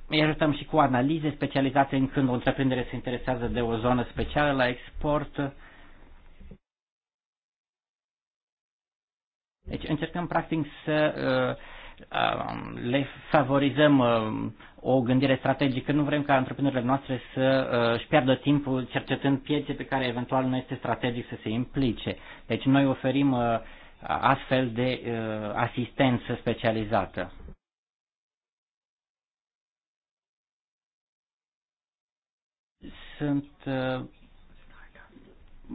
îi ajutăm și cu analize specializate în când o întreprindere se interesează de o zonă specială la export. Deci încercăm practic să uh, le favorizăm o gândire strategică. Nu vrem ca întreprinderile noastre să uh, își pierdă timpul cercetând piețe pe care eventual nu este strategic să se implice. Deci noi oferim uh, astfel de uh, asistență specializată. Sunt uh,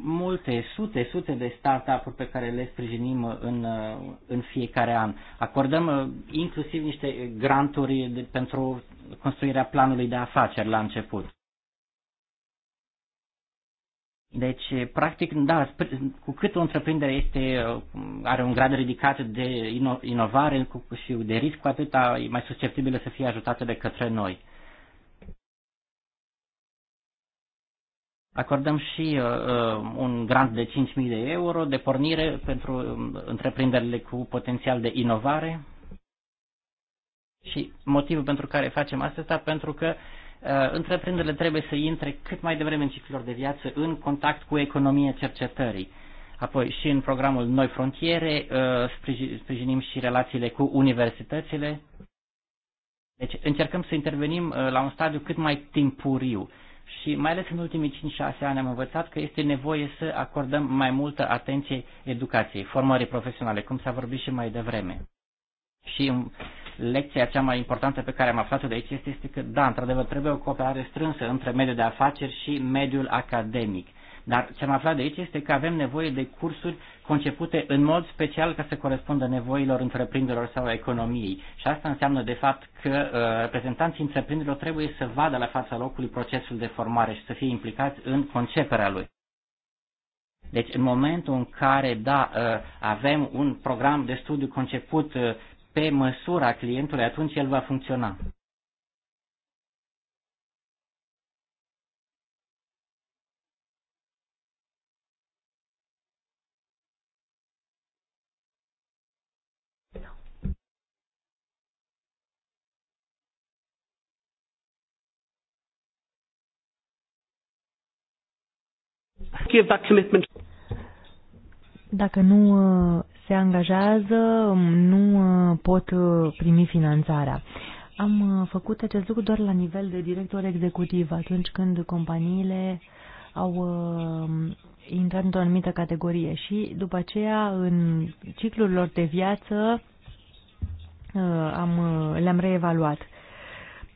multe sute, sute de startup-uri pe care le sprijinim uh, în, uh, în fiecare an. Acordăm uh, inclusiv niște granturi de, pentru construirea planului de afaceri la început. Deci, practic, da, cu cât o întreprindere este, are un grad ridicat de inovare și de risc, cu atât e mai susceptibilă să fie ajutată de către noi. Acordăm și uh, uh, un grant de 5.000 de euro de pornire pentru um, întreprinderile cu potențial de inovare. Și motivul pentru care facem asta, pentru că uh, întreprinderile trebuie să intre cât mai devreme în ciclul de viață în contact cu economia cercetării. Apoi și în programul Noi Frontiere uh, sprijinim și relațiile cu universitățile. Deci încercăm să intervenim uh, la un stadiu cât mai timpuriu și mai ales în ultimii 5-6 ani am învățat că este nevoie să acordăm mai multă atenție educației, formării profesionale, cum s-a vorbit și mai devreme. Și lecția cea mai importantă pe care am aflat-o de aici este, este că, da, într-adevăr, trebuie o cooperare strânsă între mediul de afaceri și mediul academic. Dar ce am aflat de aici este că avem nevoie de cursuri concepute în mod special ca să corespundă nevoilor întreprinderilor sau economiei. Și asta înseamnă de fapt că uh, reprezentanții întreprinderilor trebuie să vadă la fața locului procesul de formare și să fie implicați în conceperea lui. Deci în momentul în care, da, uh, avem un program de studiu conceput uh, pe măsura clientului, atunci el va funcționa. Give that commitment. Dacă nu uh, se angajează, um, nu uh, pot uh, primi finanțarea. Am făcut acest lucru doar la nivel de director executiv, atunci când companiile au intrat într-o anumită categorie și după aceea în ciclul lor de viață am, le-am reevaluat.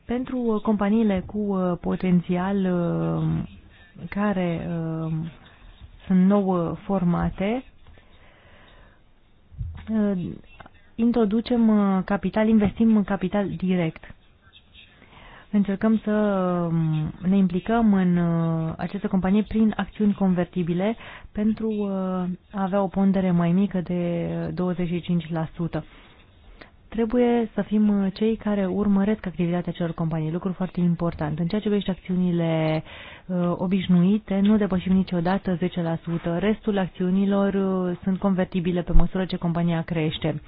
Pentru companiile cu potențial care uh, sunt nouă formate, uh, introducem uh, capital, investim în capital direct. Încercăm să uh, ne implicăm în uh, aceste companii prin acțiuni convertibile pentru a avea o pondere mai mică de 25%. Trebuie să fim uh, cei care urmăresc activitatea celor companii, lucru foarte important. În ceea ce privește acțiunile uh, obișnuite, nu depășim niciodată 10%. Restul acțiunilor uh, sunt convertibile pe măsură ce compania crește.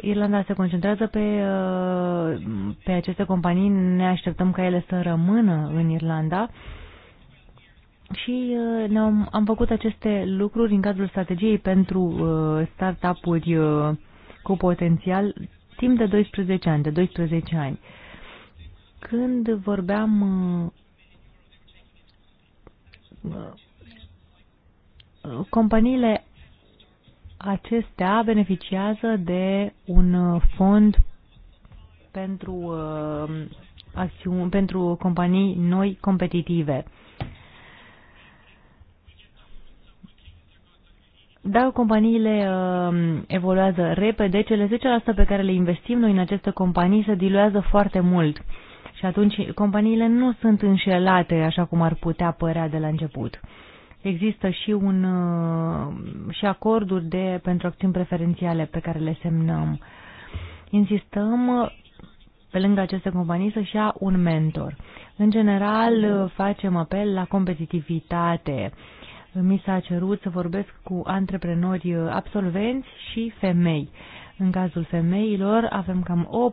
Irlanda se concentrează pe, uh, pe aceste companii, ne așteptăm ca ele să rămână în Irlanda și uh, ne-am, am făcut aceste lucruri în cadrul strategiei pentru startup-uri cu potențial timp de 12 ani, de 12 ani. Când vorbeam uh, uh, companiile acestea beneficiază de un fond pentru, uh, acțiuni, pentru companii noi competitive. Dacă companiile uh, evoluează repede, cele 10% pe care le investim noi în aceste companii se diluează foarte mult. Și atunci companiile nu sunt înșelate așa cum ar putea părea de la început. Există și, un, uh, și acorduri de, pentru acțiuni preferențiale pe care le semnăm. Insistăm pe lângă aceste companii să-și ia un mentor. În general, facem apel la competitivitate, uh, mi s-a cerut să vorbesc cu antreprenori absolvenți și femei. În cazul femeilor avem cam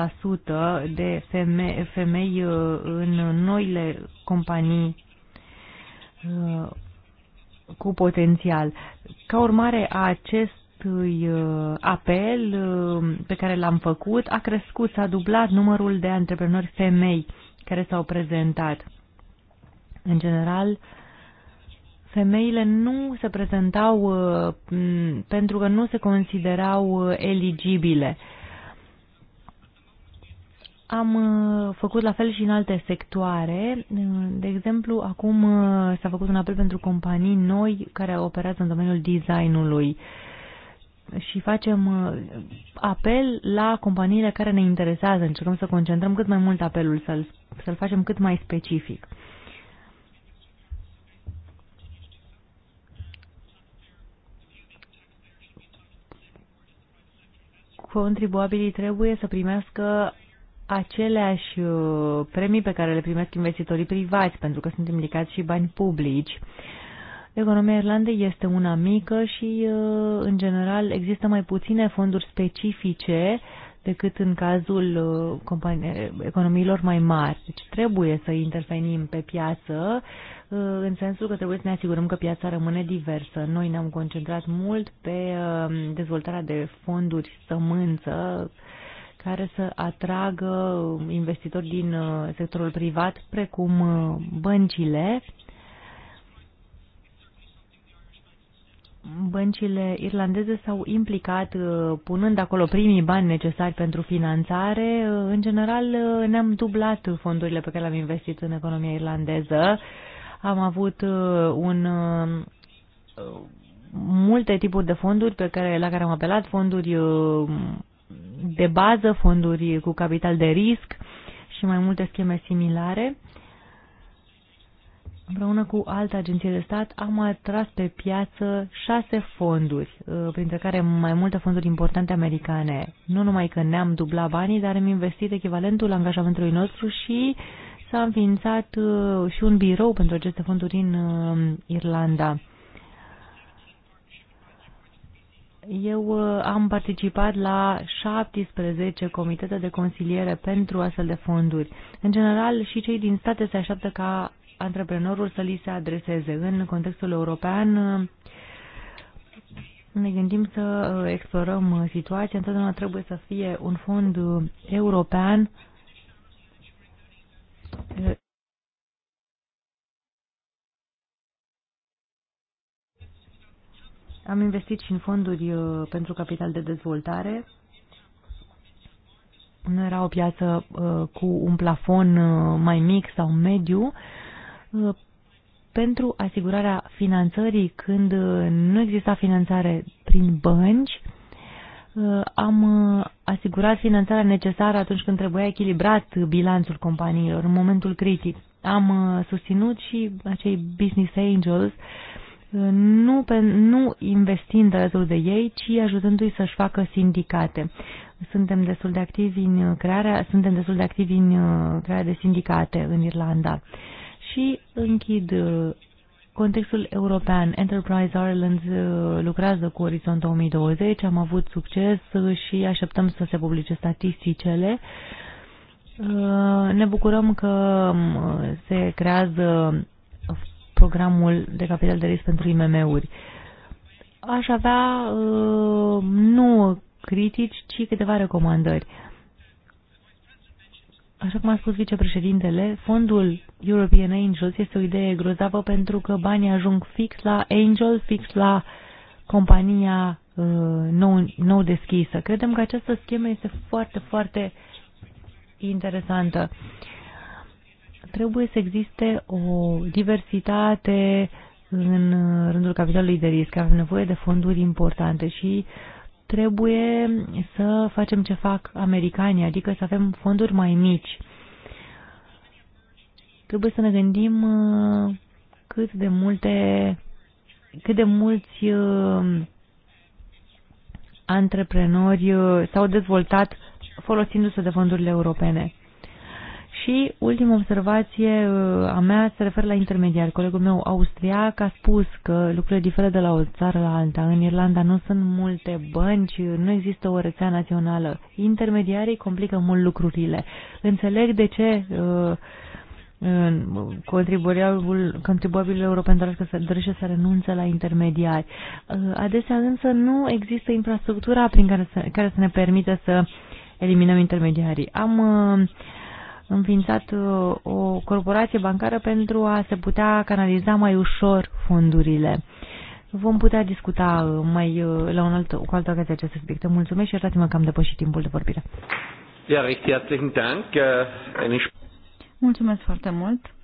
8-10% de femei, femei uh, în noile companii uh, cu potențial. Ca urmare a acestui uh, apel pe care l-am făcut, a crescut, s-a dublat numărul de antreprenori femei care s-au prezentat. În general, uh, femeile nu se prezentau uh, pentru că nu se considerau uh, eligibile. Am uh, făcut la fel și în alte sectoare. De exemplu, acum s-a făcut un apel pentru companii noi care operează în domeniul designului și facem apel la companiile care ne interesează. Încercăm să concentrăm cât mai mult apelul, să-l, să-l facem cât mai specific. contribuabilii trebuie să primească aceleași uh, premii pe care le primesc investitorii privați, pentru că sunt implicați și bani publici. Economia Irlandei este una mică și, uh, în general, există mai puține fonduri specifice decât în cazul uh, economiilor mai mari. Deci trebuie să intervenim pe piață Uh, în sensul că trebuie să ne asigurăm că piața rămâne diversă. Noi ne-am concentrat mult pe uh, dezvoltarea de fonduri sămânță care să atragă investitori din uh, sectorul privat, precum băncile. Băncile irlandeze s-au implicat punând acolo primii bani necesari pentru finanțare. În general, ne-am dublat fondurile pe care le-am investit în economia irlandeză am avut uh, un uh, multe tipuri de fonduri pe care, la care am apelat, fonduri uh, de bază, fonduri cu capital de risc și mai multe scheme similare. Împreună cu alte agenții de stat am atras pe piață șase fonduri, printre care mai multe fonduri importante americane. Nu numai că ne-am dublat banii, dar am investit echivalentul angajamentului nostru și uh, s-a înființat uh, și un birou pentru aceste fonduri în uh, Irlanda. Eu uh, am participat la 17 comitete de consiliere pentru astfel de fonduri. În general, și cei din state se așteaptă ca antreprenorul să li se adreseze. În contextul european, ne gândim să explorăm situația. Întotdeauna trebuie să fie un fond european Uh, am investit și în fonduri uh, pentru capital de dezvoltare. Nu era o piață uh, cu un plafon mai mic sau mediu pentru asigurarea finanțării când nu exista finanțare prin bănci, Uh, am uh, asigurat finanțarea necesară atunci când trebuia echilibrat bilanțul companiilor în momentul critic. Am uh, susținut și acei business angels nu, pe, nu investind alături de ei, ci ajutându-i să-și facă sindicate. Suntem destul de activi în crearea, suntem destul de activi în crearea de sindicate în Irlanda. Și închid contextul european, Enterprise Ireland uh, lucrează cu Orizont 2020, am avut succes uh, și așteptăm să se publice statisticele. Uh, ne bucurăm că um, se creează programul de capital de risc pentru IMM-uri. Aș avea nu critici, ci câteva recomandări. Așa cum a spus vicepreședintele, fondul European Angels este o idee grozavă pentru că banii ajung fix la Angel, fix la compania uh, nou, nou deschisă. Credem că această schemă este foarte, foarte interesantă. Trebuie să existe o diversitate în rândul capitalului de risc. Avem nevoie de fonduri importante și uh, trebuie să facem ce fac americanii, adică să avem fonduri mai mici. Trebuie să ne gândim uh, cât de multe, cât de mulți uh, antreprenori uh, s-au dezvoltat folosindu-se de fondurile europene. Și ultima observație uh, a mea se referă la intermediari. Colegul meu austriac a spus că lucrurile diferă de la o țară la alta. În Irlanda nu sunt multe bănci, nu există o rețea națională. Intermediarii complică mult lucrurile. Înțeleg de ce uh, contribuabilul, contribuabilul european să, dorește să renunțe la intermediari. Uh, adesea însă nu există infrastructura prin care să, care să ne permită să eliminăm intermediarii. Am uh, înființat uh, o corporație bancară pentru a se putea canaliza mai ușor fondurile. Vom putea discuta uh, mai uh, la un alt, cu altă ocazie acest subiect. Mulțumesc și iertați-mă că am depășit timpul de vorbire. Ja, herzlichen Dank. Äh, mulțumesc foarte mult,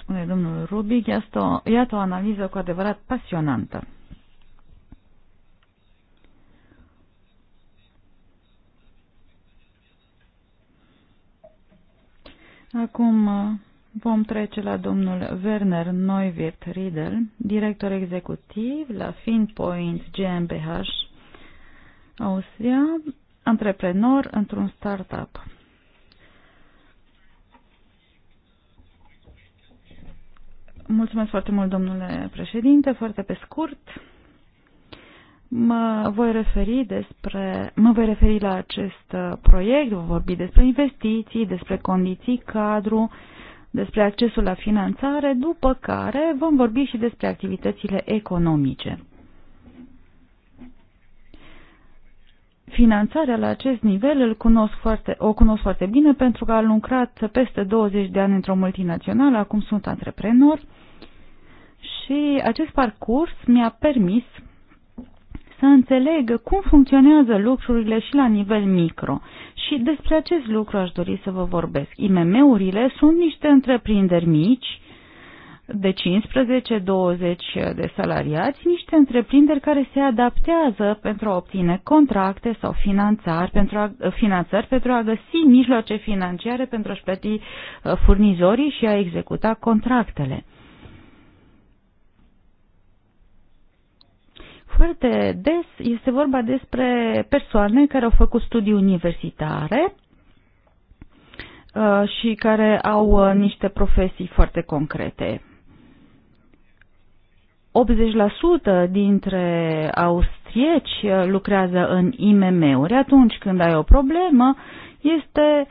spune domnul Rubic. Iată o, iată o analiză cu adevărat pasionantă. Acum uh, vom trece la domnul Werner Neuwirth Riedel, director executiv la Finpoint GmbH, Austria, antreprenor într-un startup. Mulțumesc foarte mult, domnule președinte. Foarte pe scurt, Mă voi referi despre, mă voi referi la acest uh, proiect, voi vorbi despre investiții, despre condiții cadru, despre accesul la finanțare, după care vom vorbi și despre activitățile economice. Finanțarea la acest nivel îl cunosc foarte, o cunosc foarte bine pentru că am lucrat peste 20 de ani într-o multinațională, acum sunt antreprenor și acest parcurs mi-a permis să înțelegă cum funcționează lucrurile și la nivel micro. Și despre acest lucru aș dori să vă vorbesc. IMM-urile sunt niște întreprinderi mici, de 15-20 de salariați, niște întreprinderi care se adaptează pentru a obține contracte sau finanțări pentru a, finanțări, pentru a găsi mijloace financiare pentru a-și plăti uh, furnizorii și a executa contractele. Foarte des este vorba despre persoane care au făcut studii universitare uh, și care au uh, niște profesii foarte concrete. 80% dintre austrieci uh, lucrează în IMM-uri. Atunci când ai o problemă, este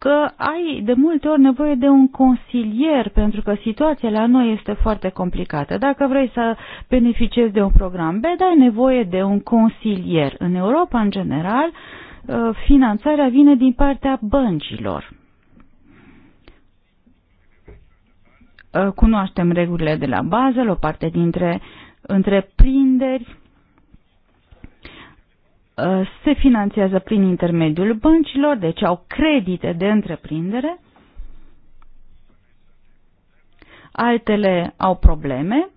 că ai de multe ori nevoie de un consilier pentru că situația la noi este foarte complicată. Dacă vrei să beneficiezi de un program B, ai nevoie de un consilier. În Europa, în general, uh, finanțarea vine din partea băncilor. Uh, cunoaștem regulile de la bază, o parte dintre întreprinderi Uh, se finanțează prin intermediul băncilor, deci au credite de întreprindere, altele au probleme,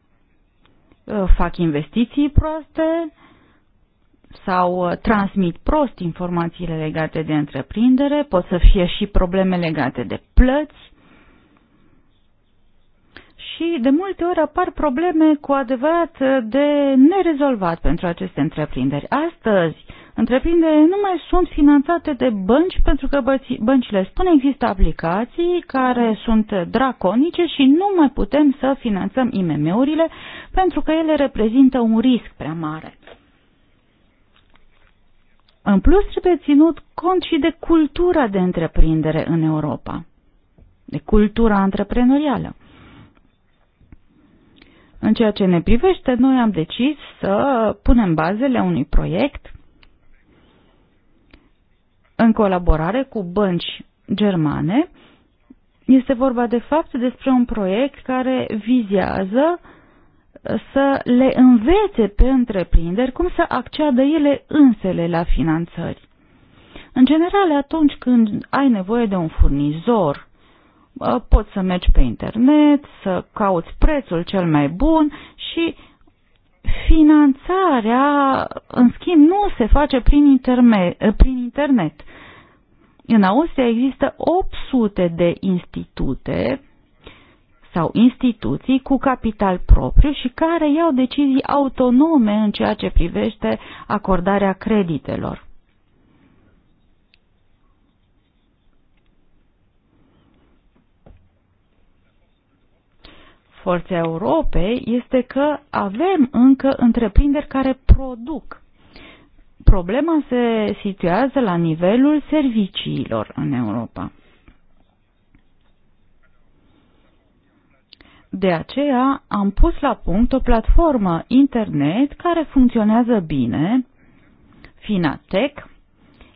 uh, fac investiții proste sau uh, transmit prost informațiile legate de întreprindere, pot să fie și probleme legate de plăți, și de multe ori apar probleme cu adevărat de nerezolvat pentru aceste întreprinderi. Astăzi, întreprinderile nu mai sunt finanțate de bănci pentru că băncile spun există aplicații care sunt draconice și nu mai putem să finanțăm IMM-urile pentru că ele reprezintă un risc prea mare. În plus, trebuie ținut cont și de cultura de întreprindere în Europa, de cultura antreprenorială. În ceea ce ne privește, noi am decis să punem bazele unui proiect în colaborare cu bănci germane. Este vorba de fapt despre un proiect care vizează să le învețe pe întreprinderi cum să acceadă ele însele la finanțări. În general, atunci când ai nevoie de un furnizor Ă, poți să mergi pe internet, să cauți prețul cel mai bun și finanțarea, în schimb, nu se face prin, interme- ă, prin internet. În Austria există 800 de institute sau instituții cu capital propriu și care iau decizii autonome în ceea ce privește acordarea creditelor. Forța Europei este că avem încă întreprinderi care produc. Problema se situează la nivelul serviciilor în Europa. De aceea am pus la punct o platformă internet care funcționează bine, Finatec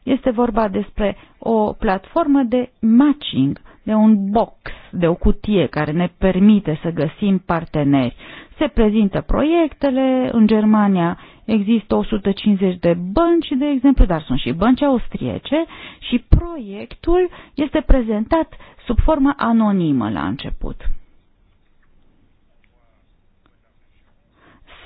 Este vorba despre o platformă de matching, de un box de o cutie care ne permite să găsim parteneri. Se prezintă proiectele, în Germania există 150 de bănci, de exemplu, dar sunt și bănci austriece și proiectul este prezentat sub formă anonimă la început.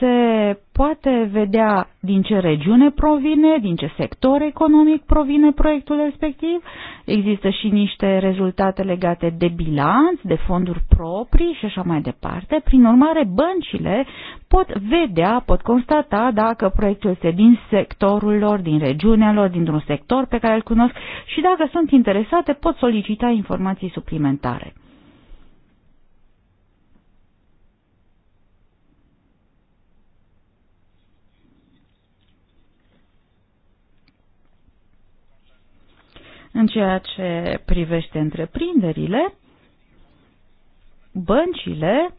se poate vedea din ce regiune provine, din ce sector economic provine proiectul respectiv. Există și niște rezultate legate de bilanț, de fonduri proprii și așa mai departe. Prin urmare, băncile pot vedea, pot constata dacă proiectul este din sectorul lor, din regiunea lor, dintr-un sector pe care îl cunosc și dacă sunt interesate pot solicita informații suplimentare. În ceea ce privește întreprinderile, băncile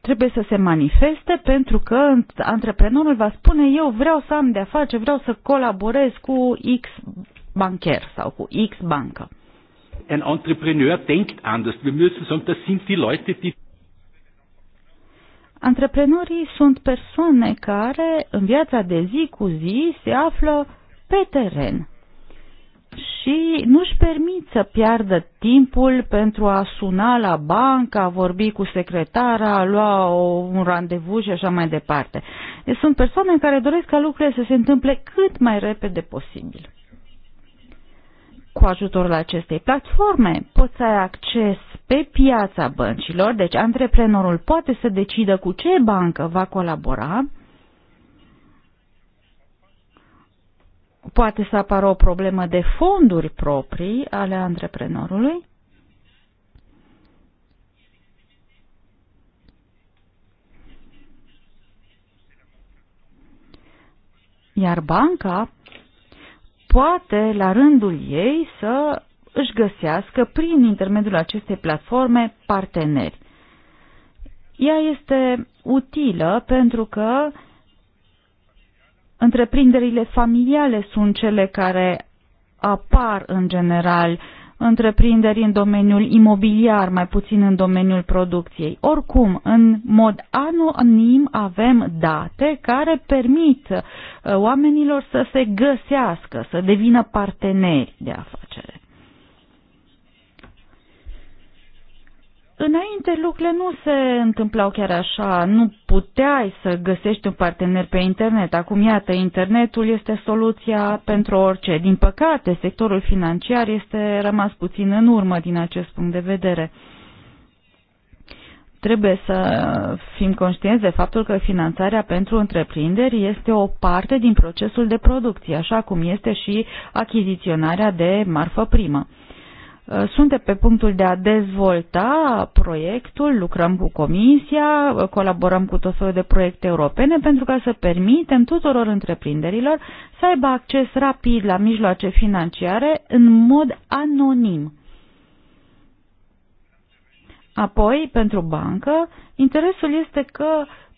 trebuie să se manifeste pentru că antreprenorul va spune eu vreau să am de-a face, vreau să colaborez cu X bancher sau cu X bancă. Un antreprenor denkt anders. Wir müssen sagen, das sind die Leute, die Antreprenorii sunt persoane care în viața de zi cu zi se află pe teren și nu și permit să piardă timpul pentru a suna la bancă, a vorbi cu secretara, a lua o, un randevu și așa mai departe. Deci sunt persoane care doresc ca lucrurile să se întâmple cât mai repede posibil. Cu ajutorul acestei platforme poți să ai acces pe piața băncilor, deci antreprenorul poate să decidă cu ce bancă va colabora, poate să apară o problemă de fonduri proprii ale antreprenorului. Iar banca poate, la rândul ei, să își găsească, prin intermediul acestei platforme, parteneri. Ea este utilă pentru că uh, Întreprinderile familiale sunt cele care apar în general întreprinderi în domeniul imobiliar, mai puțin în domeniul producției. Oricum, în mod anonim avem date care permit uh, oamenilor să se găsească, să devină parteneri de afacere. Înainte lucrurile nu se întâmplau chiar așa, nu puteai să găsești un partener pe internet. Acum, iată, internetul este soluția pentru orice. Din păcate, sectorul financiar este rămas puțin în urmă din acest punct de vedere. Trebuie să fim conștienți de faptul că finanțarea pentru întreprinderi este o parte din procesul de producție, așa cum este și achiziționarea de marfă primă. Uh, suntem pe punctul de a dezvolta proiectul, lucrăm cu Comisia, uh, colaborăm cu tot felul de proiecte europene pentru ca să permitem tuturor întreprinderilor să aibă acces rapid la mijloace financiare în mod anonim. Apoi, pentru bancă, interesul este că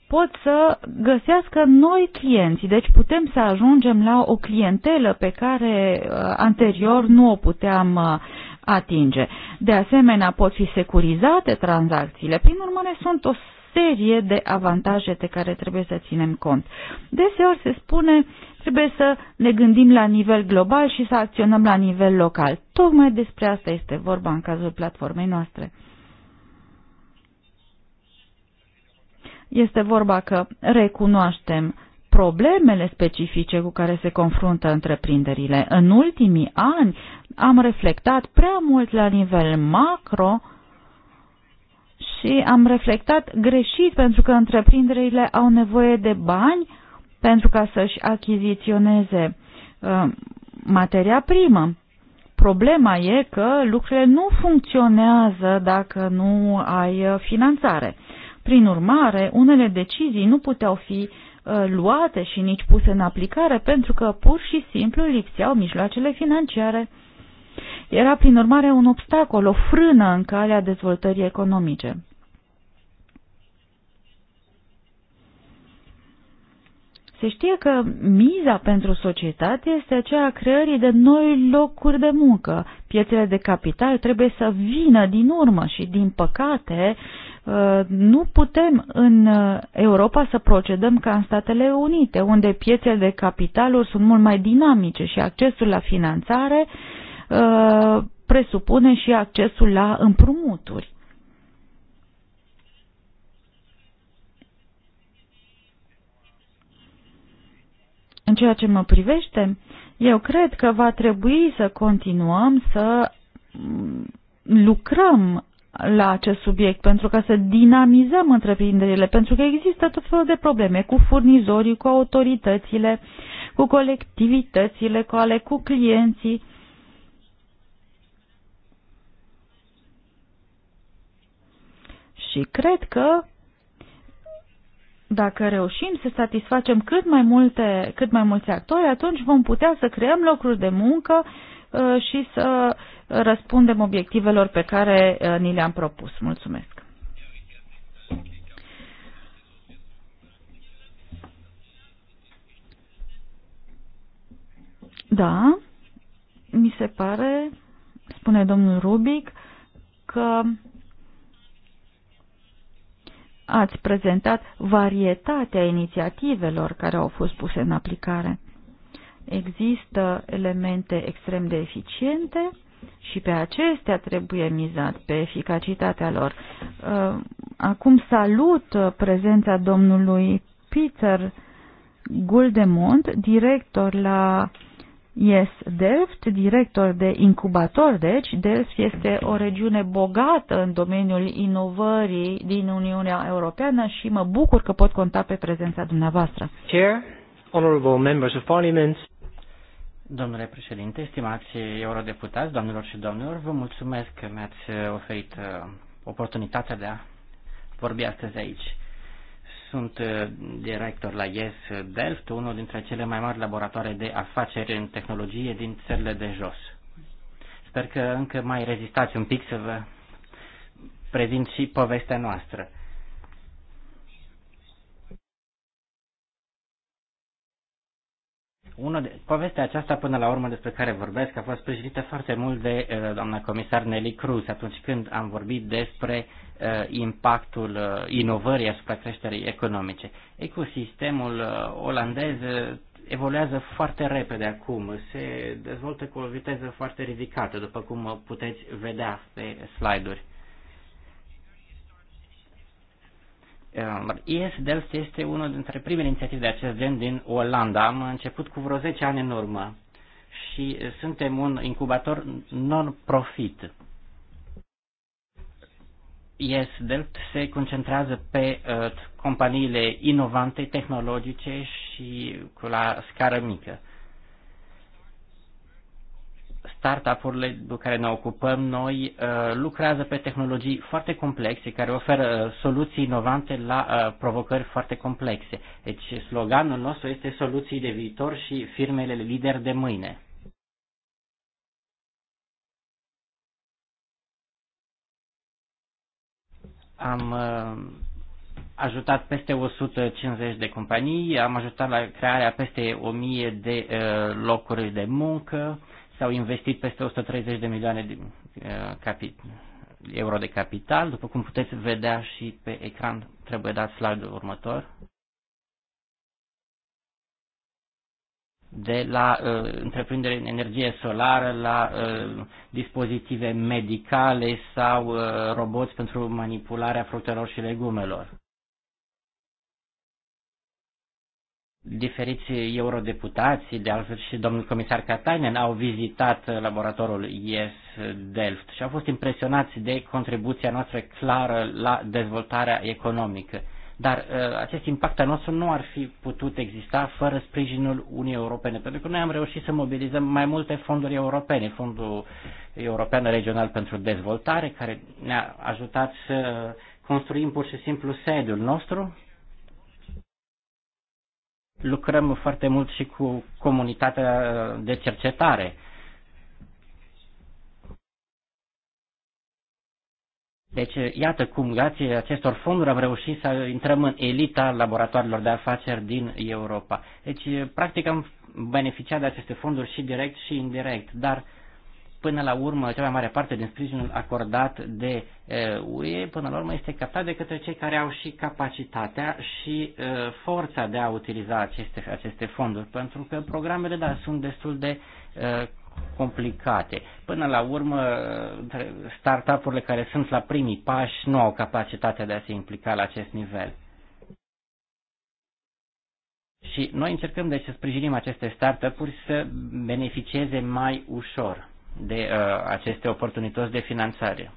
pot să găsească noi clienți, deci putem să ajungem la o clientelă pe care uh, anterior nu o puteam atinge. De asemenea, pot fi securizate tranzacțiile, prin urmare sunt o serie de avantaje de care trebuie să ținem cont. Deseori se spune, trebuie să ne gândim la nivel global și să acționăm la nivel local. Tocmai despre asta este vorba în cazul platformei noastre. Este vorba că recunoaștem problemele specifice cu care se confruntă întreprinderile. În ultimii ani, am reflectat prea mult la nivel macro și am reflectat greșit pentru că întreprinderile au nevoie de bani pentru ca să-și achiziționeze uh, materia primă. Problema e că lucrurile nu funcționează dacă nu ai uh, finanțare. Prin urmare, unele decizii nu puteau fi uh, luate și nici puse în aplicare pentru că pur și simplu lipseau mijloacele financiare. Era, prin urmare, un obstacol, o frână în calea dezvoltării economice. Se știe că miza pentru societate este aceea creării de noi locuri de muncă. Piețele de capital trebuie să vină din urmă și, din păcate, uh, nu putem în uh, Europa să procedăm ca în Statele Unite, unde piețele de capitaluri sunt mult mai dinamice și accesul la finanțare uh, Uh, presupune și accesul la împrumuturi. În ceea ce mă privește, eu cred că va trebui să continuăm să mm, lucrăm la acest subiect, pentru ca să dinamizăm întreprinderile, pentru că există tot felul de probleme cu furnizorii, cu autoritățile, cu colectivitățile, cu ale, cu clienții. Și cred că dacă reușim să satisfacem cât mai, multe, cât mai mulți actori, atunci vom putea să creăm locuri de muncă uh, și să răspundem obiectivelor pe care uh, ni le-am propus. Mulțumesc! Da, mi se pare, spune domnul Rubic, că ați prezentat varietatea inițiativelor care au fost puse în aplicare. Există elemente extrem de eficiente și pe acestea trebuie mizat, pe eficacitatea lor. Uh, acum salut prezența domnului Peter Guldemont, director la este Delft, director de incubator, deci Delft este o regiune bogată în domeniul inovării din Uniunea Europeană și mă bucur că pot conta pe prezența dumneavoastră. Chair, honorable members of parliament. Domnule președinte, stimați eurodeputați, doamnelor și domnilor, vă mulțumesc că mi-ați oferit uh, oportunitatea de a vorbi astăzi aici. Sunt uh, director la IES Delft, unul dintre cele mai mari laboratoare de afaceri în tehnologie din țările de jos. Sper că încă mai rezistați un pic să vă prezint și povestea noastră. Una de, povestea aceasta, până la urmă, despre care vorbesc, a fost sprijinită foarte mult de uh, doamna comisar Nelly Cruz atunci când am vorbit despre uh, impactul uh, inovării asupra creșterii economice. Ecosistemul uh, olandez uh, evoluează foarte repede acum, se dezvoltă cu o viteză foarte ridicată, după cum puteți vedea pe slide-uri. ISDELS um, este unul dintre primele inițiative de acest gen din Olanda. Am început cu vreo 10 ani în urmă și uh, suntem un incubator non-profit. ISDELS se concentrează pe uh, companiile inovante, tehnologice și cu la scară mică startup-urile cu care ne ocupăm noi uh, lucrează pe tehnologii foarte complexe care oferă uh, soluții inovante la uh, provocări foarte complexe. Deci sloganul nostru este soluții de viitor și firmele lideri de mâine. Am ajutat peste 150 de companii, am ajutat la crearea peste 1000 de locuri de muncă, S-au investit peste 130 de milioane de uh, euro de capital. După cum puteți vedea și pe ecran, trebuie dat slide-ul următor. de la uh, întreprindere în energie solară, la uh, dispozitive medicale sau uh, roboți pentru manipularea fructelor și legumelor. diferiți eurodeputații, de altfel și domnul comisar Katainen, au vizitat laboratorul IES Delft și au fost impresionați de contribuția noastră clară la dezvoltarea economică. Dar uh, acest impact al nostru nu ar fi putut exista fără sprijinul Uniunii Europene, pentru că noi am reușit să mobilizăm mai multe fonduri europene, Fondul European Regional pentru Dezvoltare, care ne-a ajutat să construim pur și simplu sediul nostru Lucrăm foarte mult și cu comunitatea de cercetare. Deci, iată cum, grație acestor fonduri, am reușit să intrăm în elita laboratoarelor de afaceri din Europa. Deci, practic, am beneficiat de aceste fonduri și direct și indirect, dar până la urmă cea mai mare parte din sprijinul acordat de UE, până la urmă este captat de către cei care au și capacitatea și forța de a utiliza aceste, aceste fonduri, pentru că programele, da, sunt destul de complicate. Până la urmă, startup-urile care sunt la primii pași nu au capacitatea de a se implica la acest nivel. Și noi încercăm deci să sprijinim aceste startup-uri să beneficieze mai ușor de uh, aceste oportunități de finanțare.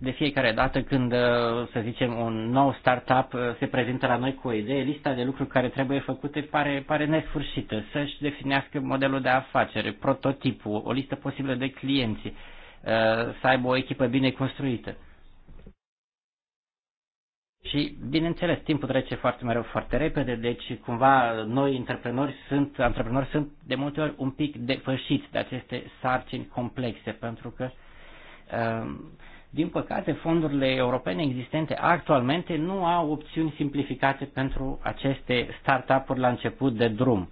De fiecare dată când, uh, să zicem, un nou startup uh, se prezintă la noi cu o idee, lista de lucruri care trebuie făcute pare, pare nesfârșită. Să-și definească modelul de afacere, prototipul, o listă posibilă de clienți, uh, să aibă o echipă bine construită. Și, bineînțeles, timpul trece foarte mereu foarte repede, deci cumva noi antreprenori sunt, antreprenori sunt de multe ori un pic depășiți de aceste sarcini complexe, pentru că ehm, din păcate, fondurile europene existente actualmente nu au opțiuni simplificate pentru aceste start up uri la început de drum.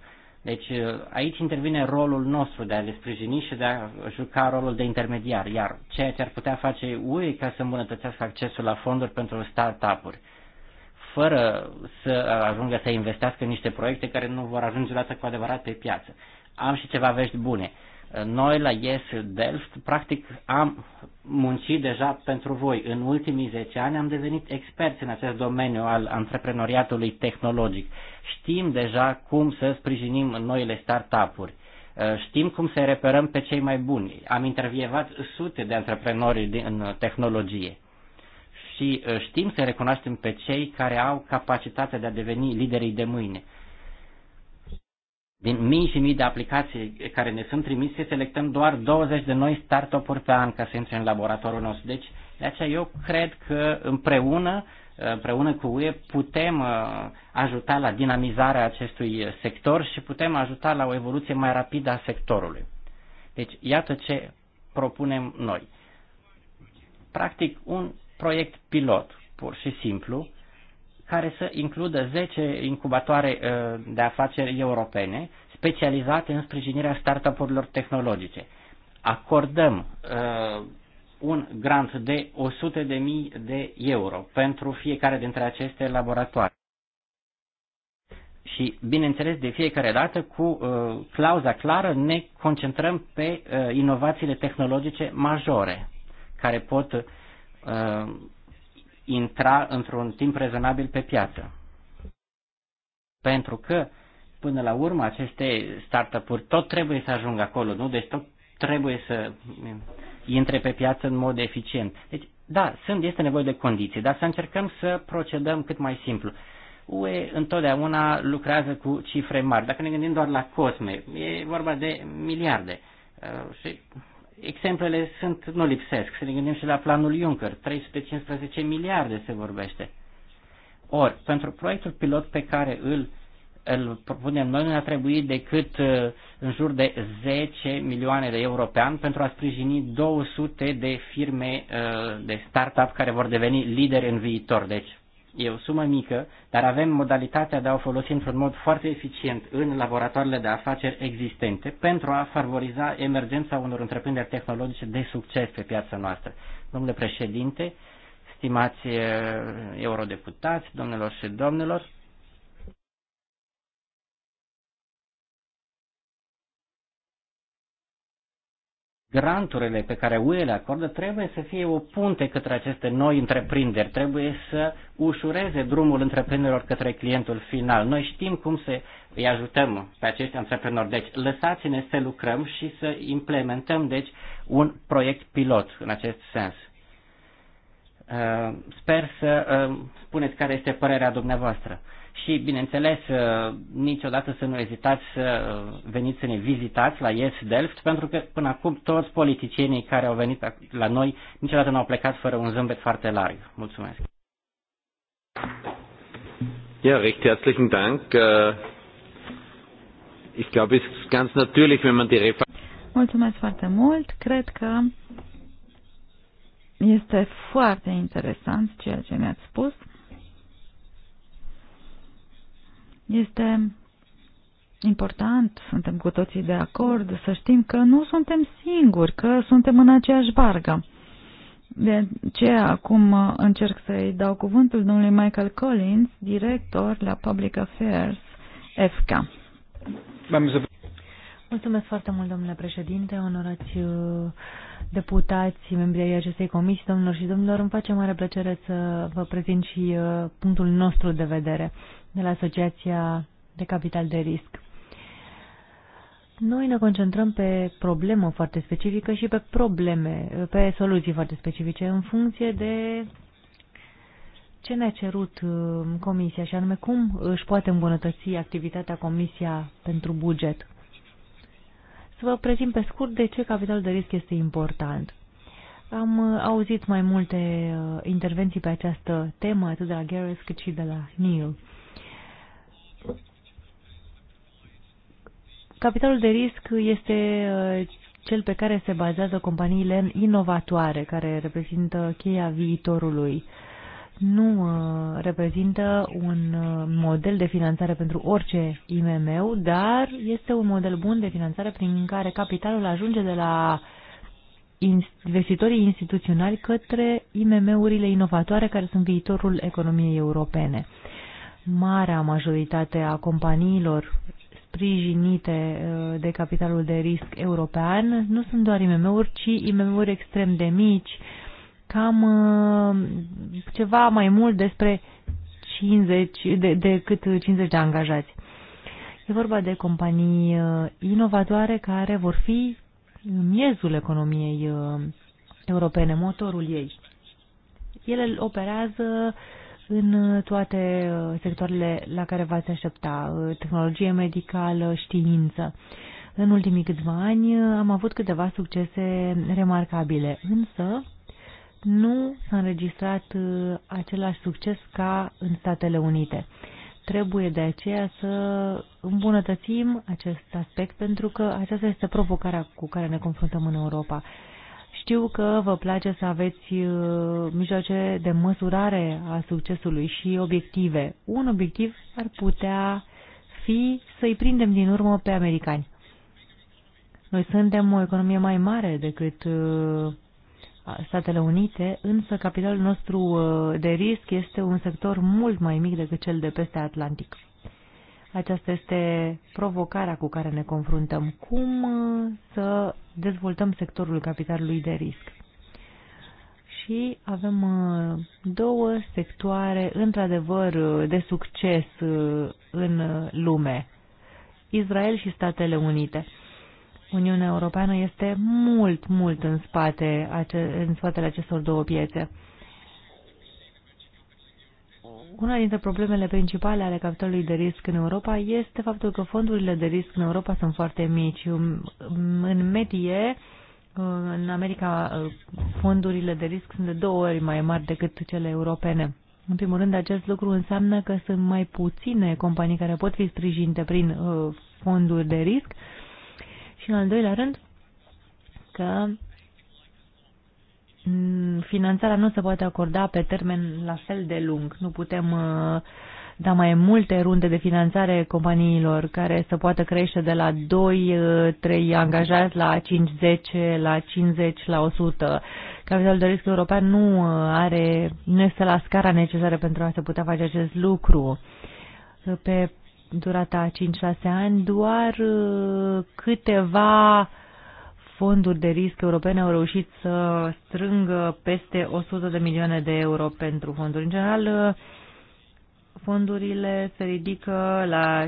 Deci uh, aici intervine rolul nostru de a le sprijini și de a juca rolul de intermediar, iar ceea ce ar putea face UE ca să îmbunătățească accesul la fonduri pentru startup-uri, fără să ajungă să investească în niște proiecte care nu vor ajunge dată cu adevărat pe piață. Am și ceva vești bune. Noi la Yes Delft, practic, am muncit deja pentru voi. În ultimii 10 ani am devenit experți în acest domeniu al antreprenoriatului tehnologic. Știm deja cum să sprijinim noile startup-uri. Eh, știm cum să reperăm pe cei mai buni. Am intervievat sute de antreprenori în tehnologie și eh, știm să recunoaștem pe cei care au capacitatea de a deveni liderii de mâine. Din mii și mii de aplicații care ne sunt trimise, selectăm doar 20 de noi startup-uri pe an ca să intre în laboratorul nostru. Deci, de aceea eu cred că împreună, împreună cu UE, putem uh, ajuta la dinamizarea acestui sector și putem ajuta la o evoluție mai rapidă a sectorului. Deci, iată ce propunem noi. Practic, un proiect pilot, pur și simplu, care să includă 10 incubatoare uh, de afaceri europene specializate în sprijinirea startup-urilor tehnologice. Acordăm uh, un grant de 100.000 de euro pentru fiecare dintre aceste laboratoare. Și, bineînțeles, de fiecare dată, cu uh, clauza clară, ne concentrăm pe uh, inovațiile tehnologice majore, care pot uh, intra într-un timp rezonabil pe piață. Pentru că, până la urmă, aceste startup-uri tot trebuie să ajungă acolo, nu? Deci tot trebuie să intre pe piață în mod eficient. Deci, da, sunt, este nevoie de condiții, dar să încercăm să procedăm cât mai simplu. UE întotdeauna lucrează cu cifre mari. Dacă ne gândim doar la COSME, e vorba de miliarde. Uh, și exemplele sunt, nu lipsesc. Să ne gândim și la planul Juncker, 315 miliarde se vorbește. Ori, pentru proiectul pilot pe care îl, îl propunem noi, nu a trebuit decât uh, în jur de 10 milioane de euro pe an pentru a sprijini 200 de firme uh, de startup care vor deveni lideri în viitor. Deci, E o sumă mică, dar avem modalitatea de a o folosi într-un mod foarte eficient în laboratoarele de afaceri existente pentru a favoriza emergența unor întreprinderi tehnologice de succes pe piața noastră. Domnule președinte, stimați eh, eurodeputați, domnilor și domnilor, granturile pe care UE le acordă trebuie să fie o punte către aceste noi întreprinderi, trebuie să ușureze drumul întreprinderilor către clientul final. Noi știm cum să îi ajutăm pe acești antreprenori, deci lăsați-ne să lucrăm și să implementăm deci un proiect pilot în acest sens. Uh, sper să uh, spuneți care este părerea dumneavoastră și, bineînțeles, uh, niciodată să nu ezitați să uh, veniți să ne vizitați la Yes Delft, pentru că până acum toți politicienii care au venit la noi niciodată n-au plecat fără un zâmbet foarte larg. Mulțumesc! Ja, recht herzlichen Dank. Äh, ich glaube, es ist ganz natürlich, wenn man die Mulțumesc foarte mult. Cred că este foarte interesant ceea ce mi-ați spus. Este important, suntem cu toții de acord, să știm că nu suntem singuri, că suntem în aceeași barcă. De aceea acum uh, încerc să-i dau cuvântul domnului Michael Collins, director la Public Affairs FK. Mulțumesc foarte mult, domnule președinte, onorați uh, deputați, membrii ai acestei comisii, domnilor și domnilor. Îmi face mare plăcere să vă prezint și uh, punctul nostru de vedere de la Asociația de Capital de Risc. Noi ne concentrăm pe problemă foarte specifică și pe probleme, pe soluții foarte specifice, în funcție de ce ne-a cerut uh, Comisia și anume cum își poate îmbunătăți activitatea Comisia pentru buget. Să vă prezint pe scurt de ce capitalul de risc este important. Am uh, auzit mai multe uh, intervenții pe această temă, atât de la Gareth cât și de la Neil. Capitalul de risc este uh, cel pe care se bazează companiile inovatoare, care reprezintă cheia viitorului. Nu uh, reprezintă un uh, model de finanțare pentru orice IMM, dar este un model bun de finanțare prin care capitalul ajunge de la investitorii instituționali către IMM-urile inovatoare care sunt viitorul economiei europene. Marea majoritate a companiilor sprijinite uh, de capitalul de risc european nu sunt doar IMM-uri, ci IMM-uri extrem de mici, cam uh, ceva mai mult despre 50, de, cât 50 de angajați. E vorba de companii uh, inovatoare care vor fi miezul economiei europene, motorul ei. Ele operează uh, în uh, toate uh, sectoarele la care v-ați aștepta, uh, tehnologie medicală, știință. În ultimii câțiva ani am avut câteva succese remarcabile, însă nu s-a înregistrat același succes ca în Statele Unite. Trebuie de aceea să îmbunătățim acest aspect pentru că aceasta este provocarea cu care ne confruntăm în Europa. Știu că vă place să aveți uh, mijloace de măsurare a succesului și obiective. Un obiectiv ar putea fi să-i prindem din urmă pe americani. Noi suntem o economie mai mare decât uh, Statele Unite, însă capitalul nostru uh, de risc este un sector mult mai mic decât cel de peste Atlantic. Aceasta este provocarea cu care ne confruntăm. Cum uh, să dezvoltăm sectorul capitalului de risc? Și avem uh, două sectoare, într-adevăr, uh, de succes în lume. Israel și Statele Unite. Uniunea Europeană este mult, mult în, spate, în spatele acestor două piețe. Una dintre problemele principale ale capitalului de risc în Europa este faptul că fondurile de risc în Europa sunt foarte mici. Um, în medie, uh, în America, uh, fondurile de risc sunt de două ori mai mari decât cele europene. În primul rând, acest lucru înseamnă că sunt mai puține companii care pot fi sprijinite prin uh, fonduri de risc și, în al doilea rând, că Mm, finanțarea nu se poate acorda pe termen la fel de lung. Nu putem uh, da mai multe runde de finanțare companiilor care să poată crește de la 2-3 uh, angajați la 5-10, la 50, la 100. Capitalul de risc european nu uh, are, nu este la scara necesară pentru a se putea face acest lucru. Pe durata 5-6 ani, doar câteva fonduri de risc europene au reușit să strângă peste 100 de milioane de euro pentru fonduri. În general, fondurile se ridică la 60-70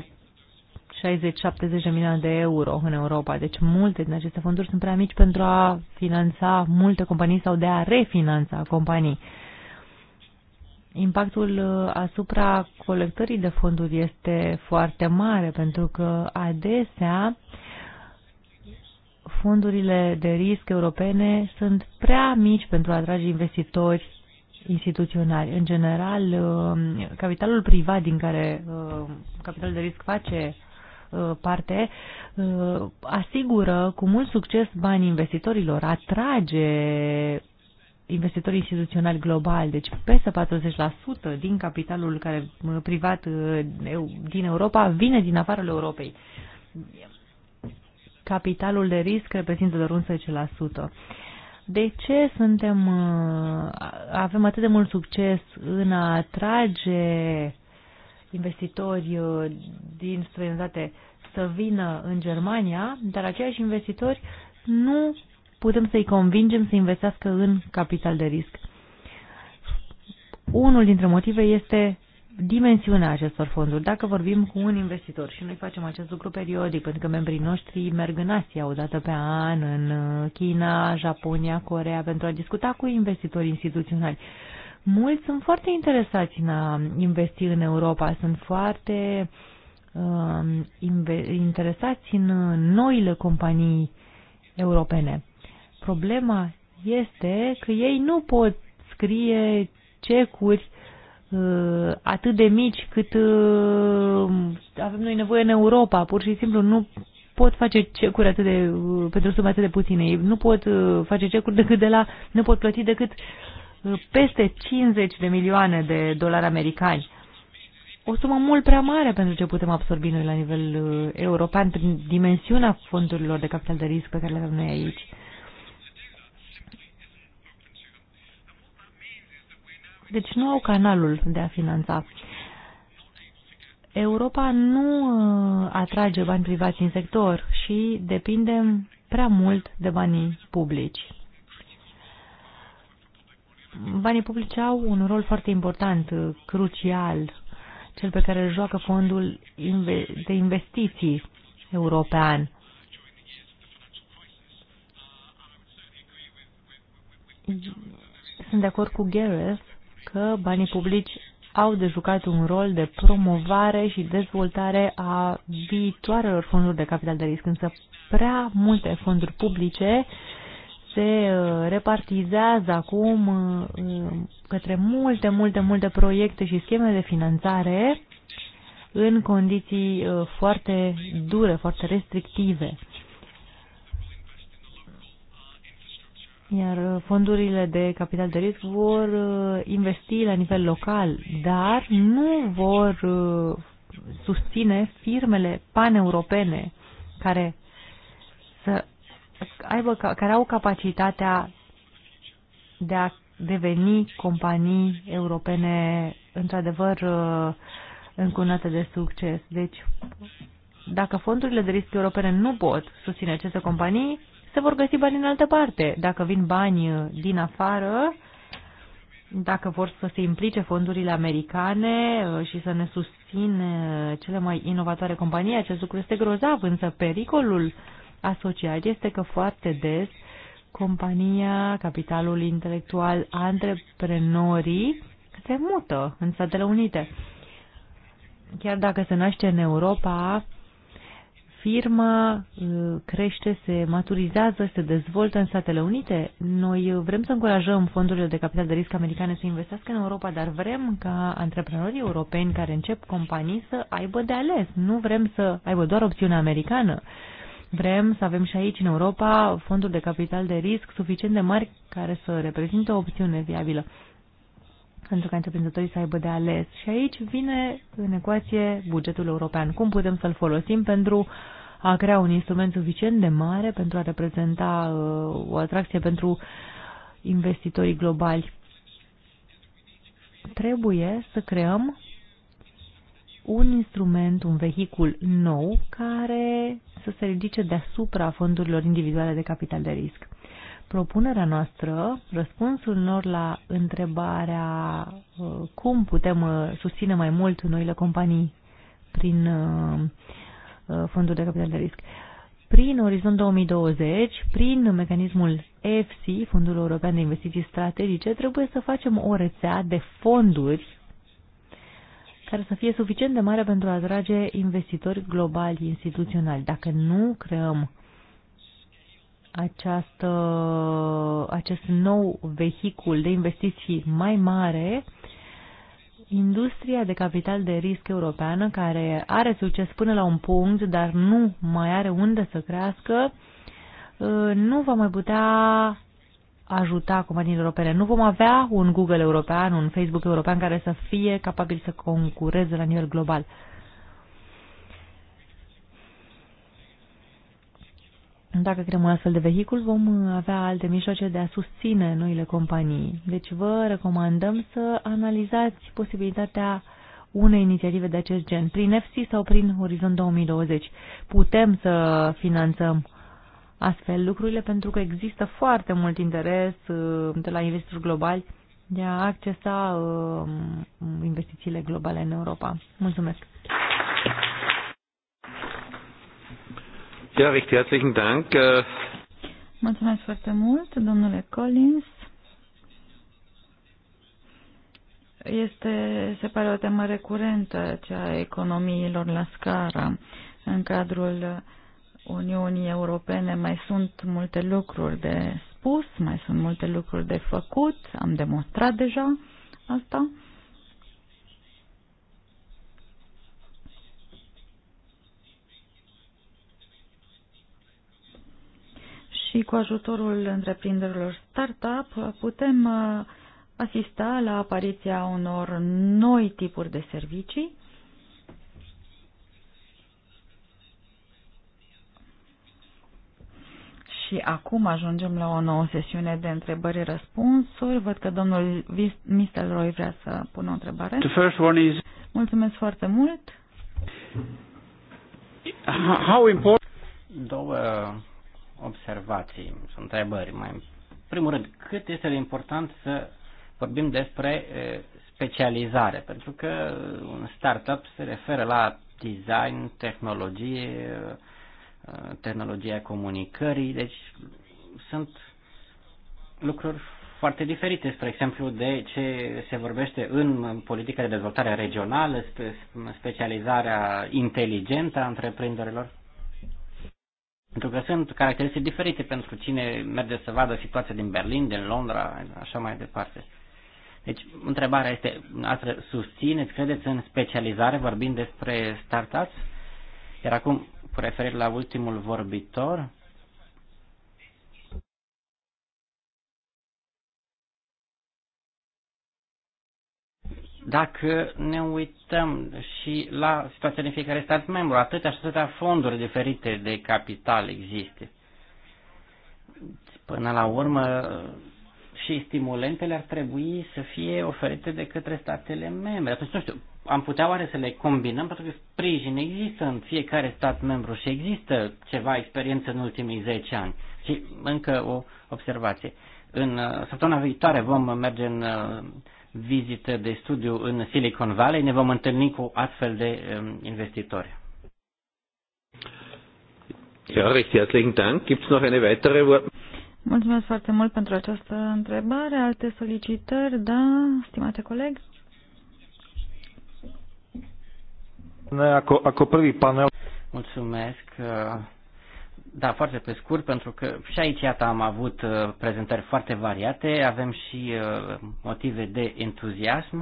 de milioane de euro în Europa. Deci multe din aceste fonduri sunt prea mici pentru a finanța multe companii sau de a refinanța companii. Impactul asupra colectării de fonduri este foarte mare pentru că adesea uh, fondurile de risc europene sunt prea mici pentru a atrage investitori instituționali. În general, uh, capitalul privat din care uh, capitalul de risc face uh, parte asigură cu mult succes banii investitorilor, atrage investitori instituționali globali, deci peste 40% din capitalul care privat din Europa vine din afară Europei capitalul de risc reprezintă doar 11%. De ce suntem, uh, avem atât de mult succes în a atrage investitori uh, din străinătate să vină în Germania, dar aceiași investitori nu putem să-i convingem să investească în capital de risc. Unul dintre motive este dimensiunea acestor fonduri. Dacă vorbim cu un investitor și noi facem acest lucru periodic, pentru că membrii noștri merg în Asia o dată pe an, în China, Japonia, Corea, pentru a discuta cu investitori instituționali. Mulți sunt foarte interesați în a investi în Europa, sunt foarte uh, interesați în noile companii europene. Problema este că ei nu pot scrie cecuri Uh, atât de mici cât uh, avem noi nevoie în Europa. Pur și simplu nu pot face cecuri atât de, uh, pentru sume atât de puține. Ei nu pot face cecuri decât de la, nu pot plăti decât peste 50 de milioane de dolari americani. O sumă mult prea mare pentru ce putem absorbi noi la nivel european prin dimensiunea fondurilor de capital de risc pe care le avem noi aici. Deci nu au canalul de a finanța. Europa nu uh, atrage bani privați în sector și depindem prea mult de banii publici. Banii publici au un rol foarte important, uh, crucial, cel pe care îl joacă fondul de investiții european. Sunt de acord cu Gareth că banii publici au de jucat un rol de promovare și dezvoltare a viitoarelor fonduri de capital de risc, însă prea multe fonduri publice se uh, repartizează acum uh, către multe, multe, multe proiecte și scheme de finanțare în condiții uh, foarte dure, foarte restrictive. iar uh, fondurile de capital de risc vor uh, investi la nivel local, dar nu vor uh, susține firmele paneuropene care să aibă, care au capacitatea de a deveni companii europene într-adevăr încunate de succes. Deci, dacă fondurile de risc europene nu pot susține aceste companii, se vor găsi bani în altă parte. Dacă vin bani uh, din afară, dacă vor să se implice fondurile americane uh, și să ne susțină cele mai inovatoare companii, acest lucru este grozav, însă pericolul asociat este că foarte des compania, capitalul intelectual, antreprenorii se mută în Statele Unite. Chiar dacă se naște în Europa, firma uh, crește, se maturizează, se dezvoltă în Statele Unite. Noi vrem să încurajăm fondurile de capital de risc americane să investească în Europa, dar vrem ca antreprenorii europeni care încep companii să aibă de ales. Nu vrem să aibă doar opțiunea americană. Vrem să avem și aici, în Europa, fonduri de capital de risc suficient de mari care să reprezinte o opțiune viabilă pentru ca întreprinzătorii să aibă de ales. Și aici vine în ecuație bugetul european. Cum putem să-l folosim pentru a crea un instrument suficient de mare pentru a reprezenta uh, o atracție pentru investitorii globali? Trebuie să creăm un instrument, un vehicul nou care să se ridice deasupra fondurilor individuale de capital de risc propunerea noastră, răspunsul lor la întrebarea uh, cum putem uh, susține mai mult noile companii prin uh, fondul de capital de risc. Prin Orizont 2020, prin mecanismul FC, Fondul European de Investiții Strategice, trebuie să facem o rețea de fonduri care să fie suficient de mare pentru a atrage investitori globali instituționali. Dacă nu creăm această, acest nou vehicul de investiții mai mare, industria de capital de risc europeană, care are succes până la un punct, dar nu mai are unde să crească, uh, nu va mai putea ajuta companiile europene. Nu vom avea un Google european, un Facebook european care să fie capabil să concureze la nivel global. Dacă creăm un astfel de vehicul, vom avea alte mijloace de a susține noile companii. Deci vă recomandăm să analizați posibilitatea unei inițiative de acest gen, prin FC sau prin Horizon 2020. Putem să finanțăm astfel lucrurile pentru că există foarte mult interes uh, de la investitori globali de a accesa uh, investițiile globale în Europa. Mulțumesc! Ja, recht herzlichen Dank. Äh. Mulțumesc foarte mult, domnule Collins. Este, se pare, o temă recurentă, cea a economiilor la scară. În cadrul Uniunii Europene mai sunt multe lucruri de spus, mai sunt multe lucruri de făcut, am demonstrat deja asta. și cu ajutorul întreprinderilor startup putem uh, asista la apariția unor noi tipuri de servicii Și acum ajungem la o nouă sesiune de întrebări-răspunsuri. Văd că domnul Roy vrea să pună o întrebare. The first one is... Mulțumesc foarte mult. How important... Două observații sunt întrebări. Mai primul rând, cât este de important să vorbim despre specializare, pentru că un startup se referă la design, tehnologie, tehnologia comunicării, deci sunt lucruri foarte diferite, spre exemplu, de ce se vorbește în politica de dezvoltare regională, specializarea inteligentă a întreprinderilor. Pentru că sunt caracteristici diferite pentru cine merge să vadă situația din Berlin, din Londra, așa mai departe. Deci, întrebarea este, noastră susțineți, credeți în specializare, vorbind despre startups? Iar acum, cu referire la ultimul vorbitor, Dacă ne uităm și la situația din fiecare stat membru, atâtea și atâtea fonduri diferite de capital există. Până la urmă, și stimulentele ar trebui să fie oferite de către statele membre. Atunci, nu știu, am putea oare să le combinăm, pentru că sprijin există în fiecare stat membru și există ceva experiență în ultimii 10 ani. Și încă o observație. În uh, săptămâna viitoare vom merge în uh, vizită de studiu în Silicon Valley, ne vom întâlni cu astfel de um, investitori. Ja, recht herzlichen Dank. Gibt noch eine weitere Mulțumesc foarte mult pentru această întrebare. Alte solicitări, da, stimate coleg? Ako, ako prvi panel. Mulțumesc. Uh, da, foarte pe scurt, pentru că și aici, iată, am avut uh, prezentări foarte variate, avem și uh, motive de entuziasm.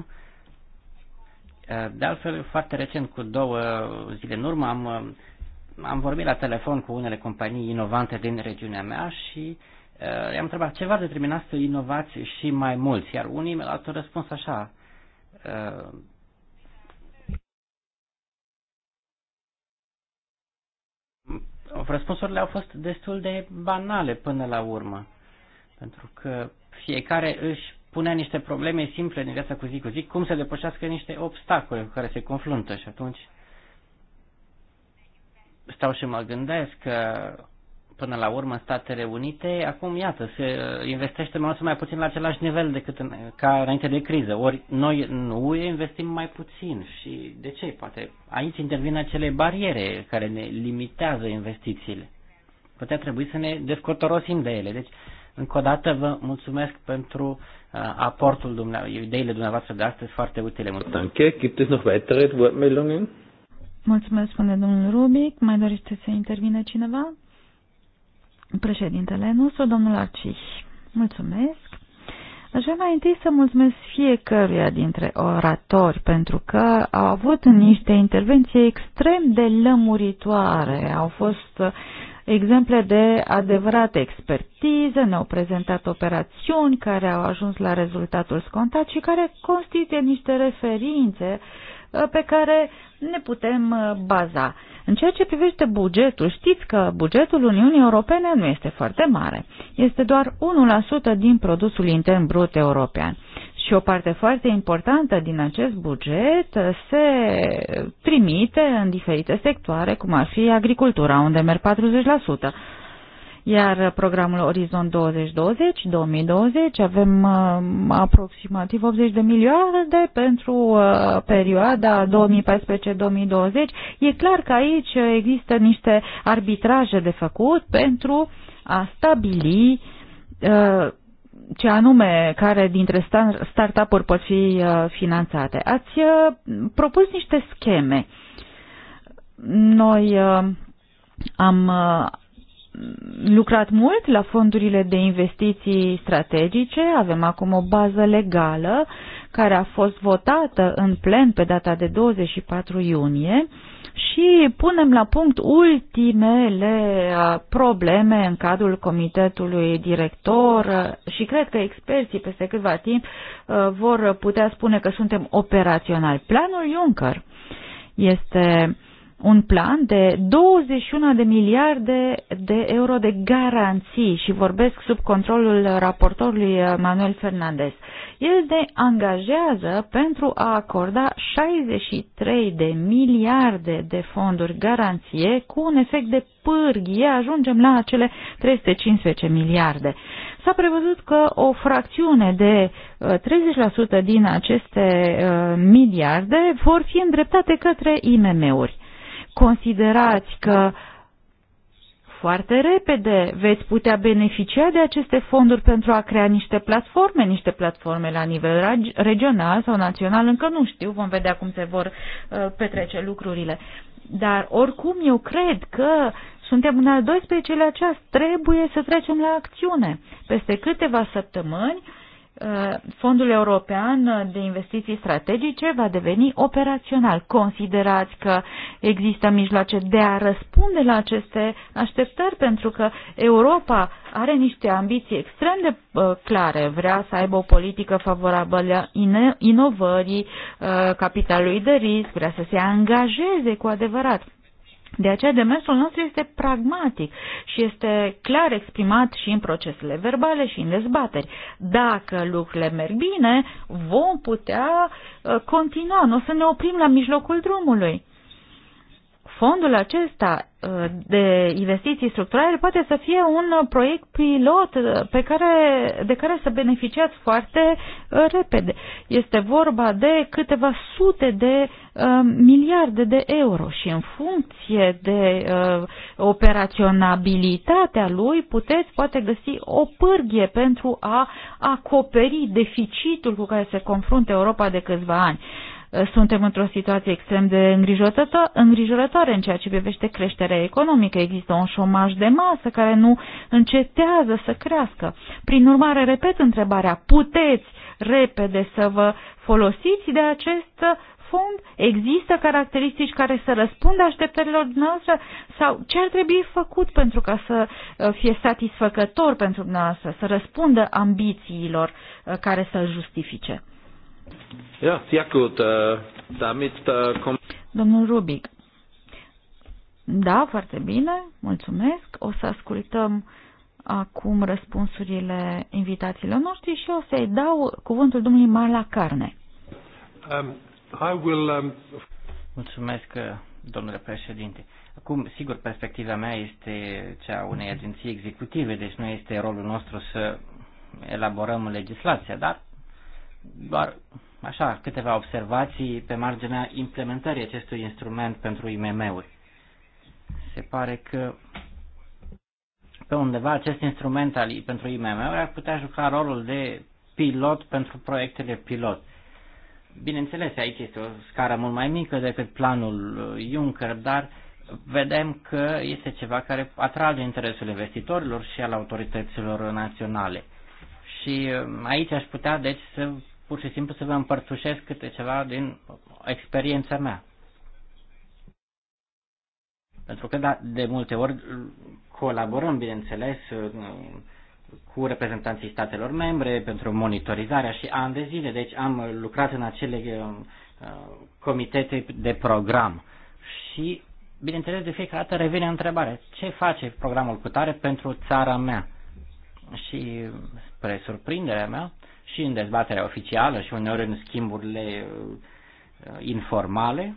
Uh, de altfel, foarte recent, cu două zile în urmă, am, am vorbit la telefon cu unele companii inovante din regiunea mea și i-am întrebat ce va determina determinat să inovați și mai mulți, iar unii mi-au dat răspuns așa, Răspunsurile au fost destul de banale până la urmă, pentru că fiecare își punea niște probleme simple din viața cu zi cu zi, cum să depășească niște obstacole cu care se confruntă și atunci stau și mă gândesc că până la urmă Statele Unite, acum iată, se investește mai mult mai puțin la același nivel decât în, ca înainte de criză. Ori noi în UE investim mai puțin și de ce? Poate aici intervin acele bariere care ne limitează investițiile. Putea trebui să ne descotorosim de ele. Deci, încă o dată vă mulțumesc pentru uh, aportul dumneavoastră, ideile dumneavoastră de astăzi foarte utile. Mulțumesc. Danke. Gibt es noch weitere Wortmeldungen? Mulțumesc, spune domnul Rubic. Mai dorește să intervine cineva? Președintele nostru, domnul Arcihi, mulțumesc. Aș vrea mai întâi să mulțumesc fiecăruia dintre oratori pentru că au avut niște intervenții extrem de lămuritoare. Au fost uh, exemple de adevărată expertiză, ne-au prezentat operațiuni care au ajuns la rezultatul scontat și care constituie niște referințe uh, Uh, pe care ne putem uh, baza. În ceea ce privește bugetul, știți că bugetul Uniunii Europene nu este foarte mare. Este doar 1% din produsul intern brut european. Și o parte foarte importantă din acest buget uh, se trimite în diferite sectoare, cum ar fi agricultura, unde merg 40%, iar programul Orizont 2020, 2020, avem uh, aproximativ 80 de miliarde pentru uh, perioada 2014-2020. E clar că aici există niște arbitraje de făcut pentru a stabili uh, ce anume care dintre startup-uri pot fi uh, finanțate. Ați uh, propus niște scheme. Noi uh, am lucrat mult la fondurile de investiții strategice, avem acum o bază legală care a fost votată în plen pe data de 24 iunie și punem la punct ultimele probleme în cadrul comitetului director și cred că experții peste câtva timp vor putea spune că suntem operaționali. Planul Juncker este un plan de 21 de miliarde de euro de garanții și vorbesc sub controlul raportorului uh, Manuel Fernandez. El ne angajează pentru a acorda 63 de miliarde de fonduri garanție cu un efect de pârghie, ajungem la acele 315 miliarde. S-a prevăzut că o fracțiune de 30% uh, din aceste uh, miliarde vor fi îndreptate către IMM-uri considerați că foarte repede veți putea beneficia de aceste fonduri pentru a crea niște platforme, niște platforme la nivel regional sau național, încă nu știu, vom vedea cum se vor uh, petrece lucrurile. Dar oricum eu cred că suntem în al 12-lea ceas, trebuie să trecem la acțiune. Peste câteva săptămâni Uh, Fondul European de Investiții Strategice va deveni operațional. Considerați că există mijloace de a răspunde la aceste așteptări pentru că Europa are niște ambiții extrem de uh, clare. Vrea să aibă o politică favorabilă inovării, uh, capitalului de risc, vrea să se angajeze cu adevărat de aceea demersul nostru este pragmatic și este clar exprimat și în procesele verbale și în dezbateri. Dacă lucrurile merg bine, vom putea uh, continua, nu o să ne oprim la mijlocul drumului fondul acesta uh, de investiții structurale poate să fie un proiect pilot uh, pe care, de care să beneficiați foarte uh, repede. Este vorba de câteva sute de miliarde de euro și în funcție de operaționabilitatea lui puteți poate găsi o pârghie pentru a acoperi deficitul cu care se confruntă Europa de câțiva ani. Eh, suntem într-o situație extrem de îngrijorătoare în ceea ce privește creșterea economică. Există un șomaj de masă care nu încetează să crească. Prin urmare, repet întrebarea, puteți repede să vă folosiți de acest fond? Există caracteristici care să răspundă așteptărilor noastre sau ce ar trebui făcut pentru ca să eh, fie satisfăcător pentru noastră, să răspundă ambițiilor eh, care să-l justifice? Ja, sehr gut. Äh, damit äh, Domnul Rubic. Da, foarte bine, mulțumesc. O să ascultăm acum răspunsurile invitațiilor noștri și o să-i dau cuvântul domnului Marla Carne. Um, I will, um... Mulțumesc, uh, domnule președinte. Acum, sigur, perspectiva mea este cea unei agenții executive, deci nu este rolul nostru să elaborăm legislația, dar doar așa câteva observații pe marginea implementării acestui instrument pentru IMM-uri. Se pare că pe undeva acest instrument al, pentru IMM-uri ar putea juca rolul de pilot pentru proiectele pilot. Bineînțeles, aici este o scară mult mai mică decât planul Juncker, dar vedem că este ceva care atrage interesul investitorilor și al autorităților naționale. Și um, aici aș putea, deci, să pur și simplu să vă împărtășesc câte ceva din experiența mea. Pentru că da, de multe ori colaborăm, bineînțeles, cu reprezentanții statelor membre pentru monitorizarea și ani de zile, deci am lucrat în acele uh, comitete de program și, bineînțeles, de fiecare dată revine întrebarea, ce face programul cu tare pentru țara mea? și, spre surprinderea mea, și în dezbaterea oficială și uneori în schimburile uh, informale,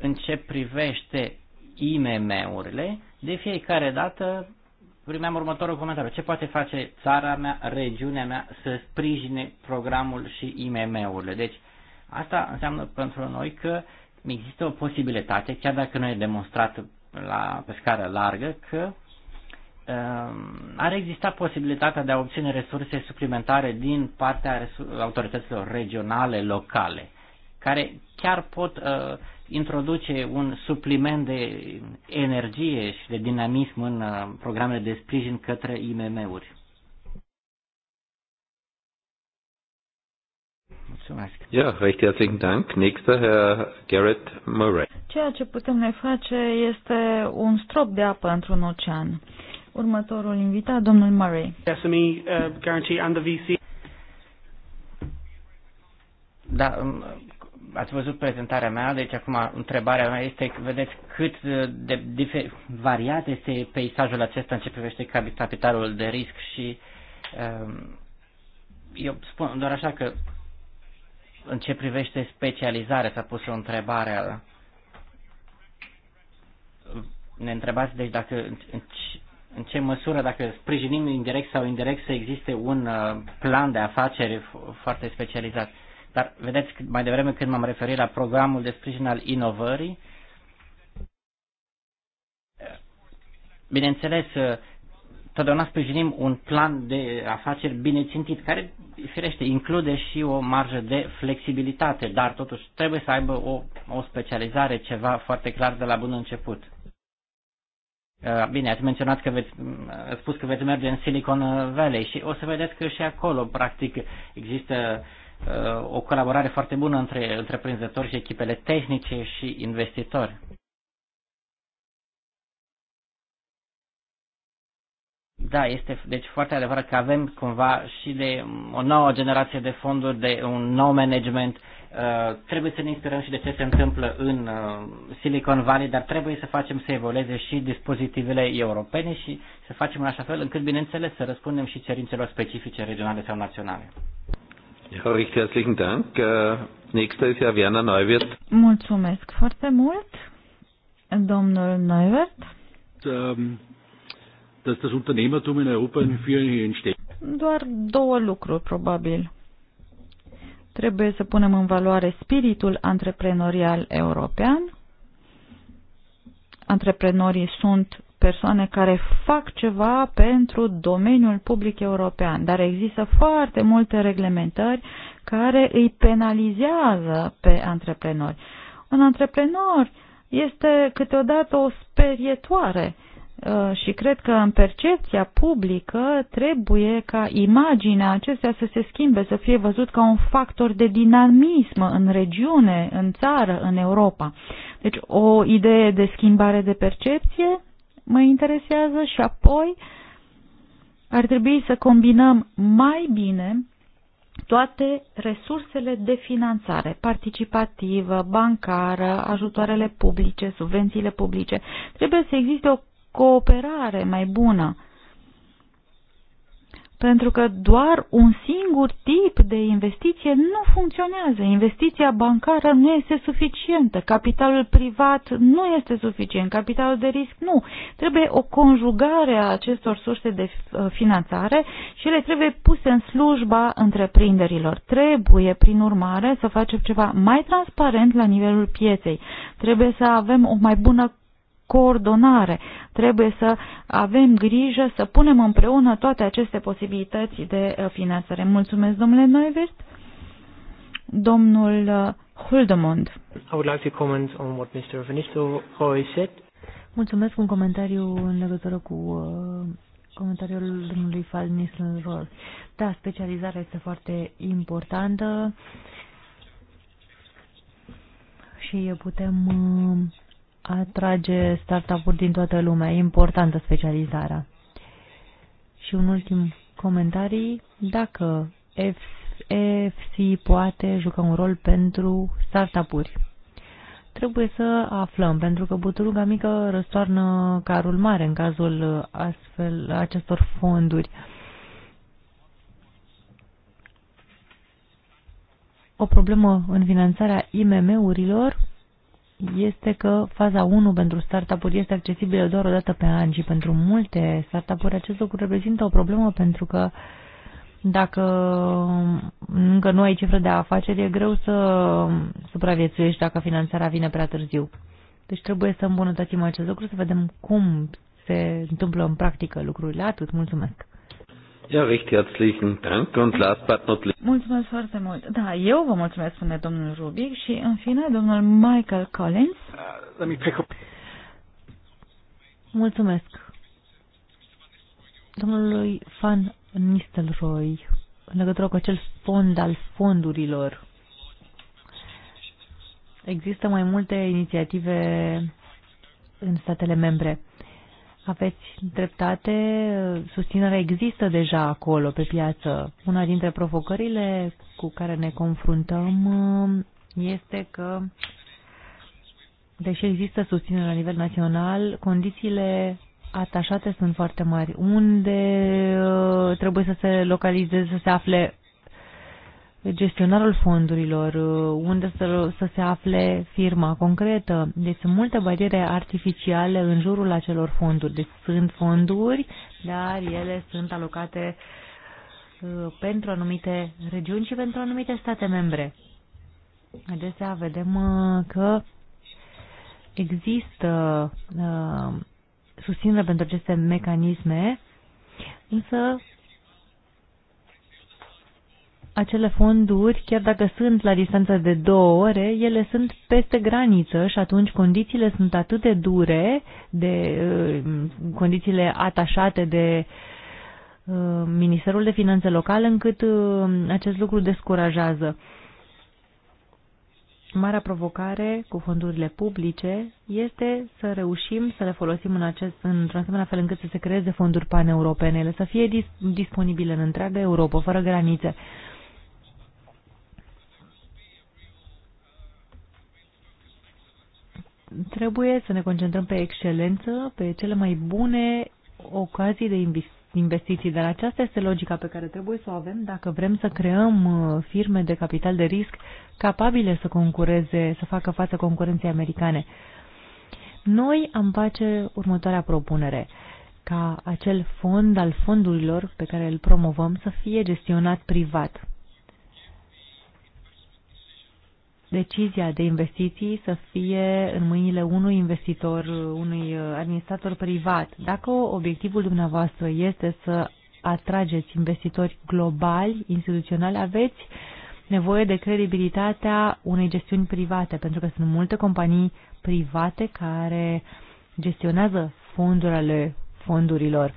în ce privește IMM-urile, de fiecare dată primeam următorul comentariu. Ce poate face țara mea, regiunea mea să sprijine programul și IMM-urile? Deci, asta înseamnă pentru noi că există o posibilitate, chiar dacă nu e demonstrat la, pe scară largă, că Ehm, ar exista posibilitatea de a obține resurse suplimentare din partea autorităților regionale, locale, care chiar pot uh, introduce un supliment de energie și de dinamism în uh, programele de sprijin către IMM-uri. Ja, recht herzlichen Dank. Nächster Herr Garrett Murray. Ceea ce putem noi face este un strop de apă într-un ocean. Uh, Următorul invitat, domnul Murray. SME uh, guarantee and the VC. Da, ați văzut prezentarea mea, deci acum întrebarea mea este, vedeți cât de variat este peisajul acesta în ce privește capitalul de risc și uh, eu spun doar așa că în ce privește specializare s-a pus o întrebare. Ne întrebați deci dacă în în ce măsură, dacă sprijinim indirect sau indirect, să existe un uh, plan de afaceri foarte specializat. Dar vedeți, mai devreme când m-am referit la programul de sprijin al inovării, bineînțeles, uh, totdeauna sprijinim un plan de afaceri bine țintit, care, firește, include și o marjă de flexibilitate, dar totuși trebuie să aibă o, o specializare, ceva foarte clar de la bun început. Uh, bine, ați menționat că veți, mm, ați spus că veți merge în Silicon Valley și o să vedeți că și acolo, practic, există uh, o colaborare foarte bună între întreprinzători și echipele tehnice și investitori. Da, este deci foarte adevărat că avem cumva și de o nouă generație de fonduri, de un nou management Uh, trebuie să ne inspirăm și de ce se întâmplă în uh, Silicon Valley, dar trebuie să facem să evolueze și dispozitivele europene și să facem în așa fel încât, bineînțeles, să răspundem și cerințelor specifice regionale sau naționale. Recht herzlichen Dank. Äh, Werner Neuwirth. Mulțumesc foarte mult, domnul Neuwirth. Äh, dass das Unternehmertum in Europa in vielen Doar două lucruri, probabil Trebuie să punem în valoare spiritul antreprenorial european. Antreprenorii sunt persoane care fac ceva pentru domeniul public european, dar există foarte multe reglementări care îi penalizează pe antreprenori. Un antreprenor este câteodată o sperietoare. Uh, Uh, și cred că în percepția publică trebuie ca imaginea acestea să se schimbe, să fie văzut ca un factor de dinamism în regiune, în țară, în Europa. Deci o idee de schimbare de percepție mă interesează și apoi ar trebui să combinăm mai bine toate resursele de finanțare, participativă, bancară, ajutoarele publice, subvențiile publice. Trebuie să existe o cooperare mai bună. Pentru că doar un singur tip de investiție nu funcționează. Investiția bancară nu este suficientă, capitalul privat nu este suficient, capitalul de risc nu. Trebuie o conjugare a acestor surse de uh, finanțare și ele trebuie puse în slujba întreprinderilor. Trebuie, prin urmare, să facem ceva mai transparent la nivelul pieței. Trebuie să avem o mai bună coordonare. Trebuie să avem grijă să punem împreună toate aceste posibilități de uh, finanțare. Mulțumesc, domnule Neuwirth. Domnul uh, Huldemond. I would like to comment on what Mr. Venisto said. Mulțumesc un comentariu în legătură cu uh, comentariul domnului Falmisl Da, specializarea este foarte importantă și putem uh, atrage startup-uri din toată lumea. E importantă specializarea. Și un ultim comentarii, dacă EFC poate juca un rol pentru startup-uri. Trebuie să aflăm, pentru că buturuga mică răstoarnă carul mare în cazul astfel acestor fonduri. O problemă în finanțarea IMM-urilor este că faza 1 pentru startup-uri este accesibilă doar o dată pe an și pentru multe startup-uri acest lucru reprezintă o problemă pentru că dacă încă nu ai cifră de afaceri, e greu să supraviețuiești dacă finanțarea vine prea târziu. Deci trebuie să îmbunătățim acest lucru, să vedem cum se întâmplă în practică lucrurile. Atât, mulțumesc! Mulțumesc foarte mult. Da, eu vă mulțumesc, spune domnul Rubic și, în fine, domnul Michael Collins. Uh, mulțumesc. Domnului Van Nistelrooy, în legătură cu acel fond al fondurilor, există mai multe inițiative în statele membre. Aveți dreptate, susținerea există deja acolo, pe piață. Una dintre provocările cu care ne confruntăm uh, este că, deși există susținere la nivel național, condițiile atașate sunt foarte mari. Unde uh, trebuie să se localizeze, să se afle gestionarul fondurilor, uh, unde să, să se afle firma concretă. Deci sunt multe bariere artificiale în jurul acelor fonduri. Deci sunt fonduri, dar ele sunt alocate uh, pentru anumite regiuni și pentru anumite state membre. Adesea vedem uh, că există susținere pentru aceste mecanisme, însă acele fonduri, chiar dacă sunt la distanță de două ore, ele sunt peste graniță și atunci condițiile sunt atât de dure, de uh, condițiile atașate de uh, Ministerul de Finanțe Locale, încât uh, acest lucru descurajează. Marea provocare cu fondurile publice este să reușim să le folosim în acest, într-un asemenea fel încât să se creeze fonduri paneuropene, să fie dis- disponibile în întreaga Europa, fără granițe. Uh, Trebuie să ne concentrăm pe excelență, pe cele mai bune ocazii de investiții, dar aceasta este logica pe care trebuie să o avem dacă vrem să creăm uh, firme de capital de risc capabile să concureze, să facă față concurenței americane. Noi am face următoarea propunere ca acel fond al fondurilor pe care îl promovăm să fie gestionat privat. decizia de investiții să fie în mâinile unui investitor, unui uh, administrator privat. Dacă obiectivul dumneavoastră este să atrageți investitori globali, instituționali, aveți nevoie de credibilitatea unei gestiuni private, pentru că sunt multe companii private care gestionează fonduri ale fondurilor.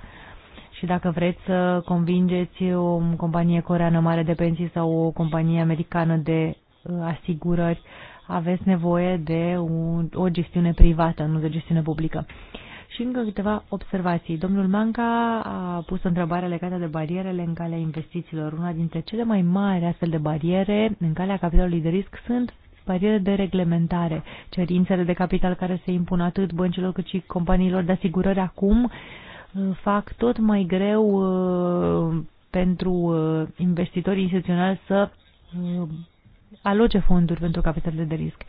Și dacă vreți să convingeți o companie coreană mare de pensii sau o companie americană de Uh, asigurări, aveți nevoie de un, o gestiune privată, nu de gestiune publică. Și încă câteva observații. Domnul Manca a pus o întrebare legată de barierele în calea investițiilor. Una dintre cele mai mari astfel de bariere în calea capitalului de risc sunt bariere de reglementare, cerințele de capital care se impun atât băncilor cât și companiilor de asigurări acum uh, fac tot mai greu uh, pentru investitorii instituționali să aloce fonduri pentru capitalele de risc.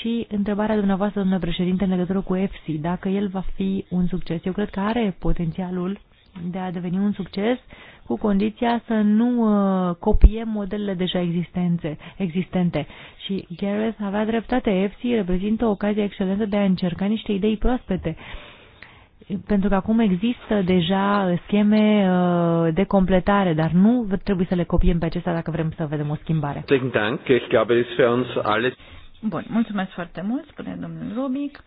Și întrebarea dumneavoastră, domnule președinte, în legătură cu EFSI, dacă el va fi un succes, eu cred că are potențialul de a deveni un succes cu condiția să nu uh, copiem modelele deja existențe, existente. Și Gareth avea dreptate, EFSI reprezintă o ocazie excelentă de a încerca niște idei proaspete. Uh, pentru că acum există deja uh, scheme uh, de completare, dar nu trebuie să le copiem pe acestea dacă vrem să vedem o schimbare. Bun, mulțumesc foarte mult, spune domnul Rubic.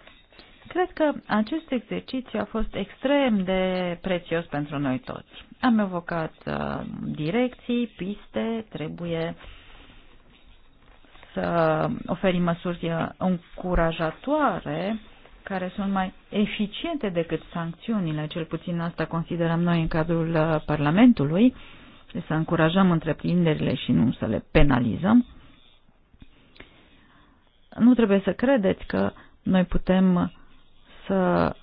Cred că acest exercițiu a fost extrem de prețios pentru noi toți. Am evocat uh, direcții, piste, trebuie să oferim măsuri uh, încurajatoare care sunt mai eficiente decât sancțiunile, cel puțin asta considerăm noi în cadrul uh, Parlamentului, deci să încurajăm întreprinderile și nu să le penalizăm. Nu trebuie să credeți că noi putem să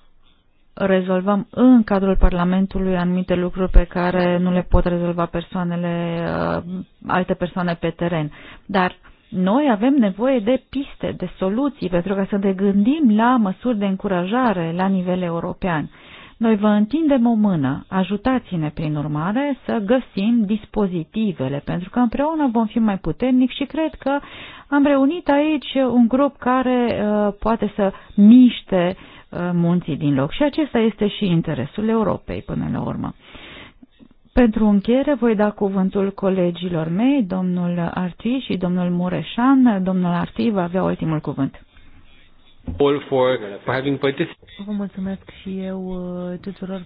rezolvăm în cadrul Parlamentului anumite lucruri pe care nu le pot rezolva persoanele, uh, alte persoane pe teren. Dar noi avem nevoie de piste, de soluții, pentru ca să ne gândim la măsuri de încurajare la nivel european. Noi vă întindem o mână, ajutați-ne prin urmare să găsim dispozitivele, pentru că împreună vom fi mai puternici și cred că am reunit aici un grup care uh, poate să miște uh, munții din loc și acesta este și interesul Europei până la urmă. Uh, pentru încheiere voi da cuvântul colegilor mei, domnul Arti și domnul Mureșan. Domnul Arti va avea ultimul cuvânt. Vă mulțumesc și eu uh, tuturor,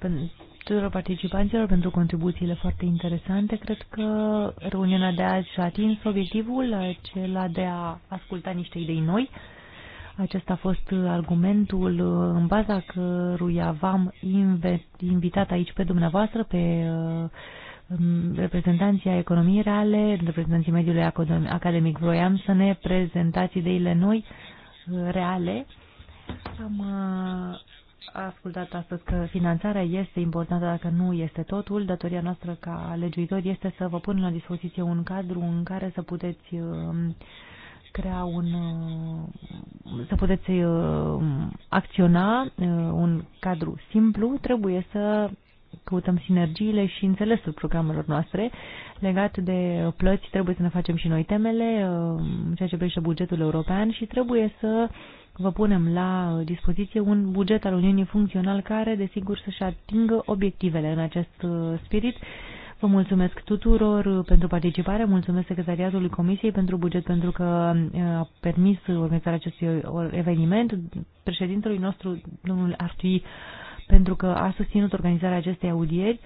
tuturor participanților pentru contribuțiile foarte interesante. Cred că reuniunea de azi și-a atins obiectivul acela de a asculta niște idei noi acesta a fost argumentul uh, în baza căruia v-am invitat aici pe dumneavoastră, pe uh, um, reprezentanții a economiei reale, reprezentanții mediului academic. Vroiam să ne prezentați ideile noi, uh, reale. Am ascultat astăzi că finanțarea este importantă, dacă nu este totul. Datoria noastră ca legiuitori este să vă pun la dispoziție un cadru în care să puteți crea un, uh, să puteți uh, acționa uh, un cadru simplu, trebuie să căutăm sinergiile și înțelesul programelor noastre. Legat de plăți, trebuie să ne facem și noi temele, ceea ce privește bugetul european și trebuie să vă punem la dispoziție un buget al Uniunii funcțional care, desigur, să-și atingă obiectivele în acest spirit. Vă mulțumesc tuturor uh, pentru participare, mulțumesc Secretariatului Comisiei pentru buget pentru că uh, a permis organizarea acestui uh, eveniment, președintelui nostru, domnul Artui, pentru că a susținut organizarea acestei audieri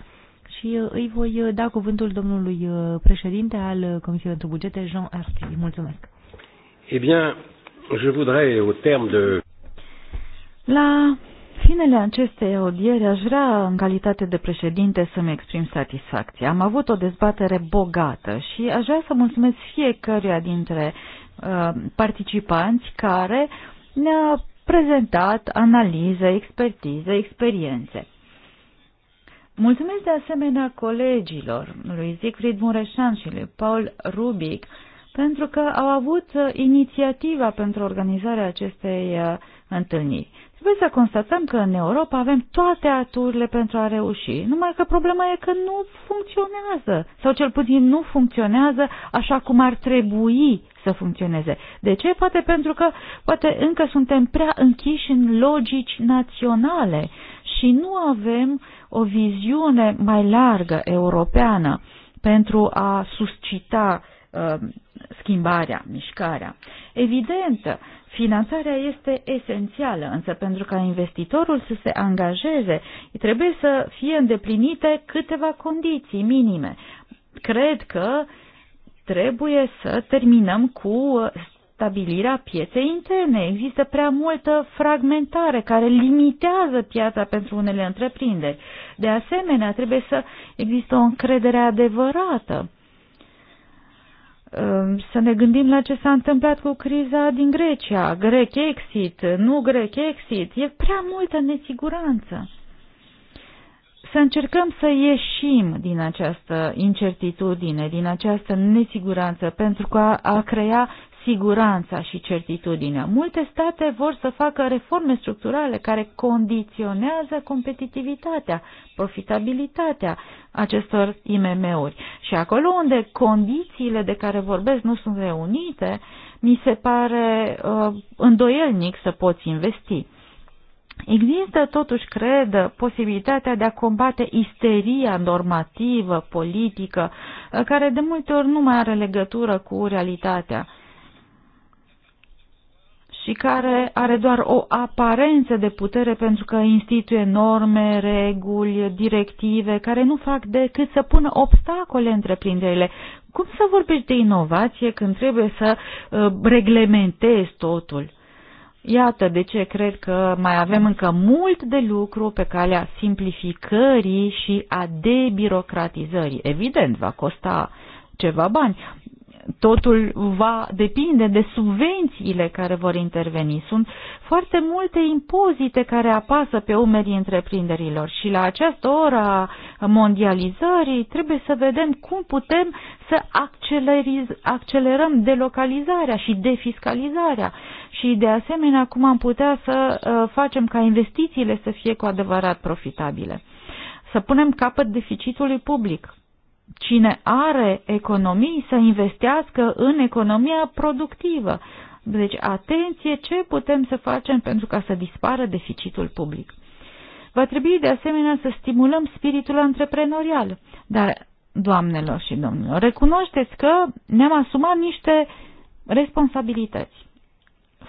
și îi voi da cuvântul domnului președinte al Comisiei pentru Bugete, Jean Artui. Mulțumesc. Eh bien, je voudrais au terme de La finele acestei audieri aș vrea, în calitate de președinte, să-mi exprim satisfacția. Am avut o dezbatere bogată și aș vrea să mulțumesc fiecăruia dintre uh, participanți care ne-a prezentat analize, expertize, experiențe. Mulțumesc de asemenea colegilor, lui Siegfried Mureșan și lui Paul Rubic, pentru că au avut uh, inițiativa pentru organizarea acestei uh, întâlniri. Trebuie să constatăm că în Europa avem toate aturile pentru a reuși, numai că problema e că nu funcționează, sau cel puțin nu funcționează așa cum ar trebui să funcționeze. De ce? Poate pentru că poate încă suntem prea închiși în logici naționale și nu avem o viziune mai largă europeană pentru a suscita uh, schimbarea, mișcarea. Evident, Finanțarea este esențială, însă pentru ca investitorul să se angajeze, trebuie să fie îndeplinite câteva condiții minime. Cred că trebuie să terminăm cu stabilirea pieței interne. Există prea multă fragmentare care limitează piața pentru unele întreprinderi. De asemenea, trebuie să există o încredere adevărată Ehm, să ne gândim la ce s-a întâmplat cu criza din Grecia, grec exit, nu grec exit, e prea multă nesiguranță. Să încercăm să ieșim din această incertitudine, din această nesiguranță, pentru că a, a crea siguranța și certitudinea. Multe state vor să facă reforme structurale care condiționează competitivitatea, profitabilitatea acestor IMM-uri. Și acolo unde condițiile de care vorbesc nu sunt reunite, mi se pare uh, îndoielnic să poți investi. Există totuși, cred, posibilitatea de a combate isteria normativă, politică, uh, care de multe ori nu mai are legătură cu realitatea și care are doar o aparență de putere pentru că instituie norme, reguli, directive care nu fac decât să pună obstacole întreprinderile. Cum să vorbești de inovație când trebuie să uh, reglementezi totul? Iată de ce cred că mai avem încă mult de lucru pe calea simplificării și a debirocratizării. Evident, va costa ceva bani, totul va depinde de subvențiile care vor interveni. Sunt foarte multe impozite care apasă pe umerii întreprinderilor și la această oră mondializării trebuie să vedem cum putem să accelerăm delocalizarea și defiscalizarea și de asemenea cum am putea să uh, facem ca investițiile să fie cu adevărat profitabile. Să punem capăt deficitului public cine are economii să investească în economia productivă. Deci, atenție ce putem să facem pentru ca să dispară deficitul public. Va trebui de asemenea să stimulăm spiritul antreprenorial. Dar, doamnelor și domnilor, recunoașteți că ne-am asumat niște responsabilități.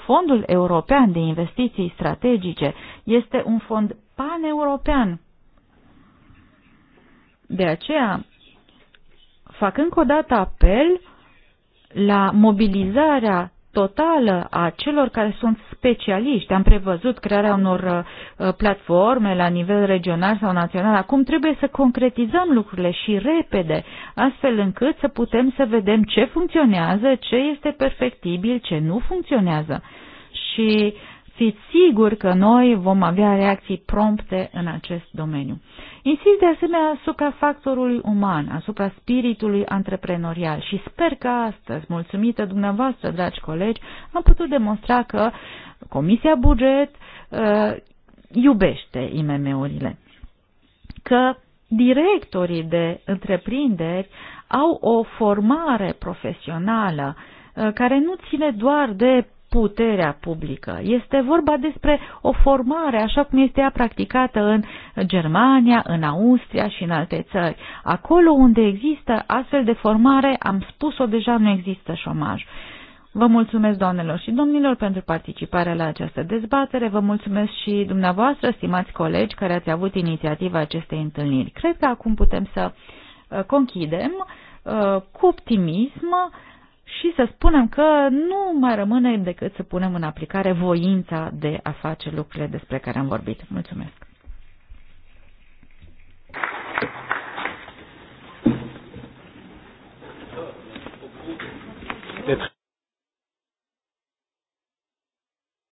Fondul European de Investiții Strategice este un fond paneuropean. De aceea, Fac încă o dată apel la mobilizarea totală a celor care sunt specialiști. Am prevăzut crearea unor uh, platforme la nivel regional sau național. Acum trebuie să concretizăm lucrurile și repede, astfel încât să putem să vedem ce funcționează, ce este perfectibil, ce nu funcționează. Și fiți siguri că noi vom avea reacții prompte în acest domeniu. Insist de asemenea asupra factorului uman, asupra spiritului antreprenorial și sper că astăzi, mulțumită dumneavoastră, dragi colegi, am putut demonstra că Comisia Buget uh, iubește IMM-urile, că directorii de întreprinderi au o formare profesională uh, care nu ține doar de puterea publică. Este vorba despre o formare așa cum este ea practicată în Germania, în Austria și în alte țări. Acolo unde există astfel de formare, am spus-o deja, nu există șomaj. Vă mulțumesc, doamnelor și domnilor, pentru participarea la această dezbatere. Vă mulțumesc și dumneavoastră, stimați colegi, care ați avut inițiativa acestei întâlniri. Cred că acum putem să uh, conchidem uh, cu optimism și să spunem că nu mai rămâne decât să punem în aplicare voința de a face lucrurile despre care am vorbit. Mulțumesc! Deci,